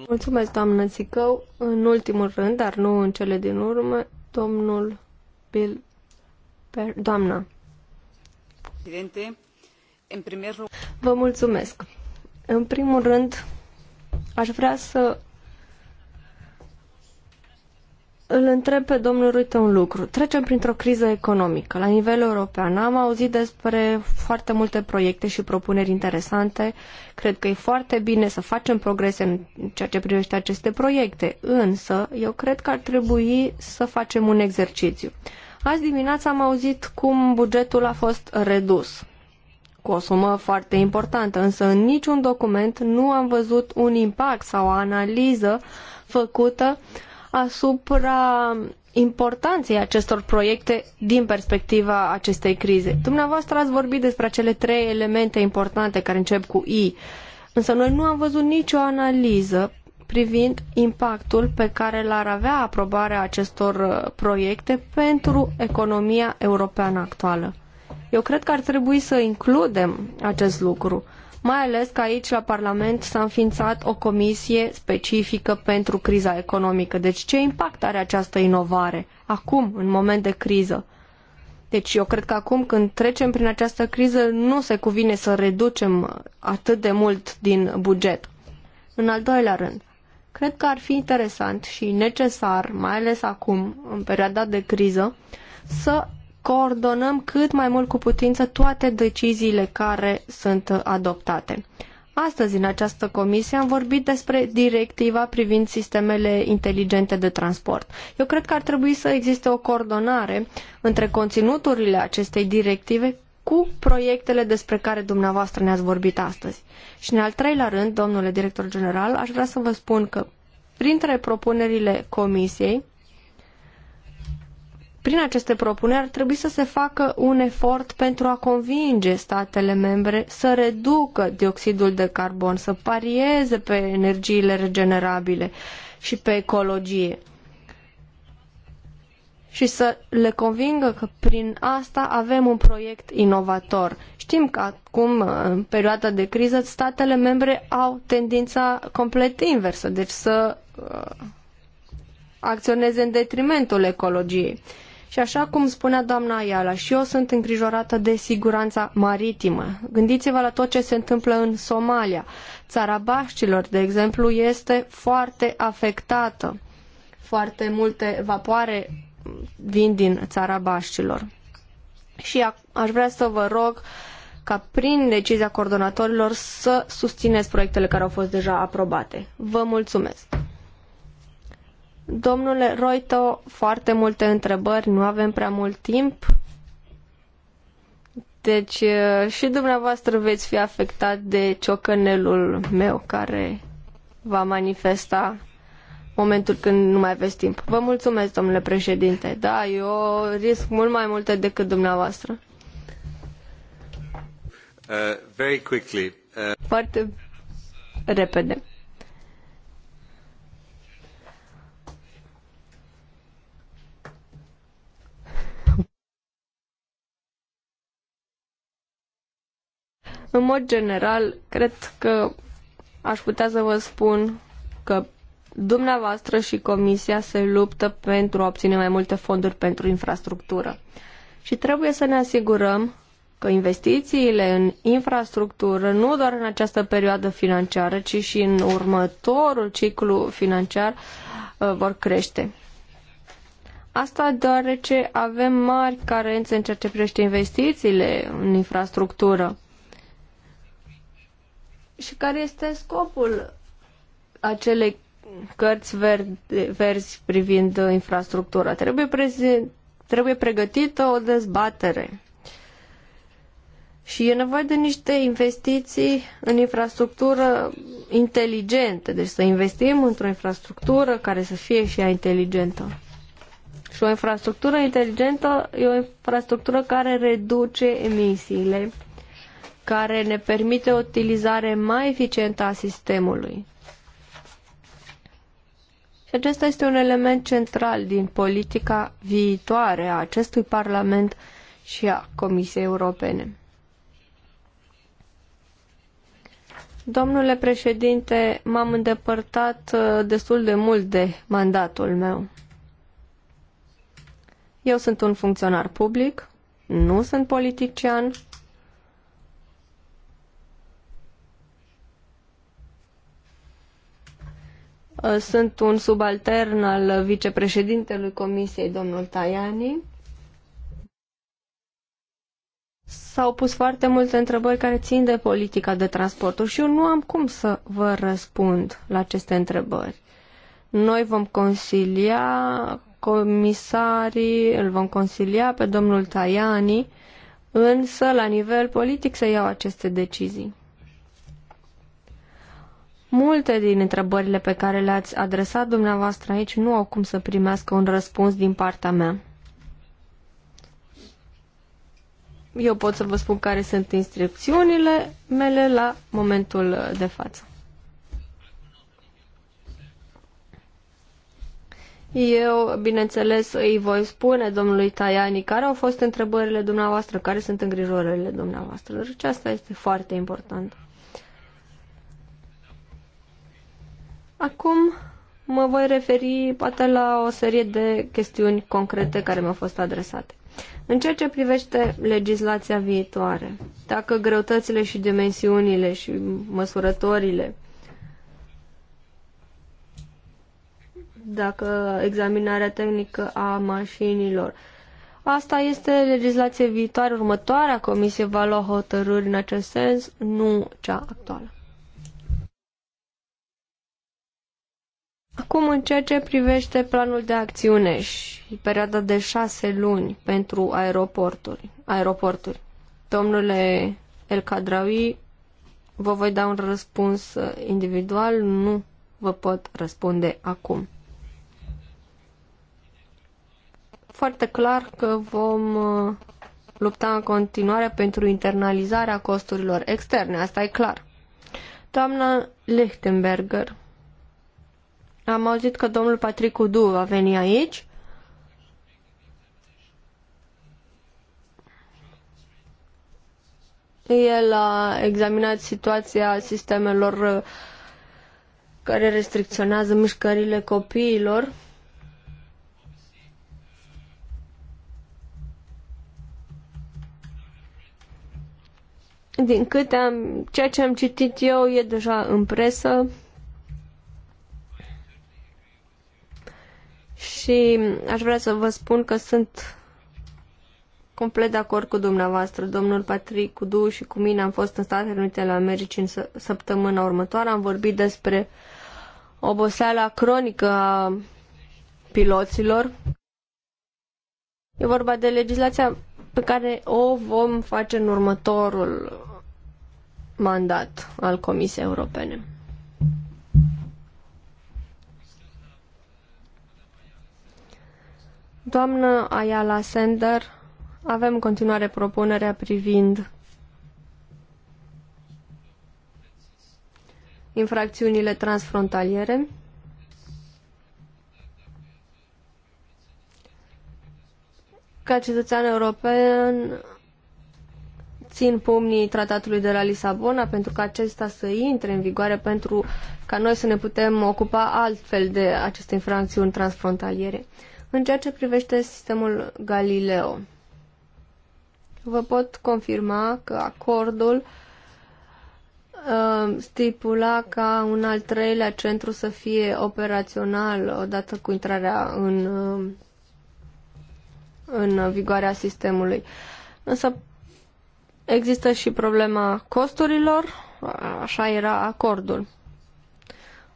Mulțumesc, doamnă Țicău. În ultimul rând, dar nu în cele din urmă, domnul Bill Per... Doamna. Vă mulțumesc. În primul rând, aș vrea să îl întreb pe domnul Ruite un lucru. Trecem printr-o criză economică la nivel european. Am auzit despre foarte multe proiecte și propuneri interesante. Cred că e foarte bine să facem progrese în ceea ce privește aceste proiecte, însă eu cred că ar trebui să facem un exercițiu. Azi dimineața am auzit cum bugetul a fost redus cu o sumă foarte importantă, însă în niciun document nu am văzut un impact sau o analiză făcută uh, asupra importanței acestor proiecte din perspectiva acestei crize. Dumneavoastră ați vorbit despre acele trei elemente importante care încep cu I, însă noi nu am văzut nicio analiză privind impactul pe care l-ar avea aprobarea acestor uh, proiecte pentru economia europeană actuală. Eu cred că ar trebui să includem acest lucru. Uh, mai ales că aici la Parlament s-a înființat o comisie specifică pentru criza economică. Deci ce impact are această inovare acum, în moment de criză? Deci eu cred că acum când trecem prin această criză nu se cuvine să reducem atât de mult din buget. În al doilea rând, cred că ar fi interesant și necesar, mai ales acum, în perioada de criză, să coordonăm cât mai mult cu putință toate deciziile care sunt adoptate. Astăzi, în această comisie, am vorbit despre directiva privind sistemele inteligente de transport. Eu cred că ar trebui să existe o coordonare între conținuturile acestei directive cu proiectele despre care dumneavoastră ne-ați vorbit astăzi. Și în al treilea rând, domnule director general, aș vrea să vă spun că printre propunerile comisiei prin aceste propuneri ar trebui să se facă un efort pentru a convinge statele membre să reducă dioxidul de carbon, să parieze pe energiile regenerabile și pe ecologie și să le convingă că prin asta avem un proiect inovator. Știm că acum, în perioada de criză, statele membre au tendința complet inversă, deci să uh, acționeze în detrimentul ecologiei. Și așa cum spunea doamna Ayala, și eu sunt îngrijorată de siguranța maritimă. Gândiți-vă la tot ce se întâmplă în Somalia. Țara Baștilor, de exemplu, este foarte afectată. Foarte multe vapoare vin din țara Baștilor. Și aș vrea să vă rog ca prin decizia coordonatorilor să susțineți proiectele care au fost deja aprobate. Vă mulțumesc! Domnule Roito, foarte multe întrebări, nu avem prea mult timp. Deci și dumneavoastră veți fi afectat de ciocănelul meu care va manifesta momentul când nu mai aveți timp. Vă mulțumesc, domnule președinte. Da, eu risc mult mai multe decât dumneavoastră. Uh, very quickly. Uh... Foarte repede. În mod general, cred că aș putea să vă spun că dumneavoastră și Comisia se luptă pentru a obține mai multe fonduri pentru infrastructură. Și trebuie să ne asigurăm că investițiile în infrastructură, nu doar în această perioadă financiară, ci și în următorul ciclu financiar, uh, vor crește. Asta deoarece avem mari carențe în ceea ce privește investițiile în infrastructură și care este scopul acelei cărți verde, verzi privind infrastructura. Trebuie, prezi, trebuie pregătită o dezbatere și e nevoie de niște investiții în infrastructură inteligentă. Deci să investim într-o infrastructură care să fie și ea inteligentă. Și o infrastructură inteligentă e o infrastructură care reduce emisiile care ne permite o utilizare mai eficientă a sistemului. Și acesta este un element central din politica viitoare a acestui Parlament și a Comisiei Europene. Domnule președinte, m-am îndepărtat uh, destul de mult de mandatul meu. Eu sunt un funcționar public, nu sunt politician Uh, sunt un subaltern al vicepreședintelui Comisiei, domnul Tajani. S-au pus foarte multe întrebări care țin de politica de transporturi și eu nu am cum să vă răspund la aceste întrebări. Noi vom consilia comisarii, îl vom consilia pe domnul Tajani, însă la nivel politic să iau aceste decizii. Multe din întrebările pe care le-ați adresat dumneavoastră aici nu au cum să primească un răspuns din partea mea. Eu pot să vă spun care sunt instrucțiunile mele la momentul de față. Eu, bineînțeles, îi voi spune domnului Taiani care au fost întrebările dumneavoastră, care sunt îngrijorările dumneavoastră. Deci asta este foarte important. Acum mă voi referi poate la o serie de chestiuni concrete care mi-au fost adresate. În ceea ce privește legislația viitoare, dacă greutățile și dimensiunile și măsurătorile, dacă examinarea tehnică a mașinilor, Asta este legislație viitoare, următoarea comisie va lua hotărâri în acest sens, nu cea actuală. Acum, în ceea ce privește planul de acțiune și perioada de șase luni pentru aeroporturi, aeroporturi domnule El Cadraui, vă voi da un răspuns uh, individual, nu vă pot răspunde acum. Foarte clar că vom uh, lupta în continuare pentru internalizarea costurilor externe, asta e clar. Doamna Lechtenberger, am auzit că domnul Patrick Udu va veni aici. El a examinat situația sistemelor uh, care restricționează mișcările copiilor. Din câte am, ceea ce am citit eu e deja în presă, Și aș vrea să vă spun că sunt complet de acord cu dumneavoastră. Domnul Patrick Du și cu mine am fost în Statele Unite ale Americii în săptămâna următoare. Am vorbit despre oboseala cronică a piloților. E vorba de legislația pe care o vom face în următorul mandat al Comisiei Europene. Doamnă Ayala Sender, avem continuare propunerea privind infracțiunile transfrontaliere. Ca cetățean european țin pumnii tratatului de la Lisabona pentru că acesta să intre în vigoare pentru ca noi să ne putem ocupa altfel de aceste infracțiuni transfrontaliere. În ceea ce privește sistemul Galileo, vă pot confirma că acordul uh, stipula ca un al treilea centru să fie operațional odată cu intrarea în, uh, în vigoarea sistemului. Însă există și problema costurilor, așa era acordul.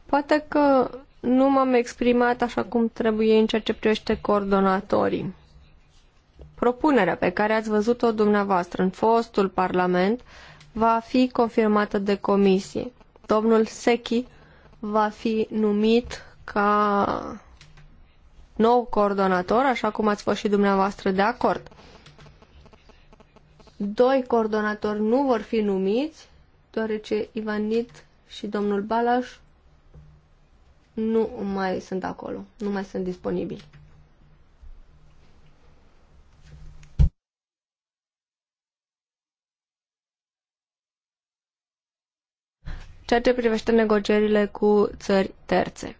Poate că nu m-am exprimat așa cum trebuie în ceea ce privește coordonatorii. Propunerea pe care ați văzut-o dumneavoastră în fostul Parlament va fi confirmată de comisie. Domnul Sechi va fi numit ca nou coordonator, așa cum ați fost și dumneavoastră de acord. Doi coordonatori nu vor fi numiți, deoarece Ivanit și domnul Balaș nu mai sunt acolo, nu mai sunt disponibili. ceea ce privește negocierile cu țări terțe.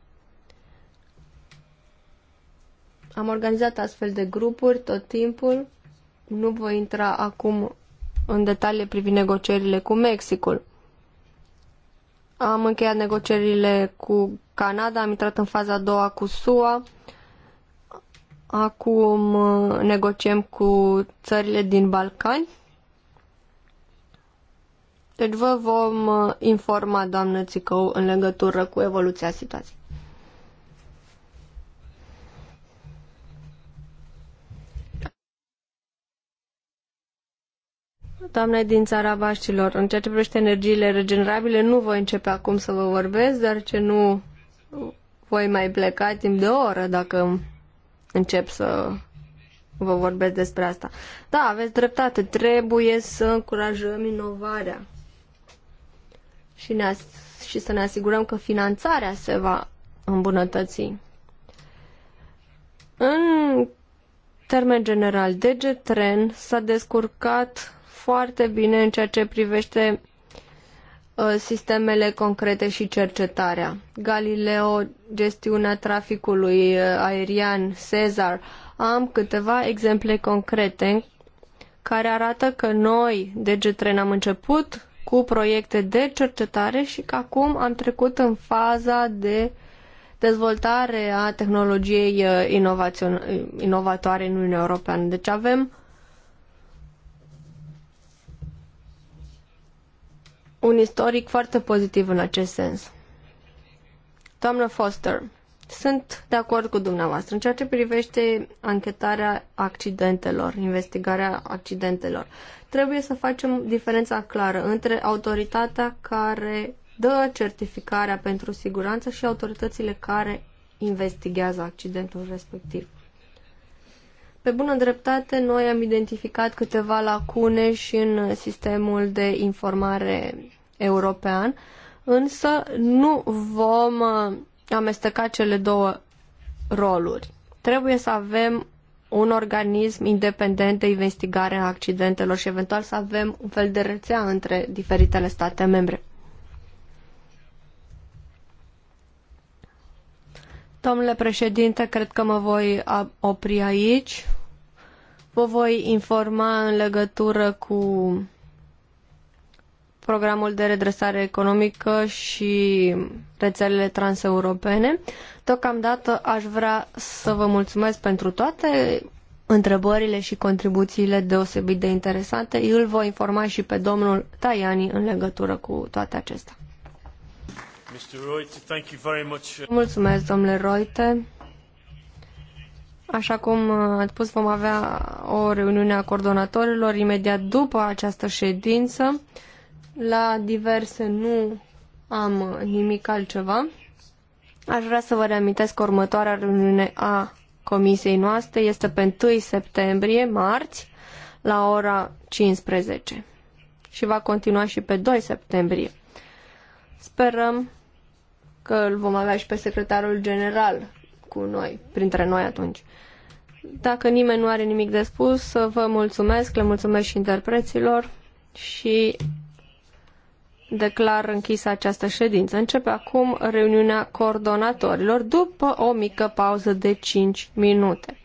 Am organizat astfel de grupuri tot timpul. Nu voi intra acum în detalii privind negocierile cu Mexicul. Am încheiat negocierile cu Canada, am intrat în faza a doua cu SUA. Acum uh, negociem cu țările din Balcani. Deci vă vom uh, informa, doamnă Țicău, în legătură cu evoluția situației. Doamne din țara Baștilor. În ceea ce privește energiile regenerabile, nu voi începe acum să vă vorbesc, dar ce nu voi mai pleca timp de o oră dacă încep să vă vorbesc despre asta. Da, aveți dreptate, trebuie să încurajăm inovarea și, ne as- și să ne asigurăm că finanțarea se va îmbunătăți. În termen general, DG Tren s-a descurcat foarte bine în ceea ce privește uh, sistemele concrete și cercetarea. Galileo, gestiunea traficului uh, aerian, Cezar. Am câteva exemple concrete care arată că noi, Degetren, am început cu proiecte de cercetare și că acum am trecut în faza de dezvoltare a tehnologiei uh, inovatoare în Uniunea Europeană. Deci avem un istoric foarte pozitiv în acest sens. Doamnă Foster, sunt de acord cu dumneavoastră în ceea ce privește anchetarea accidentelor, investigarea accidentelor. Trebuie să facem diferența clară între autoritatea care dă certificarea pentru siguranță și autoritățile care investigează accidentul respectiv. Pe bună dreptate, noi am identificat câteva lacune și în sistemul de informare european, însă nu vom uh, amesteca cele două roluri. Trebuie să avem un organism independent de investigare a accidentelor și eventual să avem un fel de rețea între diferitele state membre. Domnule președinte, cred că mă voi opri aici. Vă voi informa în legătură cu programul de redresare economică și rețelele transeuropene. Deocamdată aș vrea să vă mulțumesc pentru toate întrebările și contribuțiile deosebit de interesante. Eu îl voi informa și pe domnul Taiani în legătură cu toate acestea. Uh, Mulțumesc, domnule Roite. Așa cum uh, ați spus, vom avea o reuniune a coordonatorilor imediat după această ședință. La diverse nu am nimic altceva. Aș vrea să vă reamintesc că următoarea reuniune a comisiei noastre este pe 1 septembrie, marți, la ora 15 și va continua și pe 2 septembrie. Sperăm că îl vom avea și pe secretarul general cu noi, printre noi atunci. Dacă nimeni nu are nimic de spus, vă mulțumesc, le mulțumesc și interpreților și declar închisă această ședință. Începe acum reuniunea coordonatorilor după o mică pauză de 5 minute.